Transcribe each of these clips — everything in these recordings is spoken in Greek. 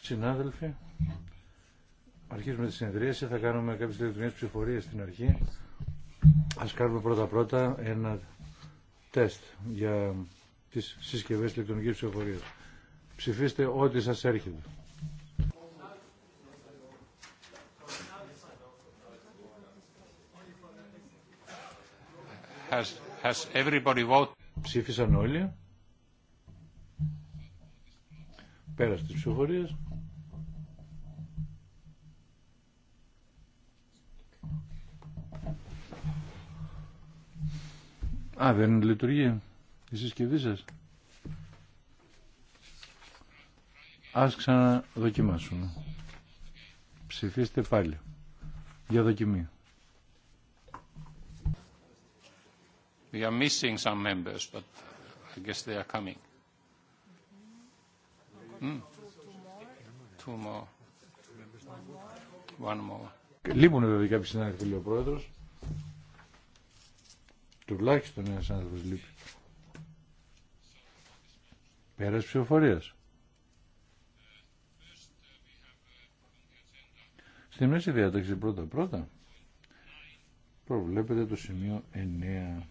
Συνάδελφοι, αρχίζουμε τη συνεδρίαση. Θα κάνουμε κάποιες ηλεκτρονικές ψηφορίες στην αρχή. Ας κάνουμε πρώτα-πρώτα ένα τεστ για τις συσκευές ηλεκτρονικής ψηφορίας. Ψηφίστε ό,τι σας έρχεται. Has, has everybody voted? Ψήφισαν όλοι. Πέρα τη ψηφοφορίες. Α, δεν λειτουργεί η συσκευή σας. Ας ξαναδοκιμάσουμε. Ψηφίστε πάλι. Για δοκιμή. We are missing some members, but uh, I guess they are coming. Mm. Two more. One more. Λείπουν βέβαια κάποιοι συνάδελφοι, λέει ο Πρόεδρος. Τουλάχιστον ένας άνθρωπος λείπει. Πέρας ψηφοφορίας. Στη μέση διάταξη πρώτα-πρώτα προβλέπεται το σημείο 9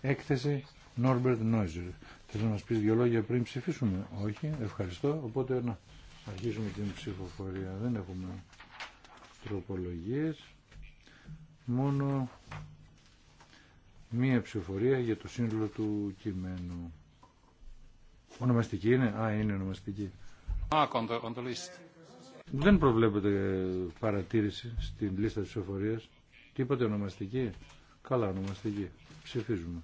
έκθεση Norbert Neuser. Θέλω να μας πει δύο λόγια πριν ψηφίσουμε. Όχι, ευχαριστώ. Οπότε να αρχίσουμε την ψηφοφορία. Δεν έχουμε τροπολογίες. Μόνο μία ψηφοφορία για το σύνολο του κειμένου. Ονομαστική είναι. Α, είναι ονομαστική. On Δεν προβλέπεται παρατήρηση στην λίστα της ψηφοφορίας. Τίποτε ονομαστική. Καλά ονομαστική. Ψηφίζουμε.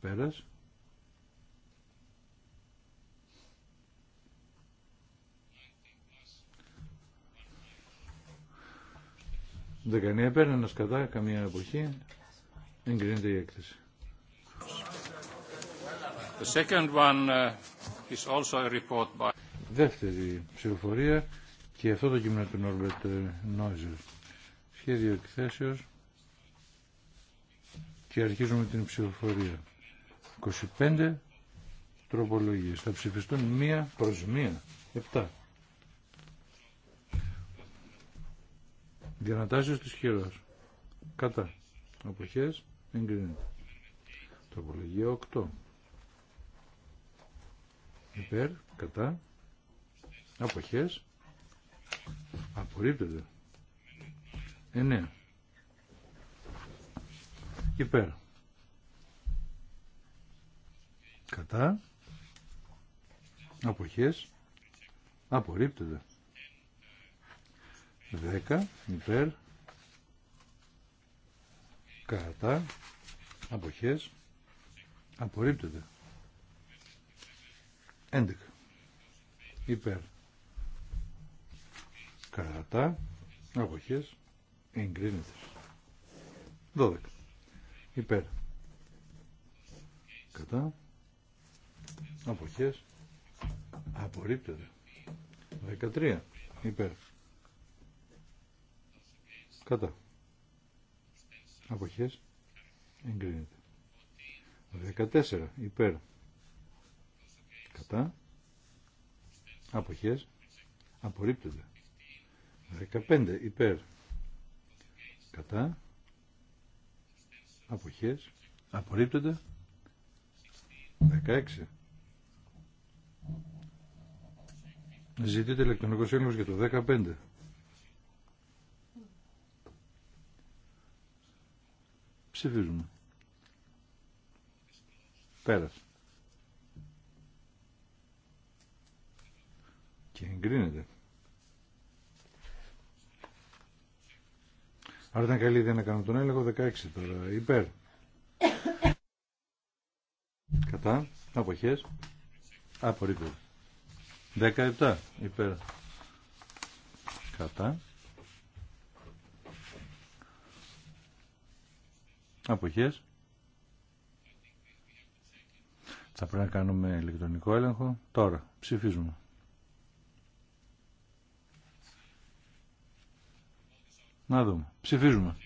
Πέρας. Δεκανία πέρα, ένας κατά, καμία εποχή. Εγκρίνεται η έκθεση. The second one uh, is also a report by... Δεύτερη ψηφοφορία και αυτό το κείμενο του Norbert ε, Νόιζερ σχέδιο εκθέσεως και αρχίζουμε την ψηφοφορία. 25 τροπολογίες. Θα ψηφιστούν μία προς μία. Επτά. Διανατάσεις της χειρός. Κατά. Αποχές. Εγκρίνεται. Τροπολογία 8. Υπέρ. Κατά. Αποχές. Απορρίπτεται. 9. Ε, ναι. Υπέρ. Κατά. Αποχές. Απορρίπτεται. 10. Υπέρ. Κατά. Αποχές. Απορρίπτεται. 11. Υπέρ. Κατά. Αποχές. Εγκρίνεται. 12. Υπέρ. Κατά. Αποχές. Απορρίπτεται. 13. Υπέρ. Κατά. Αποχές. Εγκρίνεται. 14. Υπέρ. Κατά. Αποχές. Απορρίπτεται. 15. Υπέρ κατά αποχές απορρίπτονται 16 Ζητείτε ηλεκτρονικός έλεγχος για το 15. Ψηφίζουμε. Πέρασε. Και εγκρίνεται. Άρα ήταν καλή ιδέα να κάνουμε τον έλεγχο 16 τώρα. Υπέρ. Κατά. Αποχές. 10 17. Υπέρ. Κατά. Αποχέ. Θα πρέπει να κάνουμε ηλεκτρονικό έλεγχο. Τώρα ψηφίζουμε. Να δούμε. Ψηφίζουμε.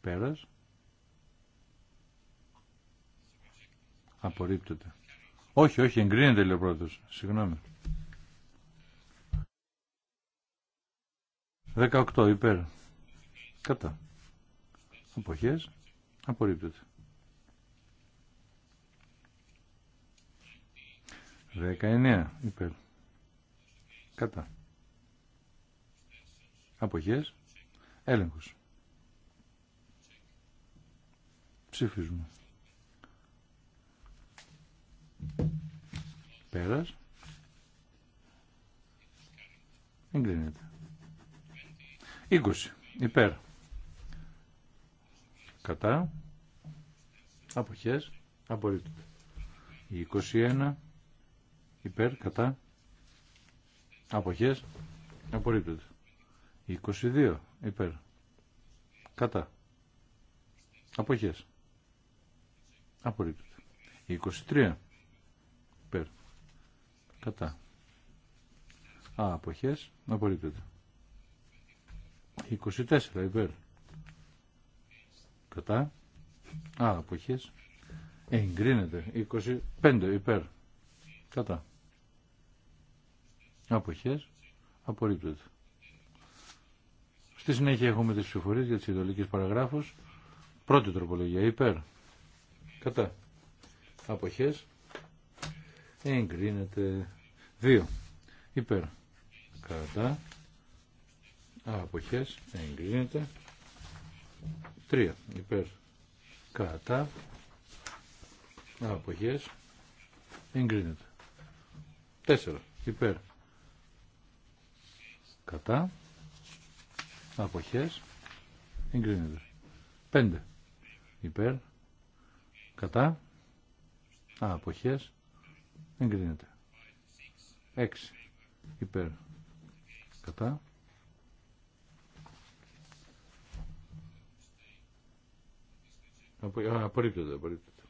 Πέρας. Απορρίπτεται. Όχι, όχι, εγκρίνεται λέει ο πρώτος. Συγγνώμη. 18 υπέρ. Κατά. Αποχές. Απορρίπτεται. 19 υπέρ. Κατά. Αποχές. Έλεγχος. Ψήφισμα. Πέρας. Εγκρίνεται. 20. Υπέρ. Κατά. Αποχές. Απορρίπτεται. 21. Υπέρ. Κατά. Αποχές. Απορρίπτεται. 22 υπέρ. Κατά. Αποχές. Απορρίπτεται. 23 υπέρ. Κατά. Α, αποχές. 24 υπέρ. Κατά. Α, αποχές. Εγκρίνεται. 25 υπέρ. Κατά. Αποχές. Απορρίπτεται. Στη συνέχεια έχουμε τις ψηφορίες για τις ειδωλικές παραγράφους. Πρώτη τροπολογία, υπέρ. Κατά. Αποχές. Εγκρίνεται. Δύο. Υπέρ. Κατά. Αποχές. Εγκρίνεται. Τρία. Υπέρ. Κατά. Αποχές. Εγκρίνεται. Τέσσερα. Υπέρ. Κατά αποχές εγκρίνεται 5 υπέρ κατά αποχές εγκρίνεται 6 υπέρ κατά Απορρίπτεται, απορρίπτεται.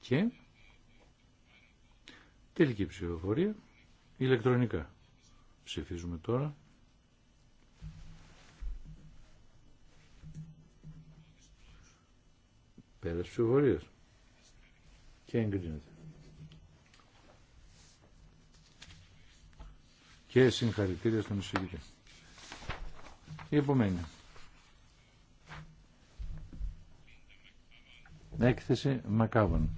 Και τελική ψηφοφορία ηλεκτρονικά. Ψηφίζουμε τώρα. Πέρας ψηφοφορίας. Και εγκρίνεται. Και συγχαρητήρια στον εισηγητή. Η επομένη. Έκθεση Μακάβων.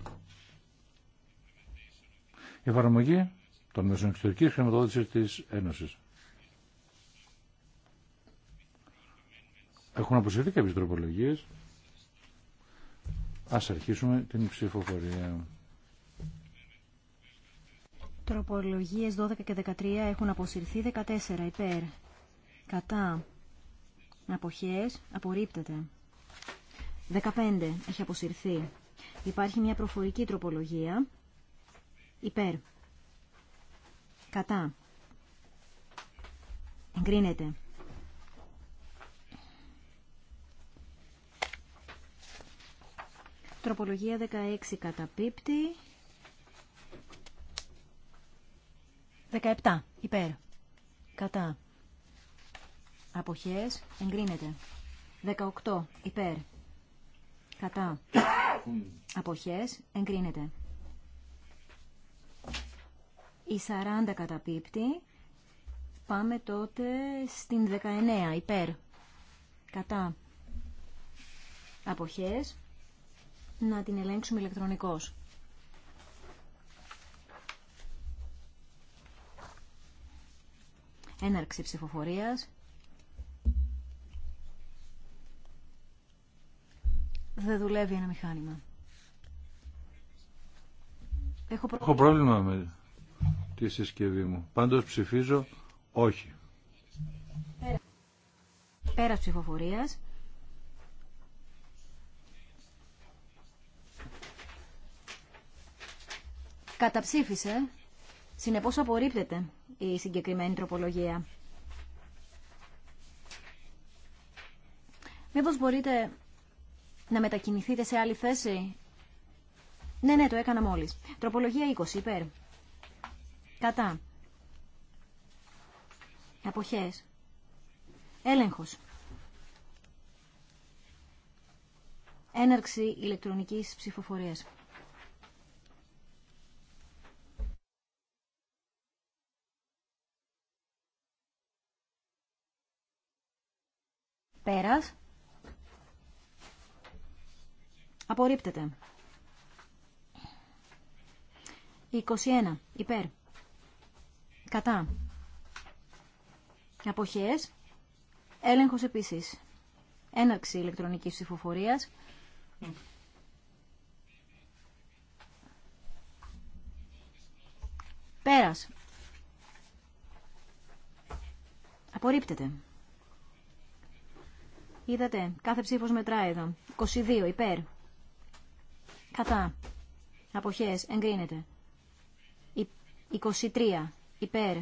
Η εφαρμογή των μέσων εξωτερικής χρηματοδότησης της Ένωσης. Έχουν αποσυρθεί κάποιες τροπολογίες. Ας αρχίσουμε την ψηφοφορία. Τροπολογίες 12 και 13 έχουν αποσυρθεί 14 υπέρ. Κατά. Αποχές απορρίπτεται. 15 έχει αποσυρθεί. Υπάρχει μια προφορική τροπολογία. Υπέρ. Κατά. Εγκρίνεται. Τροπολογία 16 καταπίπτει. 17 υπέρ. Κατά. Αποχές εγκρίνεται. 18 υπέρ. Κατά. Αποχές εγκρίνεται. Η 40 καταπίπτει. Πάμε τότε στην 19 υπέρ. Κατά. Αποχές να την ελέγξουμε ηλεκτρονικώς. Έναρξη ψηφοφορίας. Δεν δουλεύει ένα μηχάνημα. Έχω, πρόβλημα με τη συσκευή μου. Πάντως ψηφίζω όχι. Πέρα ψηφοφορίας. καταψήφισε. Συνεπώς απορρίπτεται η συγκεκριμένη τροπολογία. Μήπως μπορείτε να μετακινηθείτε σε άλλη θέση. Ναι, ναι, το έκανα μόλις. Τροπολογία 20, υπέρ. Κατά. Αποχές. Έλεγχος. Έναρξη ηλεκτρονικής ψηφοφορίας. Απορρίπτεται. 21. Υπέρ. Κατά. Αποχές. Έλεγχος επίσης. Έναξη ηλεκτρονικής ψηφοφορίας. Πέρας. Απορρίπτεται. Είδατε, κάθε ψήφος μετράει εδώ. 22 υπέρ. Κατά. Αποχές. Εγκρίνεται. 23. Υπέρ.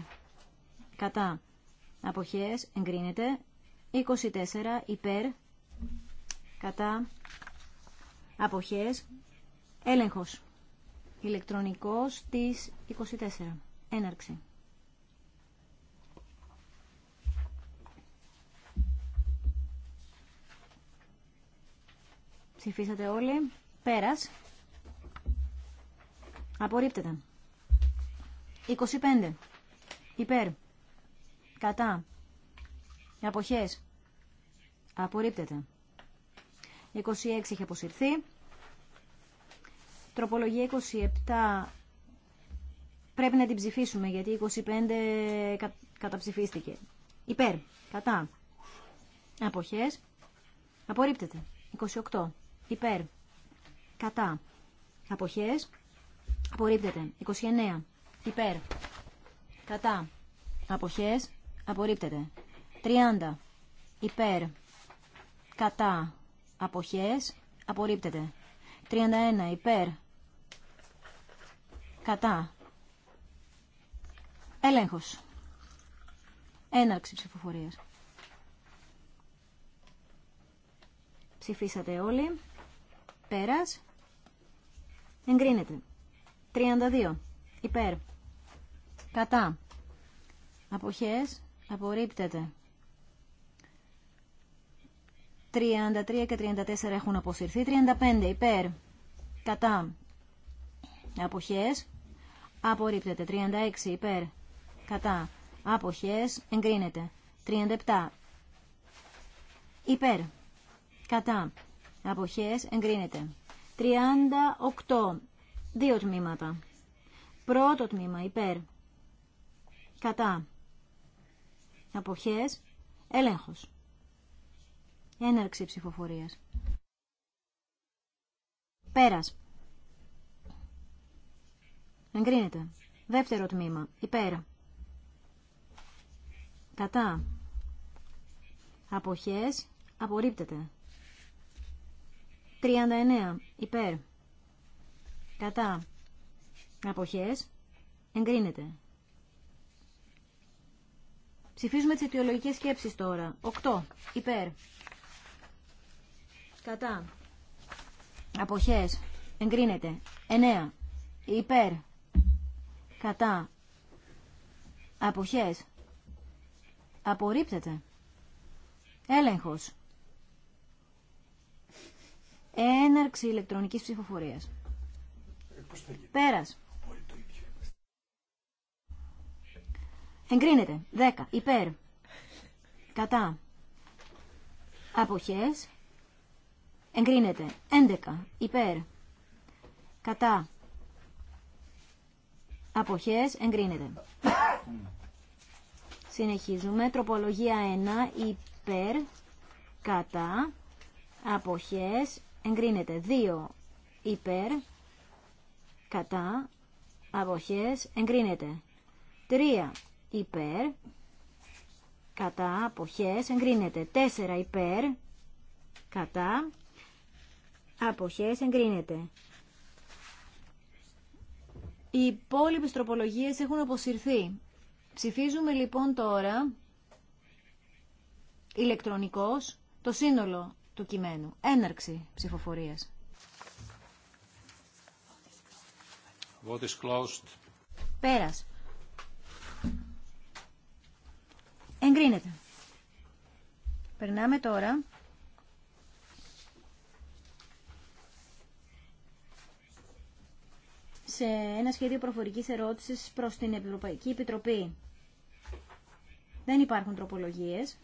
Κατά. Αποχές. Εγκρίνεται. 24. Υπέρ. Κατά. Αποχές. Έλεγχος. Ηλεκτρονικός της 24. Έναρξη. Ψηφίσατε όλοι. Πέρας. Απορρίπτεται. 25. Υπέρ. Κατά. Αποχές. Απορρίπτεται. 26 είχε αποσυρθεί. Τροπολογία 27 πρέπει να την ψηφίσουμε γιατί 25 κα, καταψηφίστηκε. Υπέρ. Κατά. Αποχές. Απορρίπτεται. 28. Υπέρ κατά αποχές απορρίπτεται 29 υπέρ κατά αποχές απορρίπτεται 30 υπέρ κατά αποχές απορρίπτεται 31 υπέρ κατά έλεγχος έναρξη ψηφοφορίας ψηφίσατε όλοι πέρας Εγκρίνεται. 32. Υπέρ. Κατά. Αποχές. Απορρίπτεται. 33 και 34 έχουν αποσυρθεί. 35. Υπέρ. Κατά. Αποχές. Απορρίπτεται. 36. Υπέρ. Κατά. Αποχές. Εγκρίνεται. 37. Υπέρ. Κατά. Αποχές. Εγκρίνεται. 38. Δύο τμήματα. Πρώτο τμήμα υπέρ. Κατά. Αποχές. Έλεγχος. Έναρξη ψηφοφορίας. Πέρας. Εγκρίνεται. Δεύτερο τμήμα. Υπέρ. Κατά. Αποχές. Απορρίπτεται. 39 υπέρ κατά αποχές εγκρίνεται. Ψηφίζουμε τις αιτιολογικές σκέψεις τώρα. 8 υπέρ κατά αποχές εγκρίνεται. 9 υπέρ κατά αποχές απορρίπτεται. Έλεγχος. Έναρξη ηλεκτρονικής ψηφοφορίας. Πέρας. Εγκρίνεται. 10. Υπέρ. Κατά. Αποχές. Εγκρίνεται. 11. Υπέρ. Κατά. Αποχές. Εγκρίνεται. Συνεχίζουμε. Τροπολογία 1. Υπέρ. Κατά. Αποχές εγκρίνεται. 2 υπέρ, κατά, αποχές, εγκρίνεται. 3 υπέρ, κατά, αποχές, εγκρίνεται. Τέσσερα υπέρ, κατά, αποχές, εγκρίνεται. Οι υπόλοιπε τροπολογίες έχουν αποσυρθεί. Ψηφίζουμε λοιπόν τώρα ηλεκτρονικός το σύνολο του κειμένου. Έναρξη ψηφοφορίας. Πέρα. is Πέρας. Εγκρίνεται. Περνάμε τώρα σε ένα σχέδιο προφορικής ερώτησης προς την Ευρωπαϊκή Επιτροπή. Δεν υπάρχουν τροπολογίες.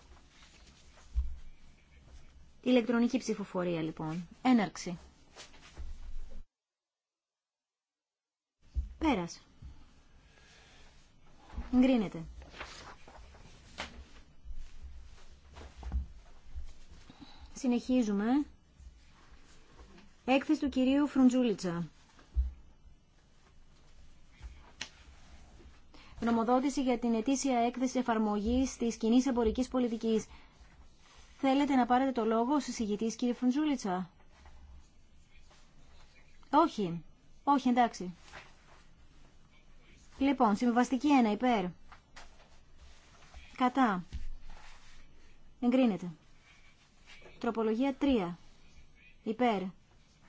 Ηλεκτρονική ψηφοφορία λοιπόν. Έναρξη. Πέρας. Γκρίνεται. Συνεχίζουμε. Έκθεση του κυρίου Φρουντζούλιτσα. Νομοδότηση για την ετήσια έκθεση εφαρμογής της κοινή εμπορικής πολιτικής. Θέλετε να πάρετε το λόγο ως εισηγητής, κύριε Φουντζούλητσα. Όχι. Όχι, εντάξει. Λοιπόν, συμβαστική 1, υπέρ. Κατά. Εγκρίνεται. Τροπολογία 3. Υπέρ.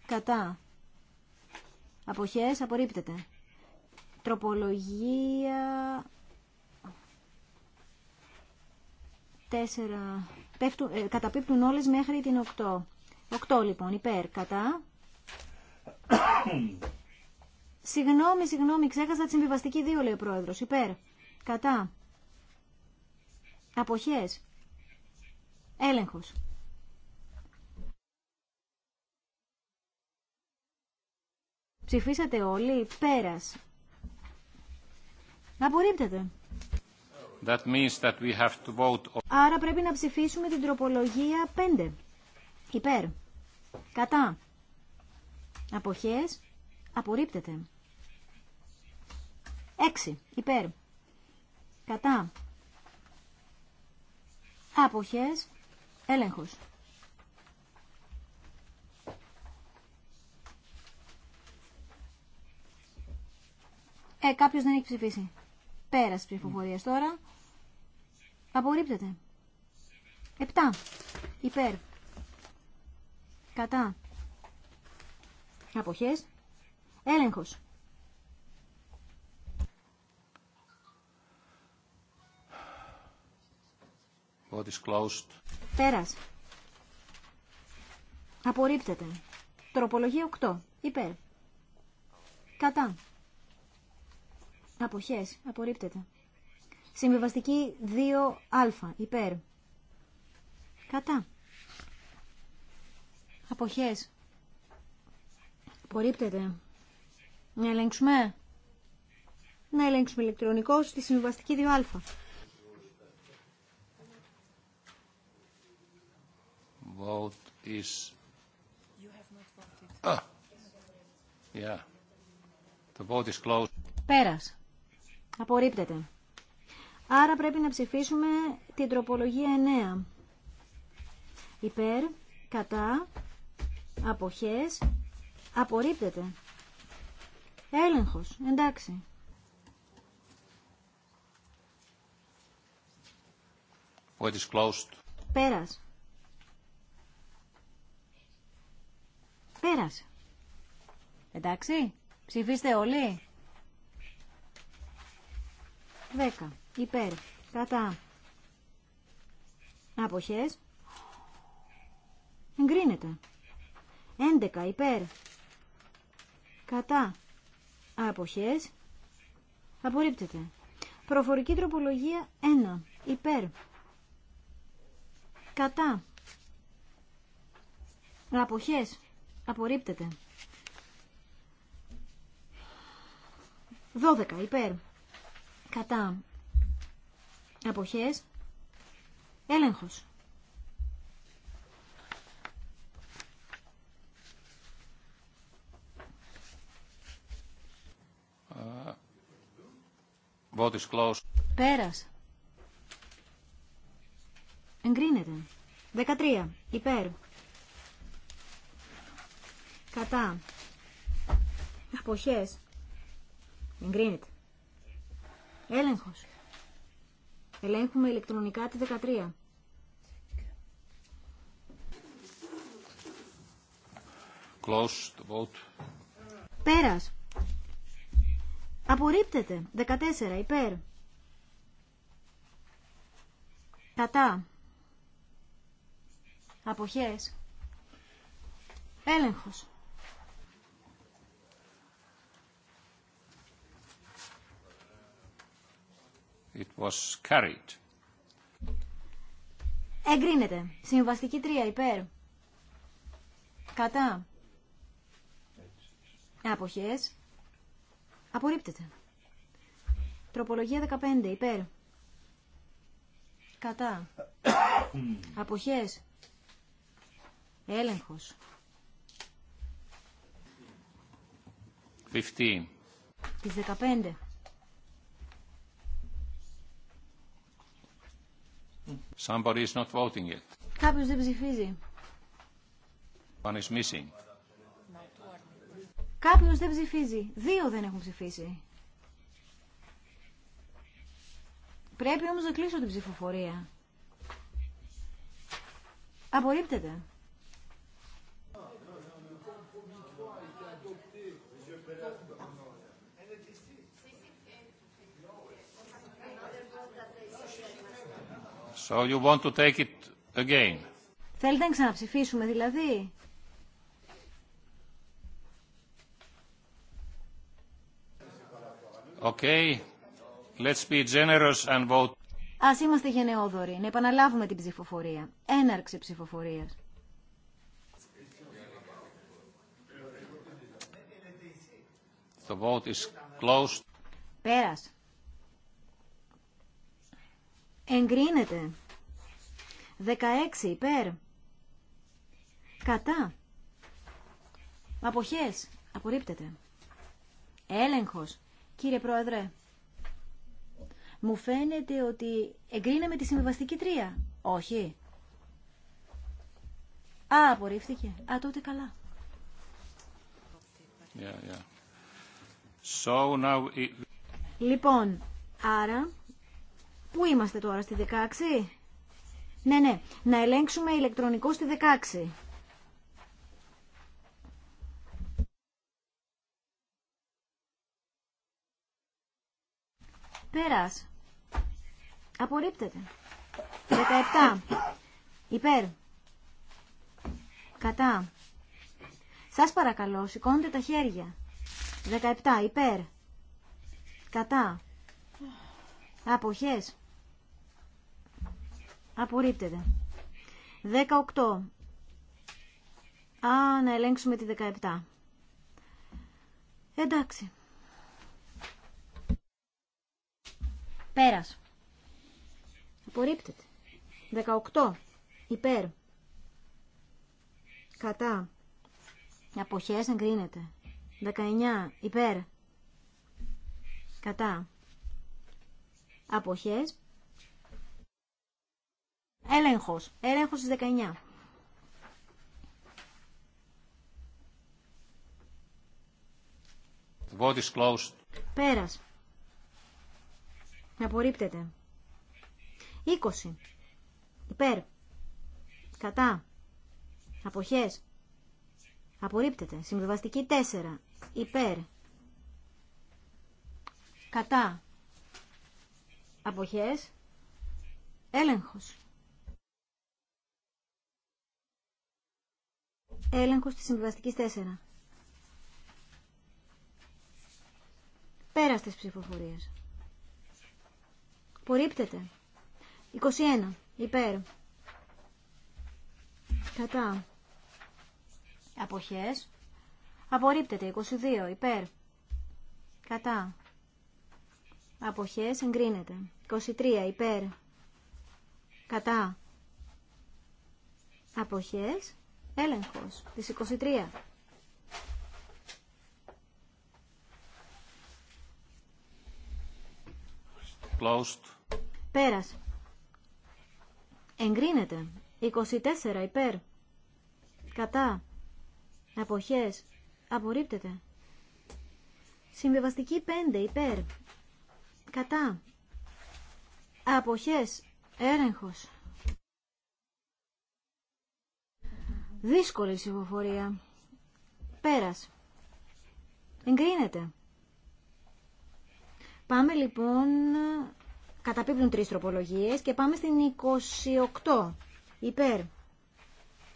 Κατά. Αποχές απορρίπτεται. Τροπολογία... τέσσερα πέφτουν, ε, καταπίπτουν όλες μέχρι την 8. 8 λοιπόν, υπέρ, κατά. συγγνώμη, συγγνώμη, ξέχασα τη συμβιβαστική 2, λέει ο πρόεδρος. Υπέρ, κατά. Αποχές. Έλεγχος. Ψηφίσατε όλοι, πέρας. Απορρίπτεται. Άρα πρέπει να ψηφίσουμε την τροπολογία 5. Υπέρ. Κατά. Αποχές. Απορρίπτεται. 6. Υπέρ. Κατά. Αποχές. Έλεγχος. Ε, κάποιος δεν έχει ψηφίσει. Πέρας ψηφοφορίας τώρα. Απορρίπτεται. 7. Υπέρ. Κατά. Αποχές. Έλεγχος. What is closed. Πέρας. Απορρίπτεται. Τροπολογία 8. Υπέρ. Κατά. Αποχές. Απορρίπτεται. Συμβιβαστική 2α. Υπέρ. Κατά. Αποχές. Απορρίπτεται. Να ελέγξουμε. Να ελέγξουμε ηλεκτρονικό στη συμβιβαστική 2α. Vote is... Ah. Yeah. The is closed. Πέρας. Απορρίπτεται. Άρα πρέπει να ψηφίσουμε την τροπολογία 9. Υπέρ, κατά, αποχές, απορρίπτεται. Έλεγχος, εντάξει. What is closed. Πέρας. Πέρας. Εντάξει, ψηφίστε όλοι. 10. Υπέρ. Κατά. Αποχές. Εγκρίνεται. 11. Υπέρ. Κατά. Αποχές. Απορρίπτεται. Προφορική τροπολογία 1. Υπέρ. Κατά. Αποχές. Απορρίπτεται. 12. Υπέρ κατά αποχές έλεγχος. Uh, Πέρας. Εγκρίνεται. Δεκατρία, Υπέρ. Κατά. Αποχές. Εγκρίνεται. Έλεγχος. Ελέγχουμε ηλεκτρονικά τη 13. Close the vote. Πέρας. Απορρίπτεται. 14. Υπέρ. Κατά. Αποχές. Έλεγχος. It was carried. Εγκρίνεται. Συμβαστική 3 υπέρ. Κατά. Αποχές. Απορρίπτεται. Τροπολογία 15 υπέρ. Κατά. Αποχές. Έλεγχος. 15. Τις 15. Κάποιος δεν ψηφίζει. One Κάποιος δεν ψηφίζει. Δύο δεν έχουν ψηφίσει. Πρέπει όμως να κλείσω την ψηφοφορία. Απορρίπτεται. So you want to take it again. Θέλετε να ξαναψηφίσουμε δηλαδή. Okay. Let's be generous and vote. Ας είμαστε γενναιόδοροι, να επαναλάβουμε την ψηφοφορία. Έναρξη ψηφοφορίας. The vote is closed. Πέρας. Εγκρίνεται. 16 υπέρ. Κατά. Αποχές. Απορρίπτεται. Έλεγχος. Κύριε Πρόεδρε. Μου φαίνεται ότι εγκρίναμε τη συμβιβαστική τρία. Όχι. Α, απορρίφθηκε. Α, τότε καλά. Λοιπόν, άρα Πού είμαστε τώρα, στη 16? Ναι, ναι, να ελέγξουμε ηλεκτρονικό στη 16. Πέρας. Απορρίπτεται. 17. Υπέρ. Κατά. Σας παρακαλώ, σηκώνετε τα χέρια. 17. Υπέρ. Κατά. Αποχές. Απορρίπτεται. 18. Α, να ελέγξουμε τη 17. Εντάξει. Πέρας. Απορρίπτεται. 18. Υπέρ. Κατά. Αποχές εγκρίνεται. 19. Υπέρ. Κατά. Αποχές Έλεγχος. Έλεγχος στις 19. The vote is closed. Πέρας. Απορρίπτεται. 20. Υπέρ. Κατά. Αποχές. Απορρίπτεται. Συμβιβαστική 4. Υπέρ. Κατά. Αποχές. Έλεγχος. Έλεγχος της συμβιβαστικής 4. Πέρα της ψηφοφορίας. Απορρίπτεται. 21. Υπέρ. Κατά. Αποχές. Απορρίπτεται. 22. Υπέρ. Κατά. Αποχές. Εγκρίνεται. 23. Υπέρ. Κατά. Αποχές. Έλεγχος της 23. Closed. Πέρας. Εγκρίνεται. 24 υπέρ. Κατά. Αποχές. Απορρίπτεται. Συμβεβαστική 5 υπέρ. Κατά. Αποχές. Έρεγχος. Δύσκολη ψηφοφορία. Πέρας. Εγκρίνεται. Πάμε λοιπόν, καταπίπτουν τρεις τροπολογίες και πάμε στην 28. Υπέρ.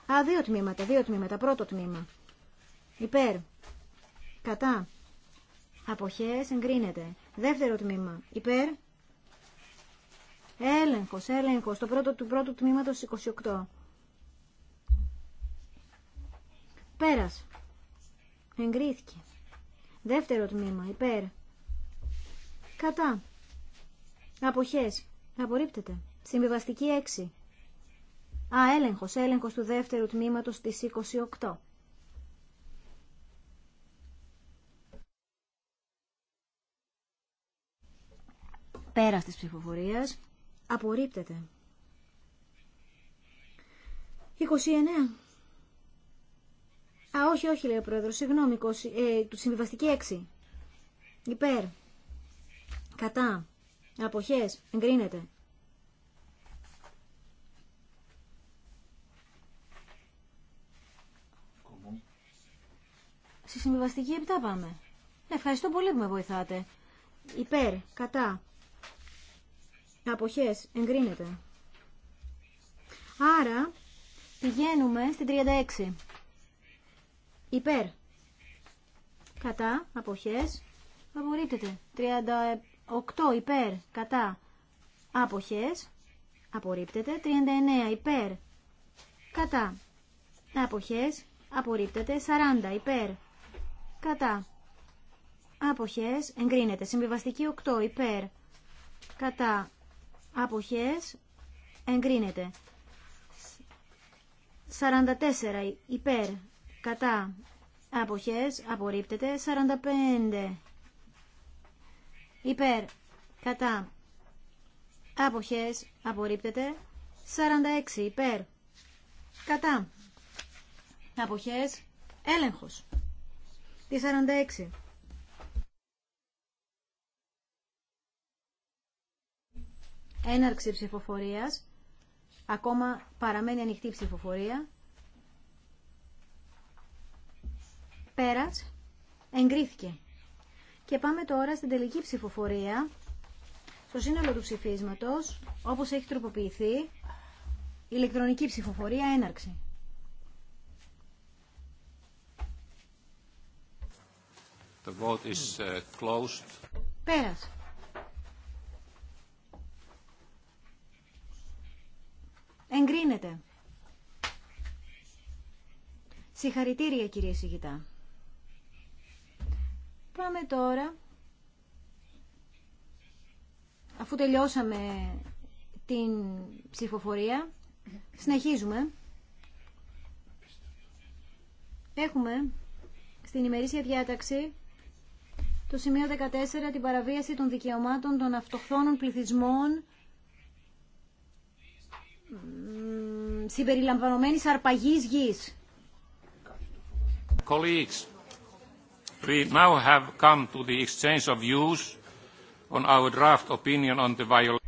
Α, δύο τμήματα, δύο τμήματα, πρώτο τμήμα. Υπέρ. Κατά. Αποχές εγκρίνεται. Δεύτερο τμήμα. Υπέρ. Έλεγχος, έλεγχος. Το πρώτο του πρώτου τμήματος 28. Πέρας. Εγκρίθηκε. Δεύτερο τμήμα. Υπέρ. Κατά. Αποχές. Απορρίπτεται. Συμβιβαστική 6. Α, έλεγχος. Έλεγχος του δεύτερου τμήματος της 28. Πέρας της ψηφοφορία Απορρίπτεται. 29. Α, όχι, όχι, λέει ο πρόεδρος, συγγνώμη, ε, του συμβιβαστική 6. Υπέρ. Κατά. αποχέ, Εγκρίνεται. Στη συμβιβαστική 7 πάμε. Ναι, ευχαριστώ πολύ που με βοηθάτε. Υπέρ. Κατά. Αποχέ, Εγκρίνεται. Άρα πηγαίνουμε στην 36. Υπέρ. Κατά. Αποχές. Απορρίπτεται. 38 υπέρ. Κατά. Αποχές. Απορρίπτεται. 39 υπέρ. Κατά. Αποχές. Απορρίπτεται. 40 υπέρ. Κατά. Αποχές. Εγκρίνεται. Συμβιβαστική 8 υπέρ. Κατά. Αποχές. Εγκρίνεται. 44 υπέρ κατά αποχές απορρίπτεται 45 υπέρ κατά αποχές απορρίπτεται 46 υπέρ κατά αποχές έλεγχος τη 46 Έναρξη ψηφοφορίας. Ακόμα παραμένει ανοιχτή η ψηφοφορία. Πέρας. Εγκρίθηκε. Και πάμε τώρα στην τελική ψηφοφορία, στο σύνολο του ψηφίσματος, όπως έχει τροποποιηθεί, η ηλεκτρονική ψηφοφορία έναρξη. The vote is uh, closed. Πέρας. Εγκρίνεται. Συγχαρητήρια κυρία Σιγητά. Πάμε τώρα, αφού τελειώσαμε την ψηφοφορία, συνεχίζουμε. Έχουμε στην ημερήσια διάταξη το σημείο 14 την παραβίαση των δικαιωμάτων των αυτοχθόνων πληθυσμών συμπεριλαμβανομένης αρπαγής γης. Colleagues. We now have come to the exchange of views on our draft opinion on the violation.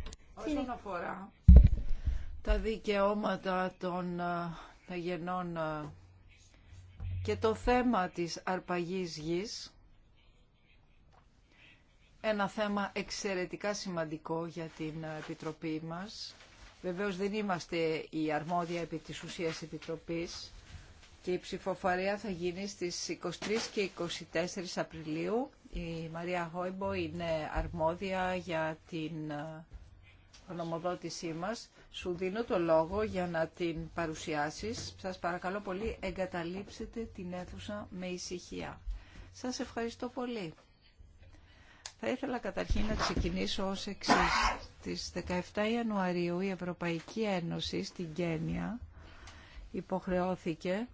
τα δικαιώματα των ε, γενών ε, και το θέμα της αρπαγής γης, ένα θέμα εξαιρετικά σημαντικό για την ε, Επιτροπή μας. Βεβαίως δεν είμαστε η αρμόδια επί της ουσίας Επιτροπής, και η ψηφοφορία θα γίνει στις 23 και 24 Απριλίου. Η Μαρία Χόιμπο είναι αρμόδια για την ε, γνωμοδότησή μας. Σου δίνω το λόγο για να την παρουσιάσεις. Σας παρακαλώ πολύ εγκαταλείψετε την αίθουσα με ησυχία. Σας ευχαριστώ πολύ. Θα ήθελα καταρχήν να ξεκινήσω ως εξή Στις 17 Ιανουαρίου η Ευρωπαϊκή Ένωση στην Κένια υποχρεώθηκε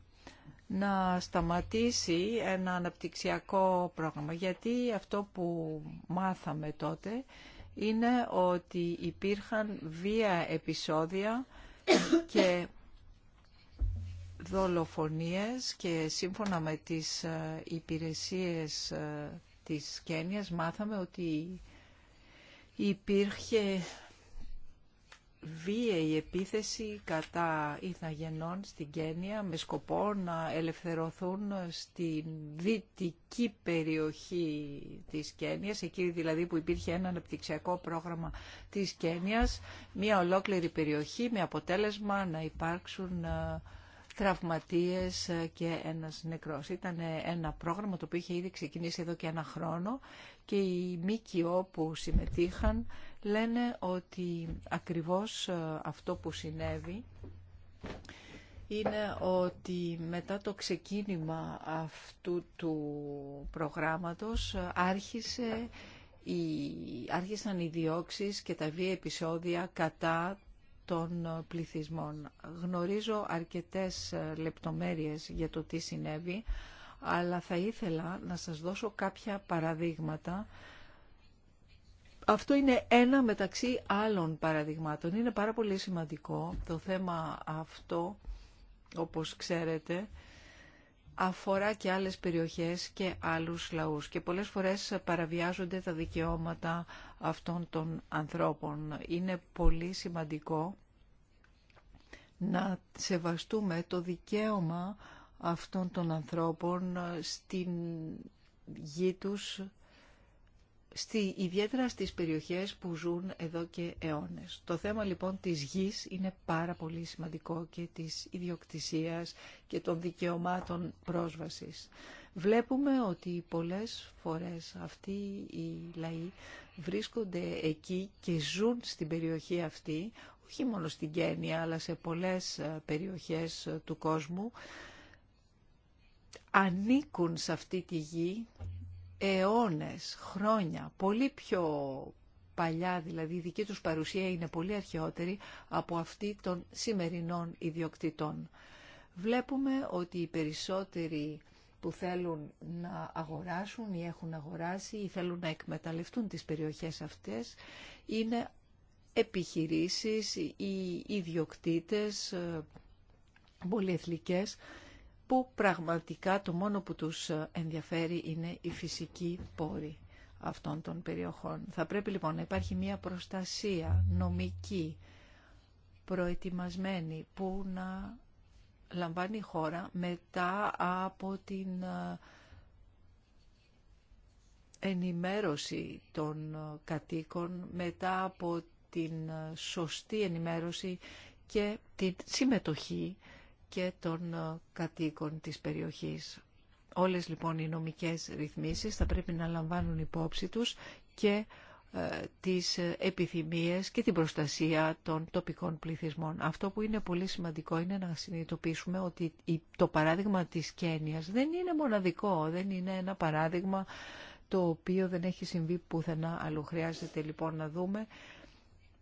να σταματήσει ένα αναπτυξιακό πρόγραμμα. Γιατί αυτό που μάθαμε τότε είναι ότι υπήρχαν βία επεισόδια και δολοφονίες και σύμφωνα με τις ε, υπηρεσίες ε, της Κένιας μάθαμε ότι υπήρχε βίαιη επίθεση κατά Ιθαγενών στην Κένια με σκοπό να ελευθερωθούν στη δυτική περιοχή της Κένιας, εκεί δηλαδή που υπήρχε ένα αναπτυξιακό πρόγραμμα της Κένιας, μια ολόκληρη περιοχή με αποτέλεσμα να υπάρξουν ε, τραυματίες ε, και ένας νεκρός. Ήταν ε, ένα πρόγραμμα το οποίο είχε ήδη ξεκινήσει εδώ και ένα χρόνο και οι ΜΚΟ που συμμετείχαν λένε ότι ακριβώς ε, αυτό που συνέβη είναι ότι μετά το ξεκίνημα αυτού του προγράμματος άρχισε οι, άρχισαν οι διώξεις και τα βία επεισόδια κατά των πληθυσμών. Γνωρίζω αρκετές ε, λεπτομέρειες για το τι συνέβη, αλλά θα ήθελα να σας δώσω κάποια παραδείγματα. Αυτό είναι ένα μεταξύ άλλων παραδειγμάτων. Είναι πάρα πολύ σημαντικό το θέμα αυτό, όπως ξέρετε, αφορά και άλλες περιοχές και άλλους λαούς και πολλές φορές παραβιάζονται τα δικαιώματα αυτών των ανθρώπων. Είναι πολύ σημαντικό να σεβαστούμε το δικαίωμα αυτών των ανθρώπων στην γη τους στη, ιδιαίτερα στις περιοχές που ζουν εδώ και αιώνες. Το θέμα λοιπόν της γης είναι πάρα πολύ σημαντικό και της ιδιοκτησίας και των δικαιωμάτων πρόσβασης. Βλέπουμε ότι πολλές φορές αυτοί οι λαοί βρίσκονται εκεί και ζουν στην περιοχή αυτή, όχι μόνο στην Κένια, αλλά σε πολλές ε, περιοχές ε, του κόσμου, ανήκουν σε αυτή τη γη αιώνες, χρόνια, πολύ πιο παλιά, δηλαδή η δική τους παρουσία είναι πολύ αρχαιότερη από αυτή των σημερινών ιδιοκτητών. Βλέπουμε ότι οι περισσότεροι που θέλουν να αγοράσουν ή έχουν αγοράσει ή θέλουν να εκμεταλλευτούν τις περιοχές αυτές είναι επιχειρήσεις ή ιδιοκτήτες ε, πολυεθνικές που πραγματικά το μόνο που τους ενδιαφέρει είναι η φυσική πόρη αυτών των περιοχών. Θα πρέπει λοιπόν να υπάρχει μια προστασία νομική, προετοιμασμένη, που να λαμβάνει η χώρα μετά από την ε, ενημέρωση των ε, κατοίκων, μετά από την ε, σωστή ενημέρωση και την συμμετοχή και των ε, κατοίκων της περιοχής. Όλες λοιπόν οι νομικές ρυθμίσεις θα πρέπει να λαμβάνουν υπόψη τους και ε, τις επιθυμίες και την προστασία των τοπικών πληθυσμών. Αυτό που είναι πολύ σημαντικό είναι να συνειδητοποιήσουμε ότι το παράδειγμα της Κένιας δεν είναι μοναδικό, δεν είναι ένα παράδειγμα το οποίο δεν έχει συμβεί πουθενά αλλού. Χρειάζεται λοιπόν να δούμε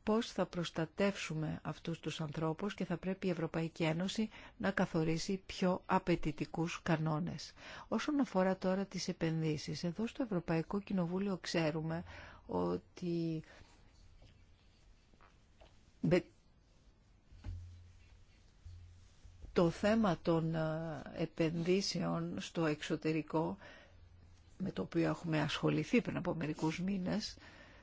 πώς θα προστατεύσουμε αυτούς τους ανθρώπους και θα πρέπει η Ευρωπαϊκή Ένωση να καθορίσει πιο απαιτητικούς κανόνες. Όσον αφορά τώρα τις επενδύσεις, εδώ στο Ευρωπαϊκό Κοινοβούλιο ξέρουμε ότι το θέμα των ε, επενδύσεων στο εξωτερικό με το οποίο έχουμε ασχοληθεί πριν από μερικούς μήνες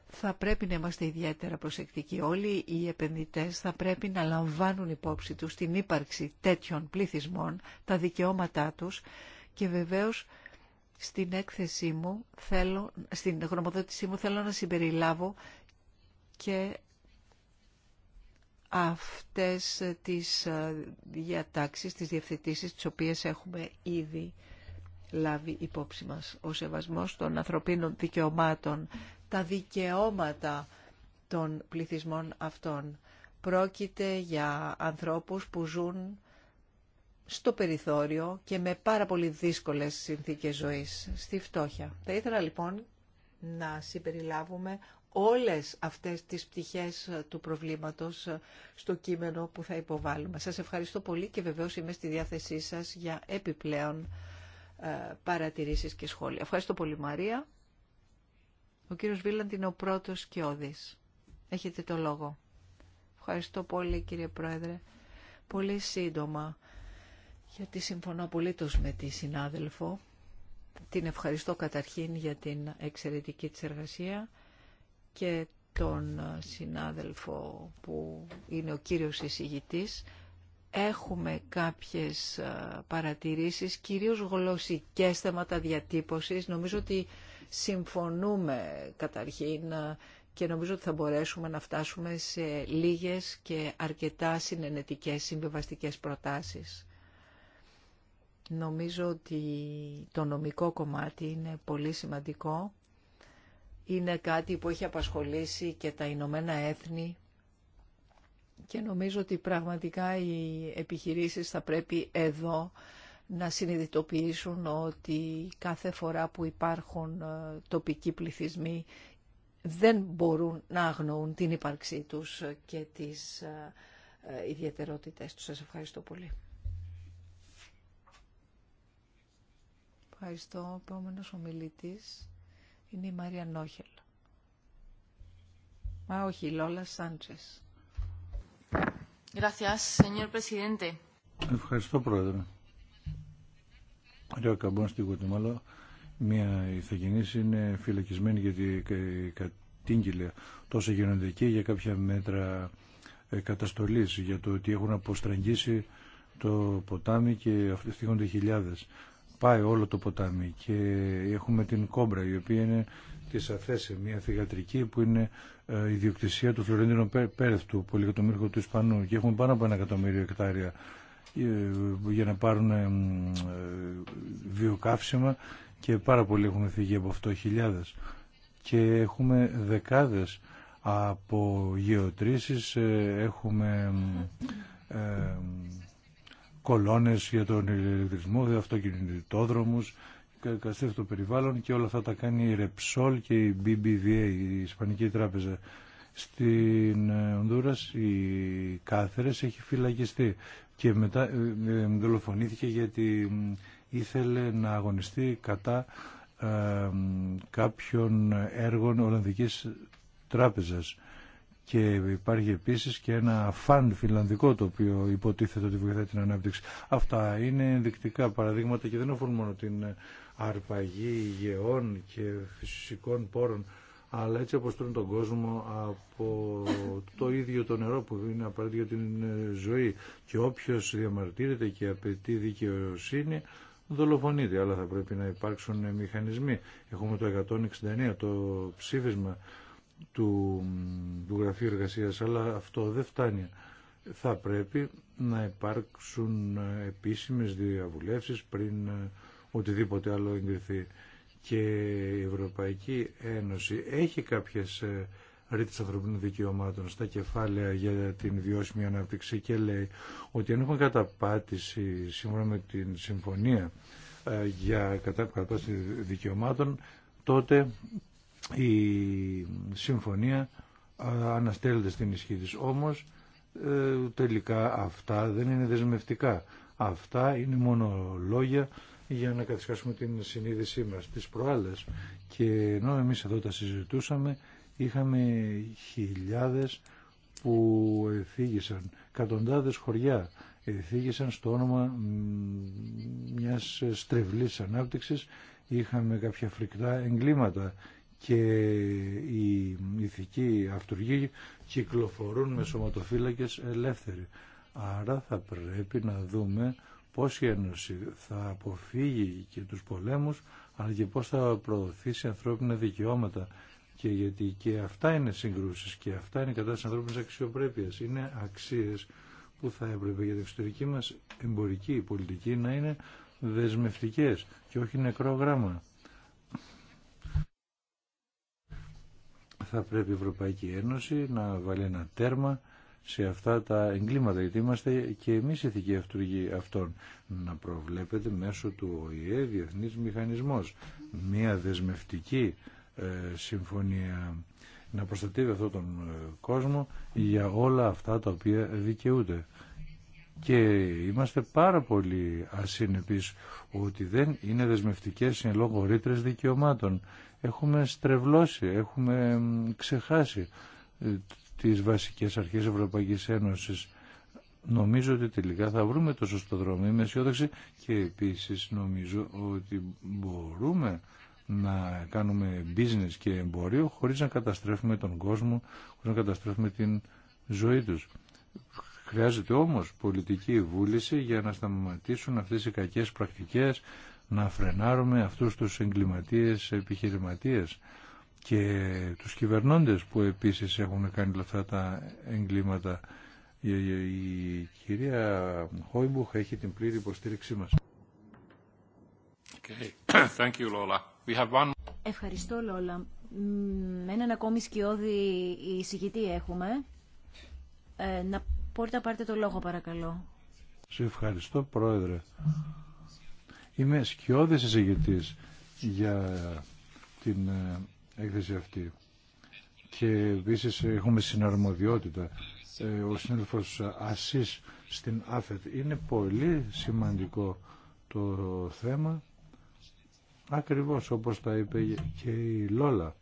θα πρέπει να είμαστε ιδιαίτερα προσεκτικοί. Όλοι οι επενδυτές θα πρέπει να λαμβάνουν υπόψη τους την ύπαρξη τέτοιων πληθυσμών, τα δικαιώματά τους και βεβαίως στην έκθεσή μου, θέλω, στην γνωμοδότησή μου θέλω να συμπεριλάβω και αυτές τις ε, διατάξεις, τις διευθετήσεις τις οποίες έχουμε ήδη λάβει υπόψη μας. Ο σεβασμός των ανθρωπίνων δικαιωμάτων τα δικαιώματα των πληθυσμών αυτών. Πρόκειται για ανθρώπους που ζουν στο περιθώριο και με πάρα πολύ δύσκολες συνθήκες ζωής, στη φτώχεια. Θα ήθελα λοιπόν να συμπεριλάβουμε όλες αυτές τις πτυχές του προβλήματος στο κείμενο που θα υποβάλουμε. Σας ευχαριστώ πολύ και βεβαίως είμαι στη διάθεσή σας για επιπλέον ε, παρατηρήσεις και σχόλια. Ευχαριστώ πολύ Μαρία. Ο κύριος Βίλαντ είναι ο πρώτος σκιώδης. Έχετε το λόγο. Ευχαριστώ πολύ κύριε Πρόεδρε. Πολύ σύντομα, γιατί συμφωνώ απολύτως με τη συνάδελφο. Την ευχαριστώ καταρχήν για την εξαιρετική της εργασία και τον συνάδελφο που είναι ο κύριος εισηγητής. Έχουμε κάποιες παρατηρήσεις, κυρίως γλωσσικές θέματα διατύπωσης. Νομίζω ότι συμφωνούμε καταρχήν και νομίζω ότι θα μπορέσουμε να φτάσουμε σε λίγες και αρκετά συνενετικές συμβιβαστικές προτάσεις. Νομίζω ότι το νομικό κομμάτι είναι πολύ σημαντικό. Είναι κάτι που έχει απασχολήσει και τα Ηνωμένα Έθνη και νομίζω ότι πραγματικά οι επιχειρήσεις θα πρέπει εδώ να συνειδητοποιήσουν ότι κάθε φορά που υπάρχουν ε, τοπικοί πληθυσμοί δεν μπορούν να αγνοούν την ύπαρξή τους και τις ε, ε, ιδιαιτερότητες τους. Σας ευχαριστώ πολύ. Ευχαριστώ. Ο επόμενος ομιλητής είναι η Μαρία Νόχελ. Μα όχι, η Λόλα Σάντσες. Ευχαριστώ, Πρόεδρε. Ο Καμπών στη Γουατεμάλα μια ηθογενής είναι φυλακισμένη γιατί κατήγγειλε τόσο γίνονται εκεί για κάποια μέτρα ε, καταστολής για το ότι έχουν αποστραγγίσει το ποτάμι και φτύχονται χιλιάδες. Πάει όλο το ποτάμι και έχουμε την κόμπρα η οποία είναι της Αφέση, μια θηγατρική που είναι ε, ιδιοκτησία του Φλωρεντίνου Πέρεθ του του Ισπανού και έχουμε πάνω από ένα εκατομμύριο εκτάρια ε, για να πάρουν ε, βιοκαύσιμα και πάρα πολλοί έχουν φύγει από αυτό χιλιάδες και έχουμε δεκάδες από γεωτρήσεις ε, έχουμε ε, κολόνες για τον ηλεκτρισμό, αυτοκινητόδρομους, το περιβάλλον και όλα αυτά τα κάνει η Repsol και η BBVA, η Ισπανική Τράπεζα. Στην Ονδούρας η Κάθερες έχει φυλακιστεί και μετά ε, ε, ε, δολοφονήθηκε γιατί ήθελε να αγωνιστεί κατά κάποιων έργων Ολλανδικής Τράπεζας. Και υπάρχει επίσης και ένα φαν φιλανδικό το οποίο υποτίθεται ότι βοηθάει την ανάπτυξη. Αυτά είναι ενδεικτικά παραδείγματα και δεν αφορούν μόνο την αρπαγή γεών και φυσικών πόρων αλλά έτσι αποστρούν τον κόσμο από το ίδιο το νερό που είναι απαραίτητο για την ε, ζωή. Και όποιος διαμαρτύρεται και απαιτεί δικαιοσύνη, δολοφονείται, αλλά θα πρέπει να υπάρξουν μηχανισμοί. Έχουμε το 169, το ψήφισμα του, του Γραφείου Εργασίας, αλλά αυτό δεν φτάνει. Θα πρέπει να υπάρξουν επίσημες διαβουλεύσεις πριν ε, οτιδήποτε άλλο εγκριθεί και η Ευρωπαϊκή Ένωση έχει κάποιες ε, ρήτης ανθρωπίνων δικαιωμάτων στα κεφάλαια για την βιώσιμη ανάπτυξη και λέει ότι αν έχουμε καταπάτηση σύμφωνα με την συμφωνία ε, για καταπάτηση δικαιωμάτων τότε η συμφωνία ε, αναστέλλεται στην ισχύ της. Όμως τελικά αυτά δεν είναι δεσμευτικά. Αυτά είναι μόνο λόγια για να καθισκάσουμε την συνείδησή μας τις προάλλες και ενώ εμείς εδώ τα συζητούσαμε είχαμε χιλιάδες που εθίγησαν κατοντάδες χωριά εθίγησαν στο όνομα μιας στρεβλής ανάπτυξης είχαμε κάποια φρικτά εγκλήματα και οι ηθικοί αυτουργοί κυκλοφορούν με σωματοφύλακες ελεύθεροι άρα θα πρέπει να δούμε πώς η Ένωση θα αποφύγει και τους πολέμους αλλά και πώς θα προωθήσει ανθρώπινα δικαιώματα και γιατί και αυτά είναι συγκρούσεις και αυτά είναι κατάσταση ανθρώπινης αξιοπρέπειας. Είναι αξίες που θα έπρεπε για την εξωτερική μας εμπορική πολιτική να είναι δεσμευτικές και όχι νεκρό γράμμα. Θα πρέπει η Ευρωπαϊκή Ένωση να βάλει ένα τέρμα σε αυτά τα εγκλήματα, γιατί είμαστε και εμείς ηθικοί αυτούργοι αυτών. Να προβλέπεται μέσω του ΟΗΕ διεθνής μηχανισμός, μια δεσμευτική ε, συμφωνία να προστατεύει αυτόν τον ε, κόσμο για όλα αυτά τα οποία δικαιούται. Και είμαστε πάρα πολύ ασύνεπείς ότι δεν είναι δεσμευτικές οι λόγω ρήτρες δικαιωμάτων. Έχουμε στρεβλώσει, έχουμε ξεχάσει ε, τις βασικές αρχές Ευρωπαϊκής Ένωσης. Νομίζω ότι τελικά θα βρούμε το σωστό δρόμο. Είμαι αισιόδοξη και επίσης νομίζω ότι μπορούμε να κάνουμε business και εμπόριο χωρίς να καταστρέφουμε τον κόσμο, χωρίς να καταστρέφουμε την ζωή τους. Χρειάζεται όμως πολιτική βούληση για να σταματήσουν αυτές οι κακές πρακτικές, να φρενάρουμε αυτούς τους εγκληματίες επιχειρηματίες και τους κυβερνώντες που επίσης έχουν κάνει αυτά τα εγκλήματα. Η, κυρία Χόιμπουχ έχει την πλήρη υποστήριξή μας. Okay. Thank you, Lola. We have one... Ευχαριστώ, Λόλα. Έναν ακόμη σκιώδη εισηγητή έχουμε. Ε, να πόρτα πάρτε το λόγο, παρακαλώ. Σε ευχαριστώ, Πρόεδρε. Είμαι σκιώδης εισηγητής για την ε, έκθεση αυτή. Και επίση έχουμε συναρμοδιότητα. Ε, ο Σύνδεφος Ασής στην ΑΦΕΤ είναι πολύ σημαντικό το θέμα ακριβώς όπως τα είπε και η Λόλα.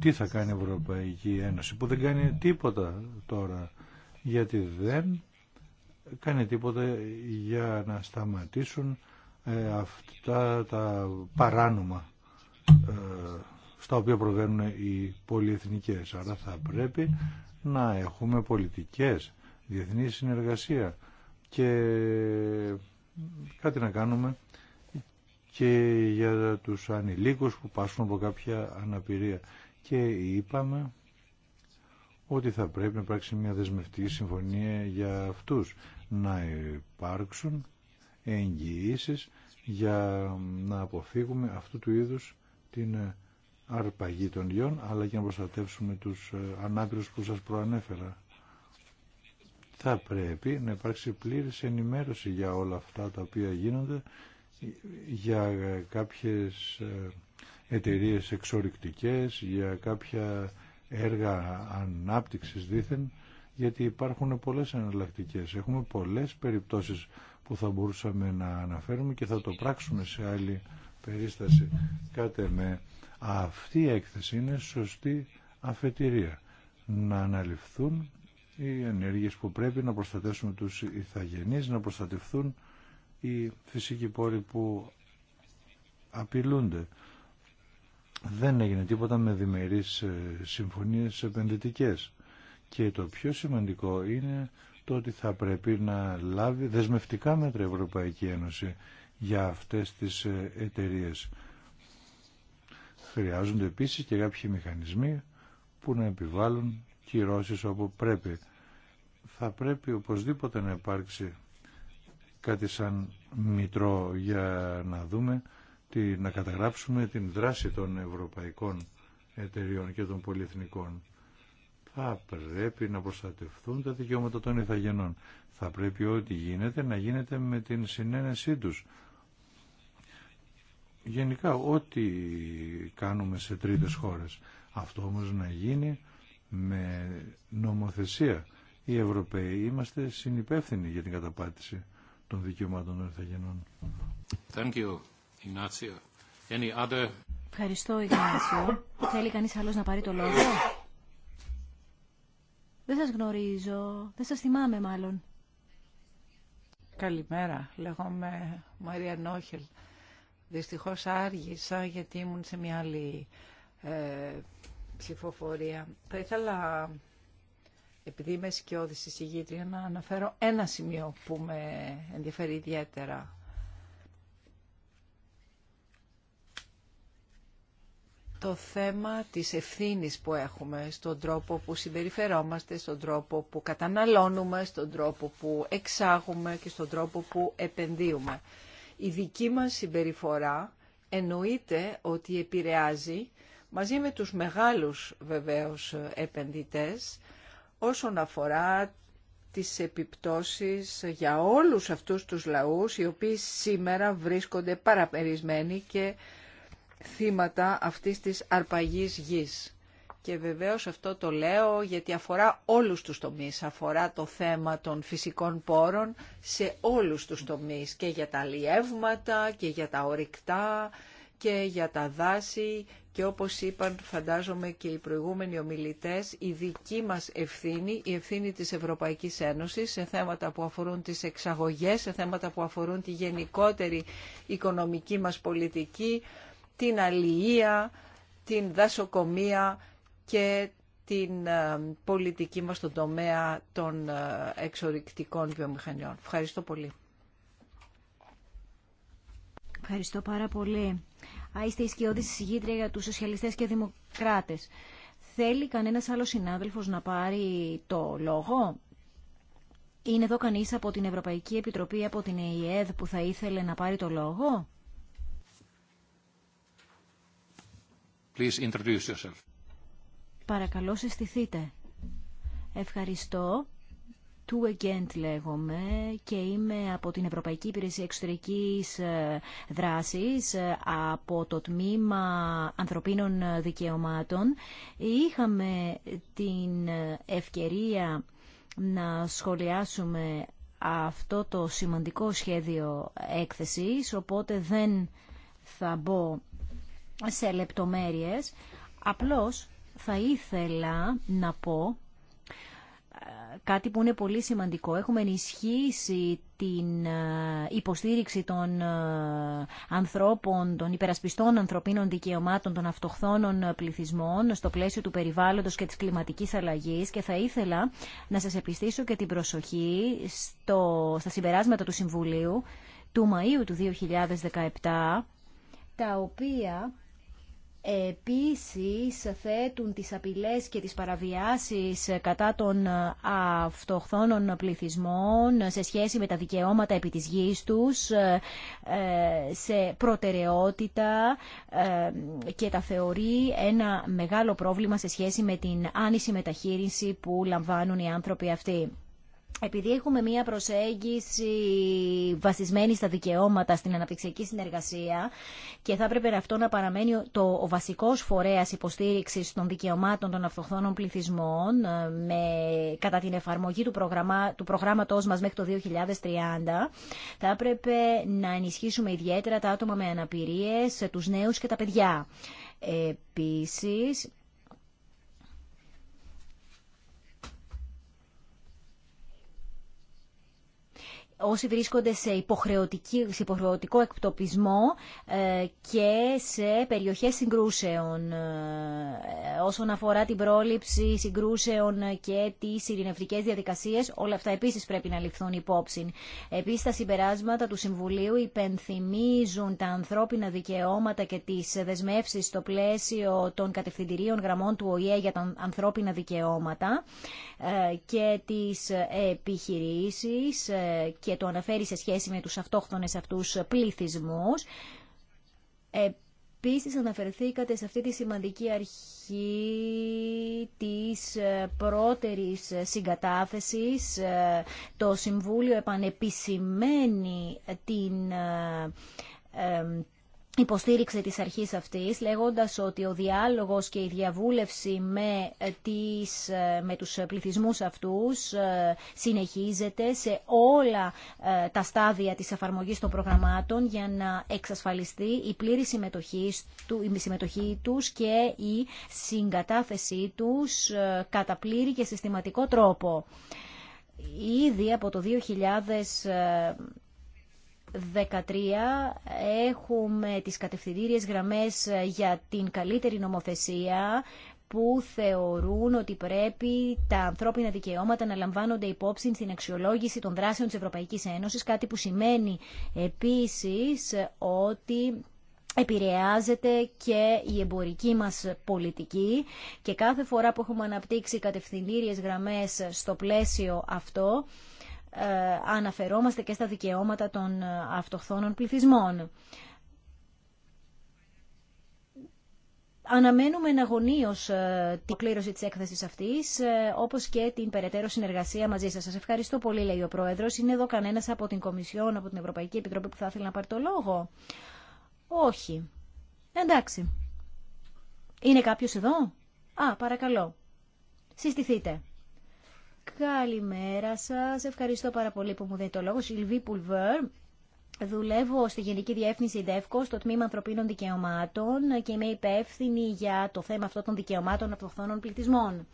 Τι θα κάνει η Ευρωπαϊκή Ένωση που δεν κάνει τίποτα τώρα γιατί δεν κάνει τίποτα για να σταματήσουν ε, αυτά τα παράνομα ε, στα οποία προβαίνουν οι πολυεθνικές. Άρα θα πρέπει να έχουμε πολιτικές, διεθνή συνεργασία και κάτι να κάνουμε και για τους ανηλίκους που πάσχουν από κάποια αναπηρία. Και είπαμε ότι θα πρέπει να υπάρξει μια δεσμευτική συμφωνία για αυτούς. Να υπάρξουν εγγυήσεις για να αποφύγουμε αυτού του είδους την ε, αρπαγή των λιών, αλλά και να προστατεύσουμε τους ε, ανάπηρους που σας προανέφερα. Θα πρέπει να υπάρξει πλήρης ενημέρωση για όλα αυτά τα οποία γίνονται, για ε, κάποιες εταιρείες εξορυκτικές, για κάποια έργα ανάπτυξης δήθεν, γιατί υπάρχουν πολλές εναλλακτικέ. Έχουμε πολλές περιπτώσεις που θα μπορούσαμε να αναφέρουμε και θα το πράξουμε σε άλλη περίσταση. Κάτε με αυτή η έκθεση είναι σωστή αφετηρία. Να αναλυφθούν οι ενέργειες που πρέπει να προστατεύσουμε τους ηθαγενείς, να προστατευθούν οι φυσικοί πόροι που απειλούνται. Δεν έγινε τίποτα με διμερείς ε, συμφωνίες επενδυτικές. Και το πιο σημαντικό είναι το ότι θα πρέπει να λάβει δεσμευτικά μέτρα η Ευρωπαϊκή Ένωση για αυτές τις ε, εταιρείε. Χρειάζονται επίσης και κάποιοι μηχανισμοί που να επιβάλλουν κυρώσεις όπου πρέπει. Θα πρέπει οπωσδήποτε να υπάρξει κάτι σαν μητρό για να δούμε, τη, να καταγράψουμε την δράση των ευρωπαϊκών εταιριών και των πολυεθνικών. Θα πρέπει να προστατευτούν τα δικαιώματα των ιθαγενών. Θα πρέπει ό,τι γίνεται να γίνεται με την συνένεσή τους γενικά ό,τι κάνουμε σε τρίτες χώρες. Αυτό όμως να γίνει με νομοθεσία. Οι Ευρωπαίοι είμαστε συνυπεύθυνοι για την καταπάτηση των δικαιωμάτων των Ιθαγενών. Thank you, Ignacio. Ευχαριστώ, Ιγνάσιο. Θέλει κανείς άλλος να πάρει το λόγο. Δεν σας γνωρίζω. Δεν σας θυμάμαι μάλλον. Καλημέρα. Λέγομαι Μαρία Νόχελ. Δυστυχώς άργησα γιατί ήμουν σε μια άλλη ε, ψηφοφορία. Θα ήθελα, επειδή είμαι σκιώδης εισηγήτρια, να αναφέρω ένα σημείο που με ενδιαφέρει ιδιαίτερα. Το θέμα της ευθύνης που έχουμε στον τρόπο που συμπεριφερόμαστε, στον τρόπο που καταναλώνουμε, στον τρόπο που εξάγουμε και στον τρόπο που επενδύουμε. Η δική μας συμπεριφορά εννοείται ότι επηρεάζει μαζί με τους μεγάλους βεβαίως επενδυτές όσον αφορά τις επιπτώσεις για όλους αυτούς τους λαούς οι οποίοι σήμερα βρίσκονται παραπερισμένοι και θύματα αυτής της αρπαγής γης. Και βεβαίως αυτό το λέω γιατί αφορά όλους τους τομείς. Αφορά το θέμα των φυσικών πόρων σε όλους τους τομείς. Και για τα λιεύματα και για τα ορυκτά και για τα δάση και όπως είπαν φαντάζομαι και οι προηγούμενοι ομιλητές η δική μας ευθύνη, η ευθύνη της Ευρωπαϊκής Ένωσης σε θέματα που αφορούν τις εξαγωγές, σε θέματα που αφορούν τη γενικότερη οικονομική μας πολιτική, την αλληλεία, την δασοκομεία και την ε, πολιτική μας στον τομέα των ε, εξορρυκτικών βιομηχανιών. Ευχαριστώ πολύ. Ευχαριστώ πάρα πολύ. Α, είστε σκιώδη συγγήτρια για τους σοσιαλιστές και δημοκράτες. Θέλει κανένας άλλος συνάδελφος να πάρει το λόγο? Είναι εδώ κανείς από την Ευρωπαϊκή Επιτροπή, από την ΕΕΔ που θα ήθελε να πάρει το λόγο? Please introduce yourself. Παρακαλώ συστηθείτε. Ευχαριστώ. Του Εγκέντ λέγομαι και είμαι από την Ευρωπαϊκή Υπηρεσία Εξωτερικής ε, Δράσης ε, από το Τμήμα Ανθρωπίνων Δικαιωμάτων. Είχαμε την ευκαιρία να σχολιάσουμε αυτό το σημαντικό σχέδιο έκθεσης, οπότε δεν θα μπω σε λεπτομέρειες. Απλώς θα ήθελα να πω ε, κάτι που είναι πολύ σημαντικό. Έχουμε ενισχύσει την ε, υποστήριξη των ε, ανθρώπων, των υπερασπιστών ανθρωπίνων δικαιωμάτων των αυτοχθόνων πληθυσμών στο πλαίσιο του περιβάλλοντος και της κλιματικής αλλαγής και θα ήθελα να σας επιστήσω και την προσοχή στο, στα συμπεράσματα του Συμβουλίου του Μαΐου του 2017 τα οποία Επίσης θέτουν τις απειλές και τις παραβιάσεις κατά των αυτοχθόνων πληθυσμών σε σχέση με τα δικαιώματα επί της γης τους, ε, σε προτεραιότητα ε, και τα θεωρεί ένα μεγάλο πρόβλημα σε σχέση με την άνηση μεταχείριση που λαμβάνουν οι άνθρωποι αυτοί επειδή έχουμε μία προσέγγιση βασισμένη στα δικαιώματα στην αναπτυξιακή συνεργασία και θα έπρεπε αυτό να παραμένει το, ο βασικός φορέας υποστήριξης των δικαιωμάτων των αυτοχθόνων πληθυσμών ε, με, κατά την εφαρμογή του, του προγράμματός μας μέχρι το 2030 θα έπρεπε να ενισχύσουμε ιδιαίτερα τα άτομα με αναπηρίες, ε, του νέους και τα παιδιά. Επίσης, όσοι βρίσκονται σε, σε υποχρεωτικό εκτοπισμό ε, και σε περιοχές συγκρούσεων ε, όσον αφορά την πρόληψη συγκρούσεων και τις ειρηνευτικές διαδικασίες όλα αυτά επίσης πρέπει να ληφθούν υπόψη επίσης τα συμπεράσματα του Συμβουλίου υπενθυμίζουν τα ανθρώπινα δικαιώματα και τις δεσμεύσεις στο πλαίσιο των κατευθυντηρίων γραμμών του ΟΗΕ για τα ανθρώπινα δικαιώματα ε, και τις επιχειρήσεις και το αναφέρει σε σχέση με τους αυτόχθονες αυτούς πληθυσμούς. Επίσης αναφερθήκατε σε αυτή τη σημαντική αρχή της πρώτερης συγκατάθεσης. Το Συμβούλιο επανεπισημένει την ε, ε, υποστήριξε της αρχής αυτής λέγοντας ότι ο διάλογος και η διαβούλευση με, ε, τις, ε, με τους πληθυσμούς αυτούς ε, συνεχίζεται σε όλα τα στάδια της εφαρμογής των προγραμμάτων για να εξασφαλιστεί η πλήρη συμμετοχή, του, η συμμετοχή τους και η συγκατάθεσή τους κατά πλήρη και συστηματικό τρόπο. Ήδη από το 2000 13 έχουμε τις κατευθυντήριες γραμμές για την καλύτερη νομοθεσία που θεωρούν ότι πρέπει τα ανθρώπινα δικαιώματα να λαμβάνονται υπόψη στην αξιολόγηση των δράσεων της Ευρωπαϊκής Ένωσης, κάτι που σημαίνει επίσης ότι επηρεάζεται και η εμπορική μας πολιτική και κάθε φορά που έχουμε αναπτύξει κατευθυντήριες γραμμές στο πλαίσιο αυτό, ε, αναφερόμαστε και στα δικαιώματα των ε, αυτοχθόνων πληθυσμών. Αναμένουμε εναγωνίω ε, την κλήρωση τη έκθεσης αυτή, όπως και την περαιτέρω συνεργασία μαζί σας. Σας ευχαριστώ πολύ, λέει ο Πρόεδρος. Είναι εδώ κανένας από την Κομισιόν, από την Ευρωπαϊκή Επιτροπή που θα ήθελε να πάρει το λόγο. Όχι. Εντάξει. Είναι κάποιο εδώ. Α, παρακαλώ. Συστηθείτε. Καλημέρα σας. Ευχαριστώ πάρα πολύ που μου δίνετε το λόγο. Σιλβί Πουλβέρ. Δουλεύω στη Γενική Διεύθυνση ΔΕΦΚΟ στο Τμήμα Ανθρωπίνων Δικαιωμάτων και είμαι υπεύθυνη για το θέμα αυτό των δικαιωμάτων αυτοχθόνων πληθυσμών.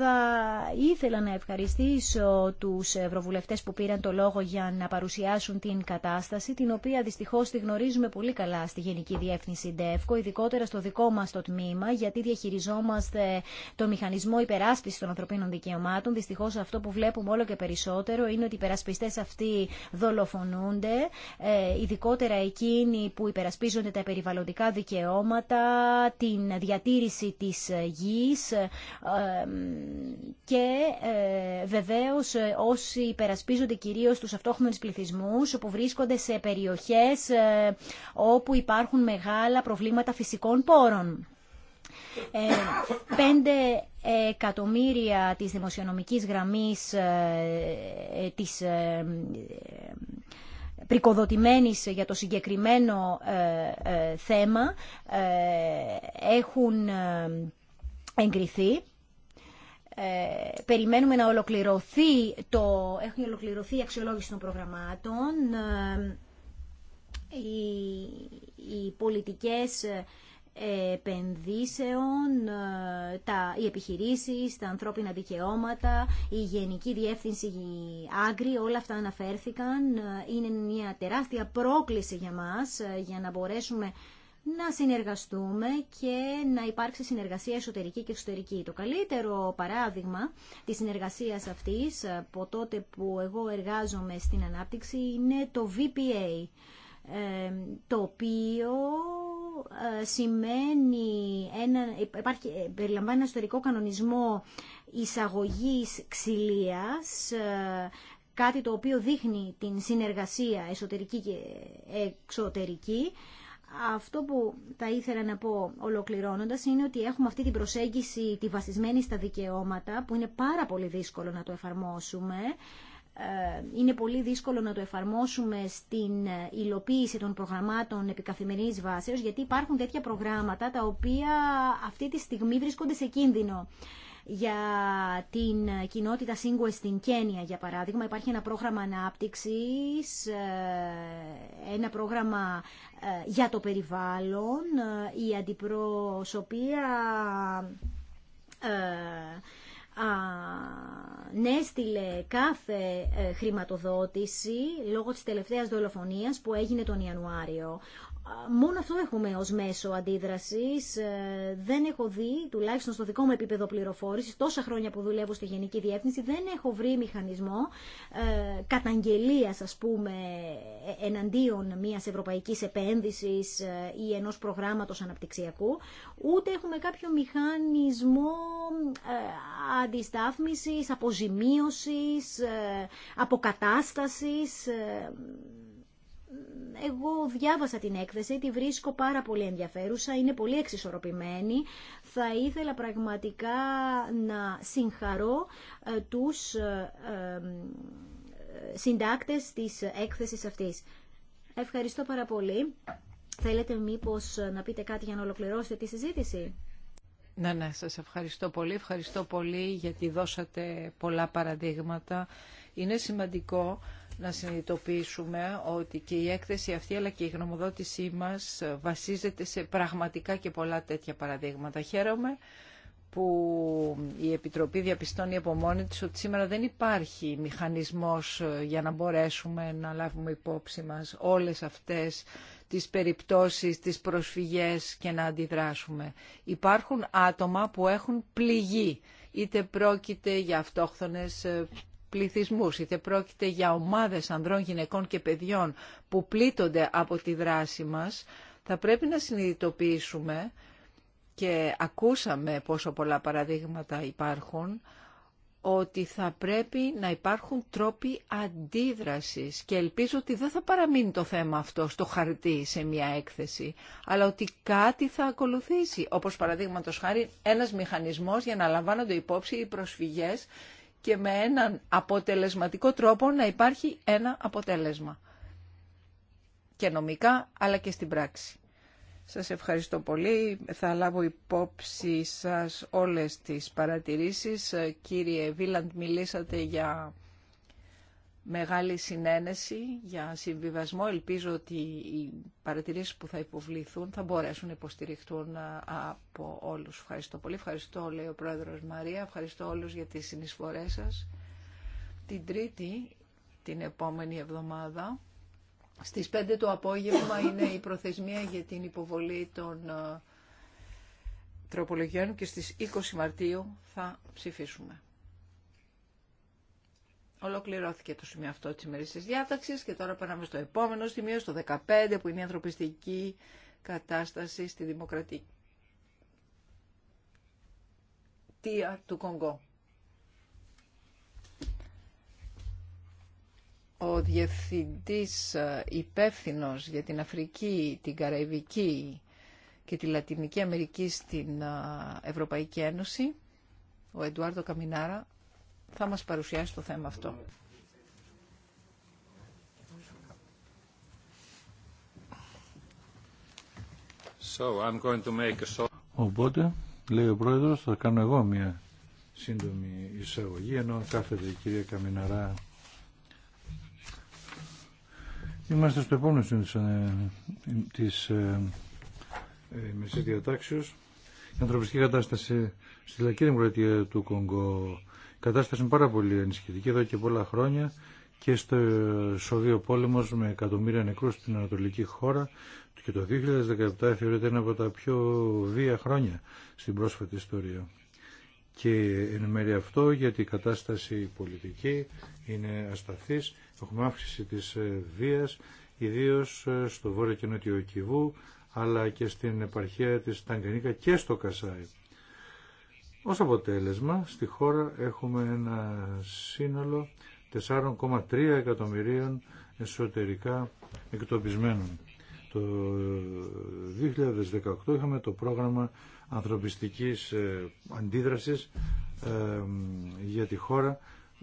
Θα ήθελα να ευχαριστήσω τους ευρωβουλευτές που πήραν το λόγο για να παρουσιάσουν την κατάσταση, την οποία δυστυχώς τη γνωρίζουμε πολύ καλά στη Γενική Διεύθυνση ΔΕΦΚΟ, ειδικότερα στο δικό μας το τμήμα, γιατί διαχειριζόμαστε το μηχανισμό υπεράσπισης των ανθρωπίνων δικαιωμάτων. Δυστυχώς αυτό που βλέπουμε όλο και περισσότερο είναι ότι οι υπερασπιστές αυτοί δολοφονούνται, ε, ειδικότερα εκείνοι που υπερασπίζονται τα περιβαλλοντικά δικαιώματα, την διατήρηση της γης, ε, και ε, βεβαίως ε, όσοι υπερασπίζονται κυρίως τους αυτόχθονες πληθυσμούς που βρίσκονται σε περιοχές ε, όπου υπάρχουν μεγάλα προβλήματα φυσικών πόρων. Πέντε εκατομμύρια της δημοσιονομικής γραμμής της πρικοδοτημένης για το συγκεκριμένο θέμα έχουν εγκριθεί ε, περιμένουμε να ολοκληρωθεί το, έχει ολοκληρωθεί η αξιολόγηση των προγραμμάτων, ε, οι, οι πολιτικές ε, επενδύσεων, τα, οι επιχειρήσεις, τα ανθρώπινα δικαιώματα, η Γενική Διεύθυνση η Άγκρη, όλα αυτά αναφέρθηκαν. Είναι μια τεράστια πρόκληση για μας για να μπορέσουμε να συνεργαστούμε και να υπάρξει συνεργασία εσωτερική και εξωτερική. Το καλύτερο παράδειγμα της συνεργασίας αυτής από τότε που εγώ εργάζομαι στην ανάπτυξη είναι το VPA, ε, το οποίο ε, σημαίνει ένα, υπάρχει, ε, περιλαμβάνει ένα εσωτερικό κανονισμό εισαγωγής ξυλίας, κάτι το οποίο δείχνει την συνεργασία εσωτερική και εξωτερική, αυτό που θα ήθελα να πω ολοκληρώνοντας είναι ότι έχουμε αυτή την προσέγγιση τη βασισμένη στα δικαιώματα που είναι πάρα πολύ δύσκολο να το εφαρμόσουμε. Ε, είναι πολύ δύσκολο να το εφαρμόσουμε στην ε, υλοποίηση των προγραμμάτων επικαθημερινής βάσεως γιατί υπάρχουν τέτοια προγράμματα τα οποία αυτή τη στιγμή βρίσκονται σε κίνδυνο για την κοινότητα Σύγκουε στην Κένια, για παράδειγμα. Υπάρχει ένα πρόγραμμα ανάπτυξης, ε, ένα πρόγραμμα ε, για το περιβάλλον. Ε, η αντιπροσωπεία νέστηλε κάθε χρηματοδότηση λόγω της τελευταίας δολοφονίας που έγινε τον Ιανουάριο μόνο αυτό έχουμε ως μέσο αντίδρασης. Ε, δεν έχω δει, τουλάχιστον στο δικό μου επίπεδο πληροφόρησης, τόσα χρόνια που δουλεύω στη Γενική Διεύθυνση, δεν έχω βρει μηχανισμό ε, καταγγελίας, ας πούμε, ε, εναντίον μιας ευρωπαϊκής επένδυσης ε, ή ενός προγράμματος αναπτυξιακού, ούτε έχουμε κάποιο μηχανισμό ε, αντιστάθμισης, αποζημίωσης, αποκατάστασης εγώ διάβασα την έκθεση, τη βρίσκω πάρα πολύ ενδιαφέρουσα, είναι πολύ εξισορροπημένη. Θα ήθελα πραγματικά να συγχαρώ ε, τους ε, συντάκτες της έκθεσης αυτής. Ευχαριστώ πάρα πολύ. Θέλετε μήπως ε, να πείτε κάτι για να ολοκληρώσετε τη συζήτηση. Ναι, ναι, σας ευχαριστώ πολύ. Ευχαριστώ πολύ γιατί δώσατε πολλά παραδείγματα. Είναι σημαντικό να συνειδητοποιήσουμε ότι και η έκθεση αυτή αλλά και η γνωμοδότησή μας βασίζεται σε πραγματικά και πολλά τέτοια παραδείγματα. Χαίρομαι που η Επιτροπή διαπιστώνει από μόνη της ότι σήμερα δεν υπάρχει μηχανισμός για να μπορέσουμε να λάβουμε υπόψη μας όλες αυτές τις περιπτώσεις, τις προσφυγές και να αντιδράσουμε. Υπάρχουν άτομα που έχουν πληγεί, είτε πρόκειται για αυτόχθονες πληθυσμούς, είτε πρόκειται για ομάδες ανδρών, γυναικών και παιδιών που πλήττονται από τη δράση μας, θα πρέπει να συνειδητοποιήσουμε και ακούσαμε πόσο πολλά παραδείγματα υπάρχουν, ότι θα πρέπει να υπάρχουν τρόποι αντίδρασης και ελπίζω ότι δεν θα παραμείνει το θέμα αυτό στο χαρτί σε μια έκθεση, αλλά ότι κάτι θα ακολουθήσει, όπως παραδείγματο χάρη ένας μηχανισμός για να λαμβάνονται υπόψη οι προσφυγές και με έναν αποτελεσματικό τρόπο να υπάρχει ένα αποτέλεσμα. Και νομικά αλλά και στην πράξη. Σας ευχαριστώ πολύ. Θα λάβω υπόψη σας όλες τις παρατηρήσεις. Κύριε Βίλαντ, μιλήσατε για μεγάλη συνένεση για συμβιβασμό. Ελπίζω ότι οι παρατηρήσεις που θα υποβληθούν θα μπορέσουν να υποστηριχτούν ε, από όλους. Ευχαριστώ πολύ. Ευχαριστώ, λέει ο Πρόεδρος Μαρία. Ευχαριστώ όλους για τις συνεισφορές σας. Την Τρίτη, την επόμενη εβδομάδα, στις 5 το απόγευμα είναι η προθεσμία για την υποβολή των ε, τροπολογιών και στις 20 Μαρτίου θα ψηφίσουμε. Ολοκληρώθηκε το σημείο αυτό της ημερήσιας διάταξης και τώρα περνάμε στο επόμενο σημείο, στο 15, που είναι η ανθρωπιστική κατάσταση στη Δημοκρατία του Κονγκό. Ο διευθυντής ε, υπεύθυνο για την Αφρική, την Καραϊβική και τη Λατινική Αμερική στην ε, Ευρωπαϊκή Ένωση, ο Εντουάρδο Καμινάρα, θα μας παρουσιάσει το θέμα αυτό. So, I'm going to make a... Οπότε, λέει ο πρόεδρος, θα κάνω εγώ μια σύντομη εισαγωγή, ενώ κάθεται η κυρία Καμιναρά. Είμαστε στο επόμενο σύνδεσμο ε, της ε, ε, Διατάξεως. Η ανθρωπιστική κατάσταση στη λακή Δημοκρατία του Κονγκό κατάσταση είναι πάρα πολύ ενισχυτική εδώ και πολλά χρόνια και στο Σοβείο Πόλεμο με εκατομμύρια νεκρούς στην Ανατολική χώρα και το 2017 θεωρείται ένα από τα πιο βία χρόνια στην πρόσφατη ιστορία. Και εν μέρει αυτό γιατί η κατάσταση πολιτική είναι ασταθής, έχουμε αύξηση της ε, βίας, ιδίως ε, στο βόρειο και νότιο Κιβού, αλλά και στην επαρχία της Ταγκανίκα και στο Κασάι. Ως αποτέλεσμα, στη χώρα έχουμε ένα σύνολο 4,3 εκατομμυρίων εσωτερικά εκτοπισμένων. Το 2018 είχαμε το πρόγραμμα ανθρωπιστικής ε, αντίδρασης ε, για τη χώρα,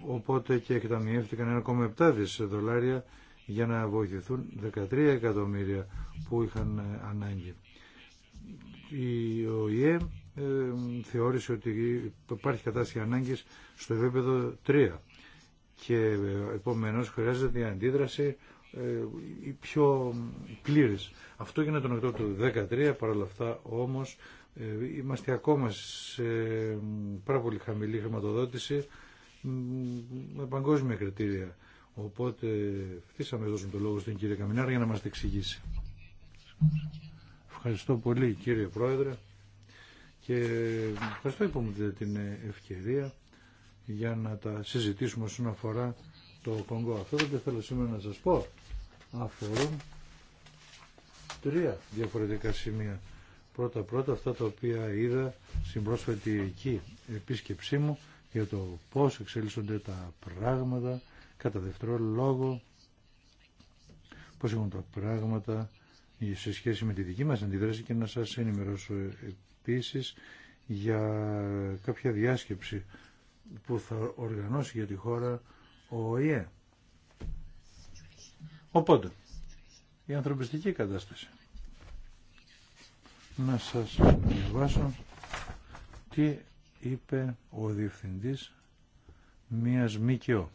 οπότε και εκταμιεύτηκαν 1,7 δις δολάρια για να βοηθηθούν 13 εκατομμύρια που είχαν ε, ανάγκη. Η ε, θεώρησε ότι υπάρχει κατάσταση ανάγκης στο επίπεδο 3 και ε, επομένως χρειάζεται η αντίδραση ε, η πιο πλήρης. Αυτό έγινε τον Οκτώβριο του 2013, παρ' όλα αυτά όμως είμαστε ακόμα σε πάρα πολύ χαμηλή χρηματοδότηση με παγκόσμια κριτήρια. Οπότε φτύσαμε δώσουμε το λόγο στην κυρία Καμινάρα για να μας τα εξηγήσει. Ευχαριστώ πολύ κύριε Πρόεδρε και ευχαριστώ λοιπόν, που μου δίνετε την ευκαιρία για να τα συζητήσουμε όσον αφορά το Κονγκό. Αυτό που θέλω σήμερα να σας πω αφορούν τρία διαφορετικά σημεία. Πρώτα-πρώτα αυτά τα οποία είδα στην πρόσφατη εκεί επίσκεψή μου για το πώς εξελίσσονται τα πράγματα, κατά δεύτερό λόγο, πώς έχουν τα πράγματα σε σχέση με τη δική μας αντίδραση και να σας ενημερώσω για κάποια διάσκεψη που θα οργανώσει για τη χώρα ο ΟΗΕ. Οπότε, η ανθρωπιστική κατάσταση. Να σας διαβάσω τι είπε ο διευθυντής μίας ΜΚΟ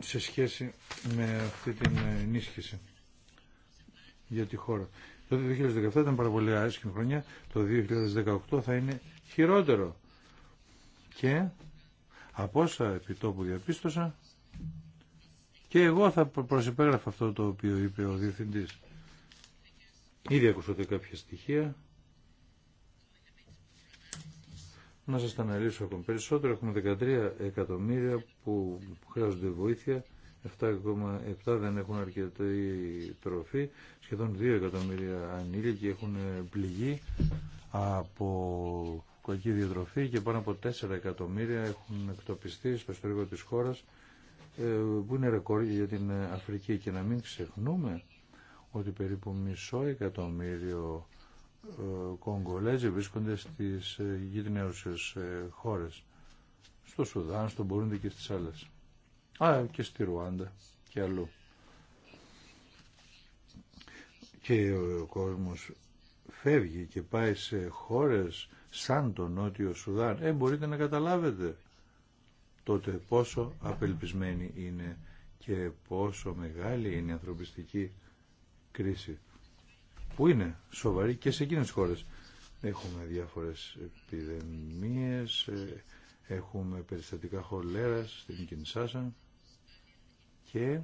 σε σχέση με αυτή την ενίσχυση για τη χώρα. Το 2017 ήταν πάρα πολύ άσχημη χρονιά, το 2018 θα είναι χειρότερο. Και από όσα επιτόπου διαπίστωσα, και εγώ θα προσυπέγραφα αυτό το οποίο είπε ο Διευθυντής. Ήδη ακούσατε κάποια στοιχεία. Να σας τα αναλύσω ακόμη περισσότερο. Έχουμε 13 εκατομμύρια που χρειάζονται βοήθεια 7,7 δεν έχουν αρκετή τροφή, σχεδόν 2 εκατομμύρια ανήλικοι έχουν πληγεί από κακή διατροφή και πάνω από 4 εκατομμύρια έχουν εκτοπιστεί στο ιστορικό της χώρας ε, που είναι ρεκόρ για την Αφρική και να μην ξεχνούμε ότι περίπου μισό εκατομμύριο ε, Κογκολέζοι βρίσκονται στις ε, γείτονιές χώρες στο Σουδάν, στο Μπορούντι και στις άλλες. Α, και στη Ρουάντα και αλλού. Και ο κόσμος φεύγει και πάει σε χώρες σαν το Νότιο Σουδάν. Ε, μπορείτε να καταλάβετε τότε πόσο απελπισμένη είναι και πόσο μεγάλη είναι η ανθρωπιστική κρίση που είναι σοβαρή και σε εκείνες τις χώρες. Έχουμε διάφορες επιδημίες, ε, έχουμε περιστατικά χολέρας στην Κινσάσα και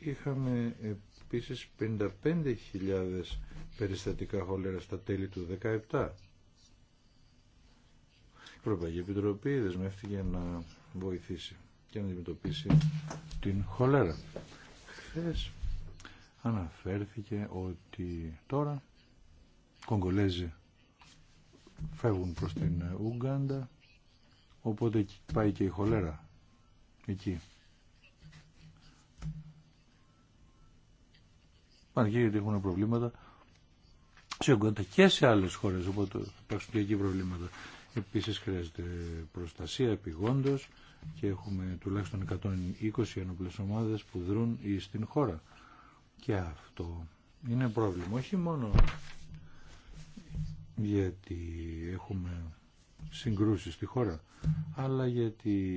είχαμε επίσης 55.000 περιστατικά χολέρα στα τέλη του 2017. Η Ευρωπαϊκή Επιτροπή δεσμεύτηκε να βοηθήσει και να αντιμετωπίσει την χολέρα. Χθε αναφέρθηκε ότι τώρα Κογκολέζοι φεύγουν προς την Ουγγάντα Οπότε πάει και η χολέρα εκεί. Πάνε γιατί έχουν προβλήματα σε Ογκάντα και σε άλλες χώρες, οπότε υπάρχουν και εκεί προβλήματα. Επίσης χρειάζεται προστασία επιγόντως και έχουμε τουλάχιστον 120 ενοπλές ομάδες που δρούν ή στην χώρα. Και αυτό είναι πρόβλημα, όχι μόνο γιατί έχουμε Συγκρούσει στη χώρα, αλλά γιατί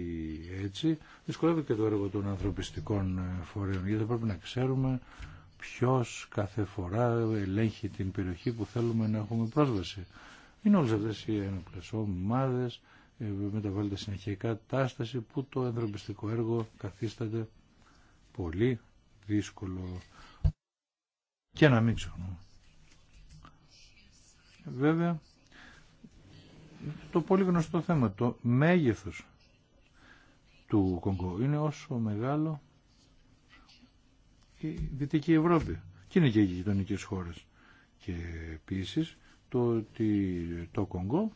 έτσι δυσκολεύει και το έργο των ανθρωπιστικών φορέων, γιατί δεν πρέπει να ξέρουμε ποιο κάθε φορά ελέγχει την περιοχή που θέλουμε να έχουμε πρόσβαση. Είναι όλες αυτές οι ομάδε, ομάδε, ε, μεταβάλλεται συνεχεία κατάσταση που το ανθρωπιστικό έργο καθίσταται πολύ δύσκολο και να μην ξεχνούμε. Βέβαια, το πολύ γνωστό θέμα, το μέγεθος του Κονγκό είναι όσο μεγάλο η Δυτική Ευρώπη και είναι και οι γειτονικέ χώρες και επίσης το ότι το Κονγκό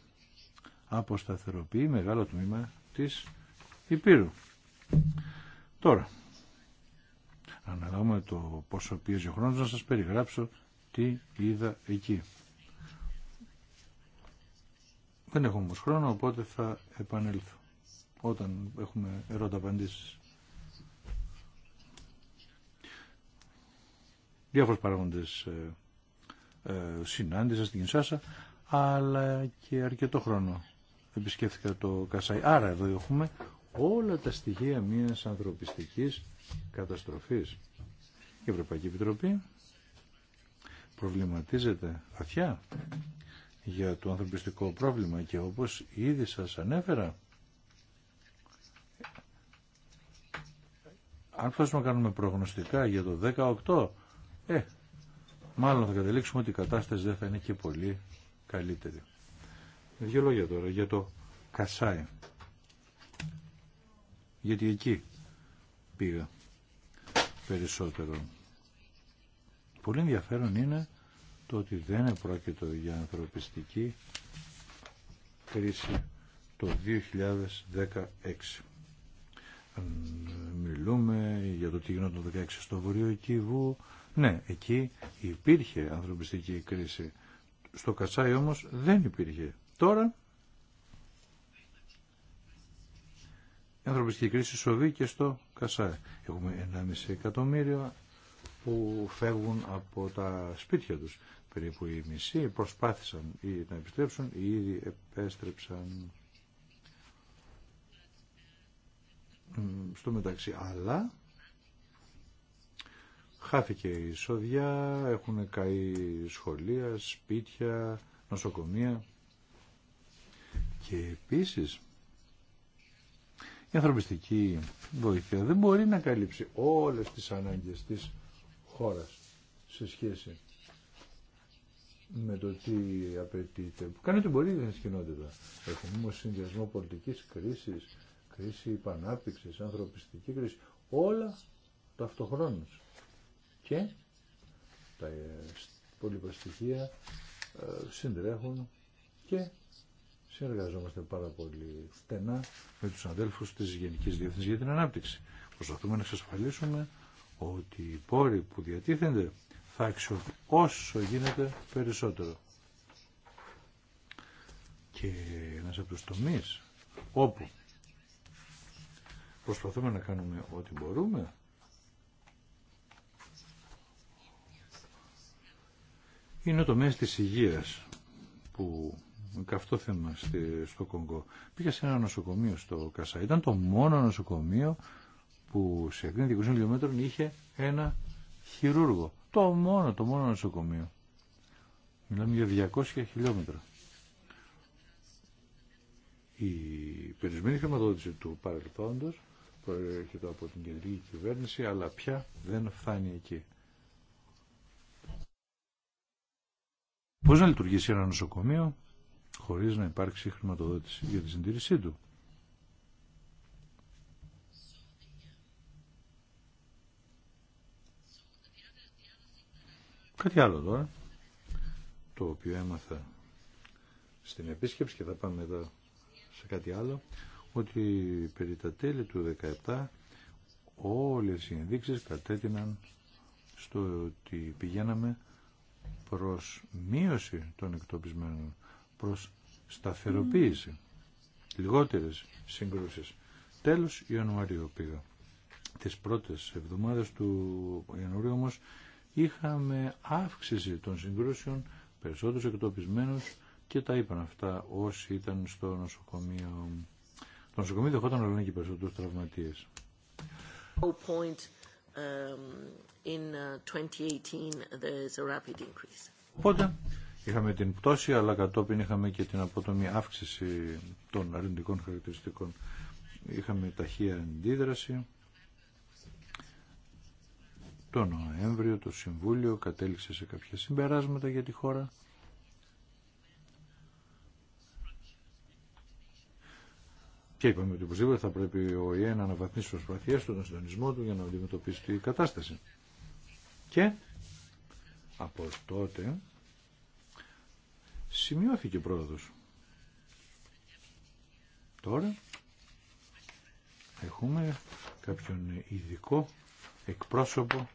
αποσταθεροποιεί μεγάλο τμήμα της Υπήρου. Τώρα, αναλάβουμε το πόσο πίεζε ο να σας περιγράψω τι είδα εκεί. Δεν έχουμε όμως χρόνο, οπότε θα επανέλθω όταν έχουμε ερώτα απαντήσεις. Διάφορες παράγοντες ε, ε, συνάντησα στην Κινσάσα, αλλά και αρκετό χρόνο επισκέφθηκα το Κασάι. Άρα εδώ έχουμε όλα τα στοιχεία μιας ανθρωπιστικής καταστροφής. Η Ευρωπαϊκή Επιτροπή προβληματίζεται βαθιά για το ανθρωπιστικό πρόβλημα και όπως ήδη σας ανέφερα αν φτάσουμε να κάνουμε προγνωστικά για το 18 ε, μάλλον θα καταλήξουμε ότι η κατάσταση δεν θα είναι και πολύ καλύτερη. Δύο λόγια τώρα για το Κασάι. Γιατί εκεί πήγα περισσότερο. Πολύ ενδιαφέρον είναι το ότι δεν επρόκειτο για ανθρωπιστική κρίση το 2016. Μιλούμε για το τι γινόταν το 2016 στο Βορείο Κιβού. Ναι, εκεί υπήρχε ανθρωπιστική κρίση. Στο Κασάι όμως δεν υπήρχε. Τώρα η ανθρωπιστική κρίση σοβεί και στο Κασάι. Έχουμε 1,5 εκατομμύριο που φεύγουν από τα σπίτια τους περίπου οι μισοί προσπάθησαν ή να επιστρέψουν ή ήδη επέστρεψαν στο μεταξύ. Αλλά χάθηκε η εισόδια, έχουν καεί σχολεία, σπίτια, νοσοκομεία και επίσης η ανθρωπιστική βοήθεια δεν μπορεί να καλύψει όλες τις ανάγκες της χώρας σε σχέση με το τι απαιτείται. Κάνει την μπορεί η κοινότητα. Έχουμε όμω συνδυασμό πολιτική κρίση, κρίση υπανάπτυξη, ανθρωπιστική κρίση. Όλα ταυτοχρόνω. Και τα ε, υπόλοιπα στοιχεία ε, συντρέχουν και συνεργαζόμαστε πάρα πολύ στενά με τους αδέλφους της Γενικής Διεύθυνσης για την Ανάπτυξη. Προσπαθούμε να εξασφαλίσουμε ότι οι πόροι που διατίθενται θα αξιοποιούν όσο γίνεται περισσότερο. Και ένας από τους τομείς όπου προσπαθούμε να κάνουμε ό,τι μπορούμε είναι το τομέας της υγείας που καυτό θέμα στο Κονγκό. Πήγα σε ένα νοσοκομείο στο Κασά. Ήταν το μόνο νοσοκομείο που σε 20 200 χιλιόμετρων είχε ένα χειρούργο. Το μόνο, το μόνο νοσοκομείο. Μιλάμε για 200 χιλιόμετρα. Η περισμένη χρηματοδότηση του παρελθόντος προέρχεται από την κεντρική κυβέρνηση, αλλά πια δεν φτάνει εκεί. Πώς να λειτουργήσει ένα νοσοκομείο χωρίς να υπάρξει χρηματοδότηση για τη συντήρησή του. Κάτι άλλο τώρα, το οποίο έμαθα στην επίσκεψη και θα πάμε εδώ σε κάτι άλλο, ότι περί τα τέλη του 17 όλες οι ενδείξεις κατέτειναν στο ότι πηγαίναμε προς μείωση των εκτοπισμένων, προς σταθεροποίηση, λιγότερες σύγκρουσεις. Τέλος Ιανουαρίου πήγα. Τις πρώτες εβδομάδες του Ιανουαρίου όμως είχαμε αύξηση των συγκρούσεων, περισσότερους εκτοπισμένους και τα είπαν αυτά όσοι ήταν στο νοσοκομείο. Το νοσοκομείο δεχόταν όλο και περισσότερους τραυματίες. Um, uh, Οπότε είχαμε την πτώση αλλά κατόπιν είχαμε και την απότομη αύξηση των αρνητικών χαρακτηριστικών. Είχαμε ταχεία αντίδραση. Το Νοέμβριο το Συμβούλιο κατέληξε σε κάποια συμπεράσματα για τη χώρα. Και είπαμε ότι οπωσδήποτε θα πρέπει ο ΙΕ να αναβαθμίσει τι προσπαθίε του, τον συντονισμό του για να αντιμετωπίσει τη κατάσταση. Και από τότε σημειώθηκε πρόοδο. Τώρα έχουμε κάποιον ειδικό εκπρόσωπο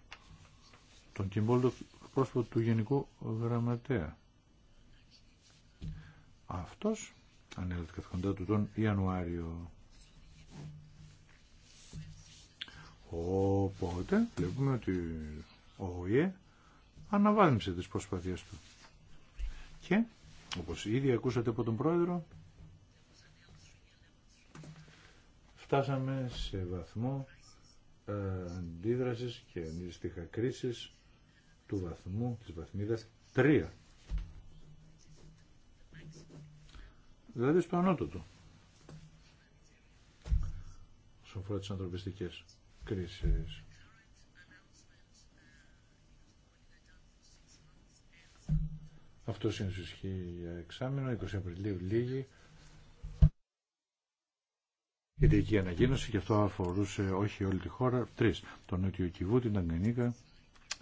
τον Κιμπόλτο πρόσωπο του Γενικού Γραμματέα. Αυτός ανέλαβε καθηκοντά του τον Ιανουάριο. Οπότε βλέπουμε ότι ο ΟΗΕ αναβάθμισε τις προσπαθίες του. Και, όπως ήδη ακούσατε από τον Πρόεδρο, φτάσαμε σε βαθμό ε, αντίδρασης και αντίστοιχα κρίσης του βαθμού, της βαθμίδας 3. Δηλαδή στο ανώτοτο. του. Όσον αφορά τις ανθρωπιστικές κρίσεις. Αυτό συνεισφυσχεί για εξάμεινο, 20 Απριλίου λίγη. Η δική ανακοίνωση και αυτό αφορούσε όχι όλη τη χώρα, τρεις. Τον Νότιο Κιβού, την Ταγκανίκα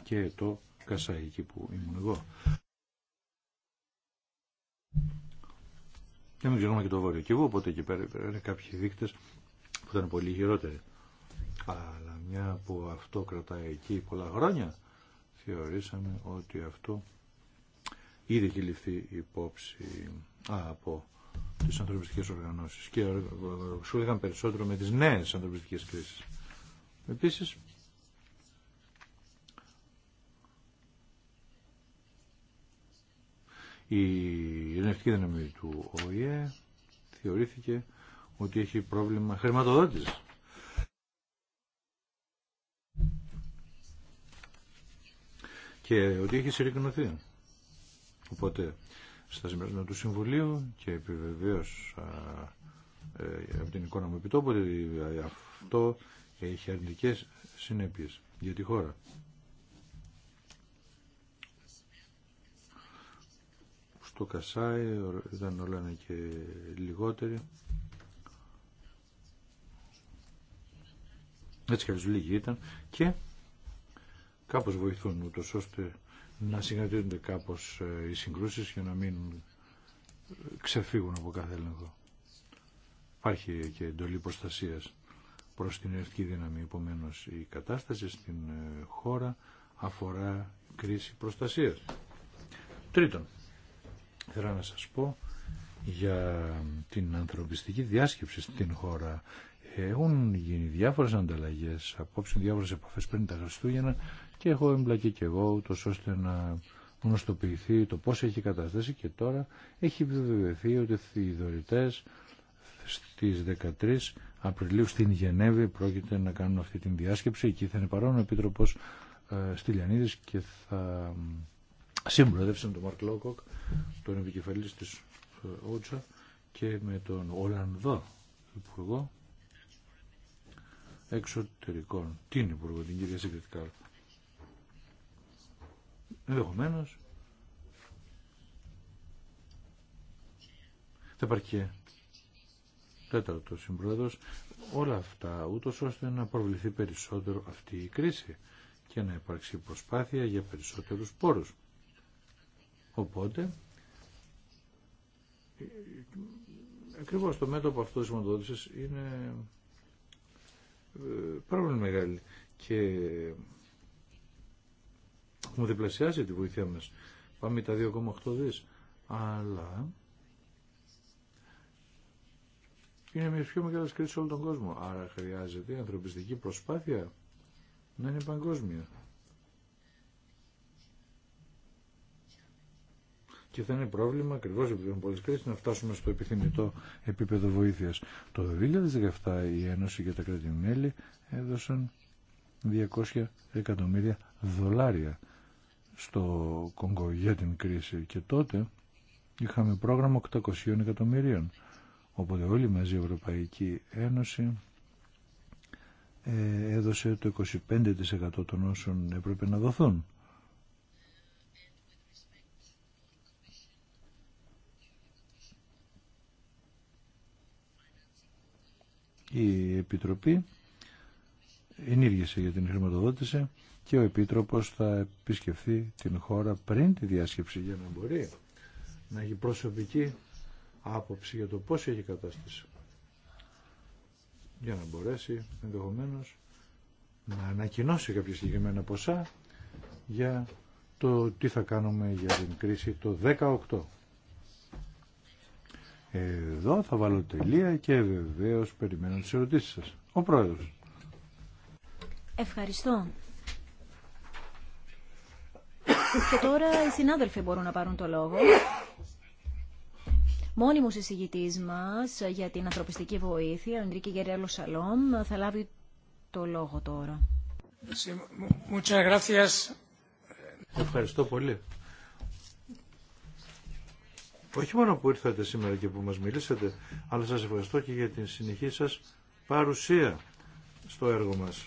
και το Κασάη, εκεί που ήμουν εγώ. Και μην ξεχνούμε και το βόρειο Κιβού, οπότε εκεί πέρα, πέρα είναι κάποιοι δείκτες που ήταν πολύ χειρότεροι. Αλλά μια που αυτό κρατάει εκεί πολλά χρόνια, θεωρήσαμε ότι αυτό ήδη έχει ληφθεί υπόψη από τις ανθρωπιστικές οργανώσεις και σούλεγαν περισσότερο με τις νέες ανθρωπιστικές κρίσεις. Επίσης, Η ειρηνευτική δύναμη του ΟΗΕ θεωρήθηκε ότι έχει πρόβλημα χρηματοδότησης. Και ότι έχει συρρυκνωθεί. Οπότε, στα σημερινά του Συμβουλίου και επιβεβαίως ε, από την εικόνα μου επιτόπου ότι αυτό έχει αρνητικές συνέπειες για τη χώρα. το Κασάι, ήταν όλα ένα και λιγότεροι. Έτσι και λίγοι ήταν και κάπως βοηθούν ούτως ώστε να συγκρατήσουν κάπως ε, οι συγκρούσεις για να μην ε, ξεφύγουν από κάθε έλεγχο. Υπάρχει και εντολή προστασία προς την ερθική δύναμη. επομένω η κατάσταση στην ε, χώρα αφορά κρίση προστασίας. Τρίτον, Θέλω να σας πω για την ανθρωπιστική διάσκεψη στην χώρα. Έχουν γίνει διάφορες ανταλλαγές, απόψε διάφορες επαφές πριν τα Χριστούγεννα και έχω εμπλακεί και εγώ ούτως ώστε να γνωστοποιηθεί το πώς έχει καταστάσει και τώρα έχει επιβεβαιωθεί ότι οι δωρητές στις 13 Απριλίου στην Γενέβη πρόκειται να κάνουν αυτή την διάσκεψη. Εκεί θα είναι παρόν ο Επίτροπος ε, Στυλιανίδης και θα με τον Μαρκ Λόκοκ, τον επικεφαλής της ε, Ότσα και με τον Ολλανδό Υπουργό Εξωτερικών, την Υπουργό, την κυρία Συγκριτικά. Ενδεχομένω. θα υπάρχει και τέταρτο συμπρόεδρο. Όλα αυτά ούτω ώστε να προβληθεί περισσότερο αυτή η κρίση και να υπάρξει προσπάθεια για περισσότερους πόρους. Οπότε, ακριβώ το μέτωπο αυτό τη μοντότητα είναι ε, πάρα πολύ μεγάλη και έχουμε διπλασιάσει τη βοήθειά μας. Πάμε τα 2,8 δι. Αλλά είναι μια πιο μεγάλη κρίση σε όλο τον κόσμο. Άρα χρειάζεται η ανθρωπιστική προσπάθεια να είναι παγκόσμια. και θα είναι πρόβλημα ακριβώ επειδή έχουν πολλέ κρίσει να φτάσουμε στο επιθυμητό επίπεδο βοήθεια. Το 2017 η Ένωση και τα κράτη-μέλη έδωσαν 200 εκατομμύρια δολάρια στο Κονγκό για την κρίση και τότε είχαμε πρόγραμμα 800 εκατομμυρίων. Οπότε όλη μαζί η Ευρωπαϊκή Ένωση ε, έδωσε το 25% των όσων έπρεπε να δοθούν. Η Επιτροπή ενήργησε για την χρηματοδότηση και ο Επίτροπος θα επισκεφθεί την χώρα πριν τη διάσκεψη για να μπορεί να έχει προσωπική άποψη για το πώς έχει κατάσταση. Για να μπορέσει ενδεχομένω να ανακοινώσει κάποια συγκεκριμένα ποσά για το τι θα κάνουμε για την κρίση το 18. Εδώ θα βάλω τελεία και βεβαίως περιμένω τις ερωτήσεις σας. Ο Πρόεδρος. Ευχαριστώ. Και τώρα οι συνάδελφοι μπορούν να πάρουν το λόγο. Μόνιμος εισηγητής μας για την ανθρωπιστική βοήθεια, ο Ενρίκη Γερέλο Σαλόμ, θα λάβει το λόγο τώρα. Ευχαριστώ πολύ όχι μόνο που ήρθατε σήμερα και που μας μιλήσατε, αλλά σας ευχαριστώ και για την συνεχή σας παρουσία στο έργο μας.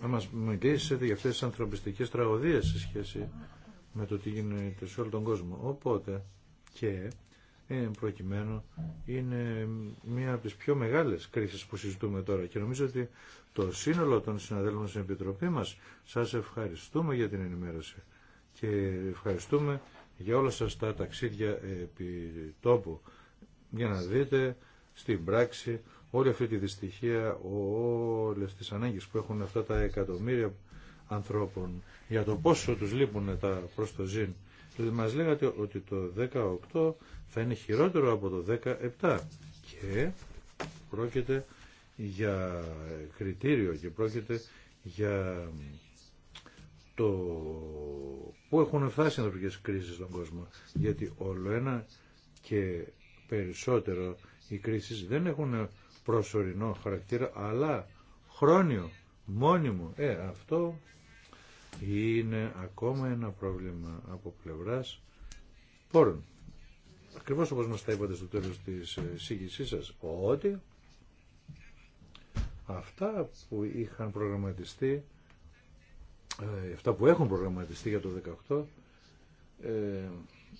Να μας μιλήσετε για αυτές τις ανθρωπιστικές τραγωδίες σε σχέση με το τι γίνεται σε όλο τον κόσμο. Οπότε και ε, προκειμένου είναι μία από τις πιο μεγάλες κρίσεις που συζητούμε τώρα και νομίζω ότι το σύνολο των συναδέλφων στην Επιτροπή μας σας ευχαριστούμε για την ενημέρωση και ευχαριστούμε για όλα σας τα ταξίδια επί τόπου για να δείτε στην πράξη όλη αυτή τη δυστυχία, όλες τις ανάγκες που έχουν αυτά τα εκατομμύρια ανθρώπων για το πόσο τους λείπουν τα προς το ζήν. Δηλαδή, μας λέγατε ότι το 18 θα είναι χειρότερο από το 17 και πρόκειται για κριτήριο και πρόκειται για το πού έχουν φτάσει οι ανθρωπικές κρίσεις στον κόσμο. Γιατί όλο ένα και περισσότερο οι κρίσεις δεν έχουν προσωρινό χαρακτήρα, αλλά χρόνιο, μόνιμο. Ε, αυτό είναι ακόμα ένα πρόβλημα από πλευράς πόρων. Ακριβώς όπως μας τα είπατε στο τέλος της σύγκριση ε, σας, ότι αυτά που είχαν προγραμματιστεί ε, αυτά που έχουν προγραμματιστεί για το 2018 ε,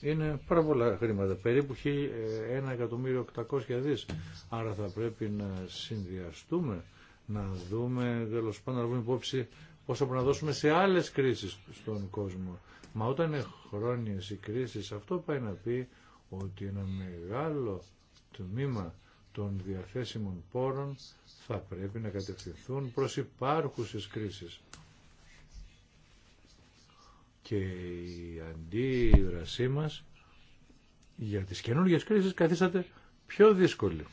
είναι πάρα πολλά χρήματα, περίπου 1.800.000 ε, δις. Άρα θα πρέπει να συνδυαστούμε, να δούμε, τέλο πάντων να υπόψη πόσο πρέπει να δώσουμε σε άλλε κρίσεις στον κόσμο. Μα όταν είναι χρόνιες οι κρίσεις, αυτό πάει να πει ότι ένα μεγάλο τμήμα των διαθέσιμων πόρων θα πρέπει να κατευθυνθούν προς υπάρχουσες κρίσεις και η αντίδρασή μας για τις καινούργιες κρίσεις καθίσταται πιο δύσκολη.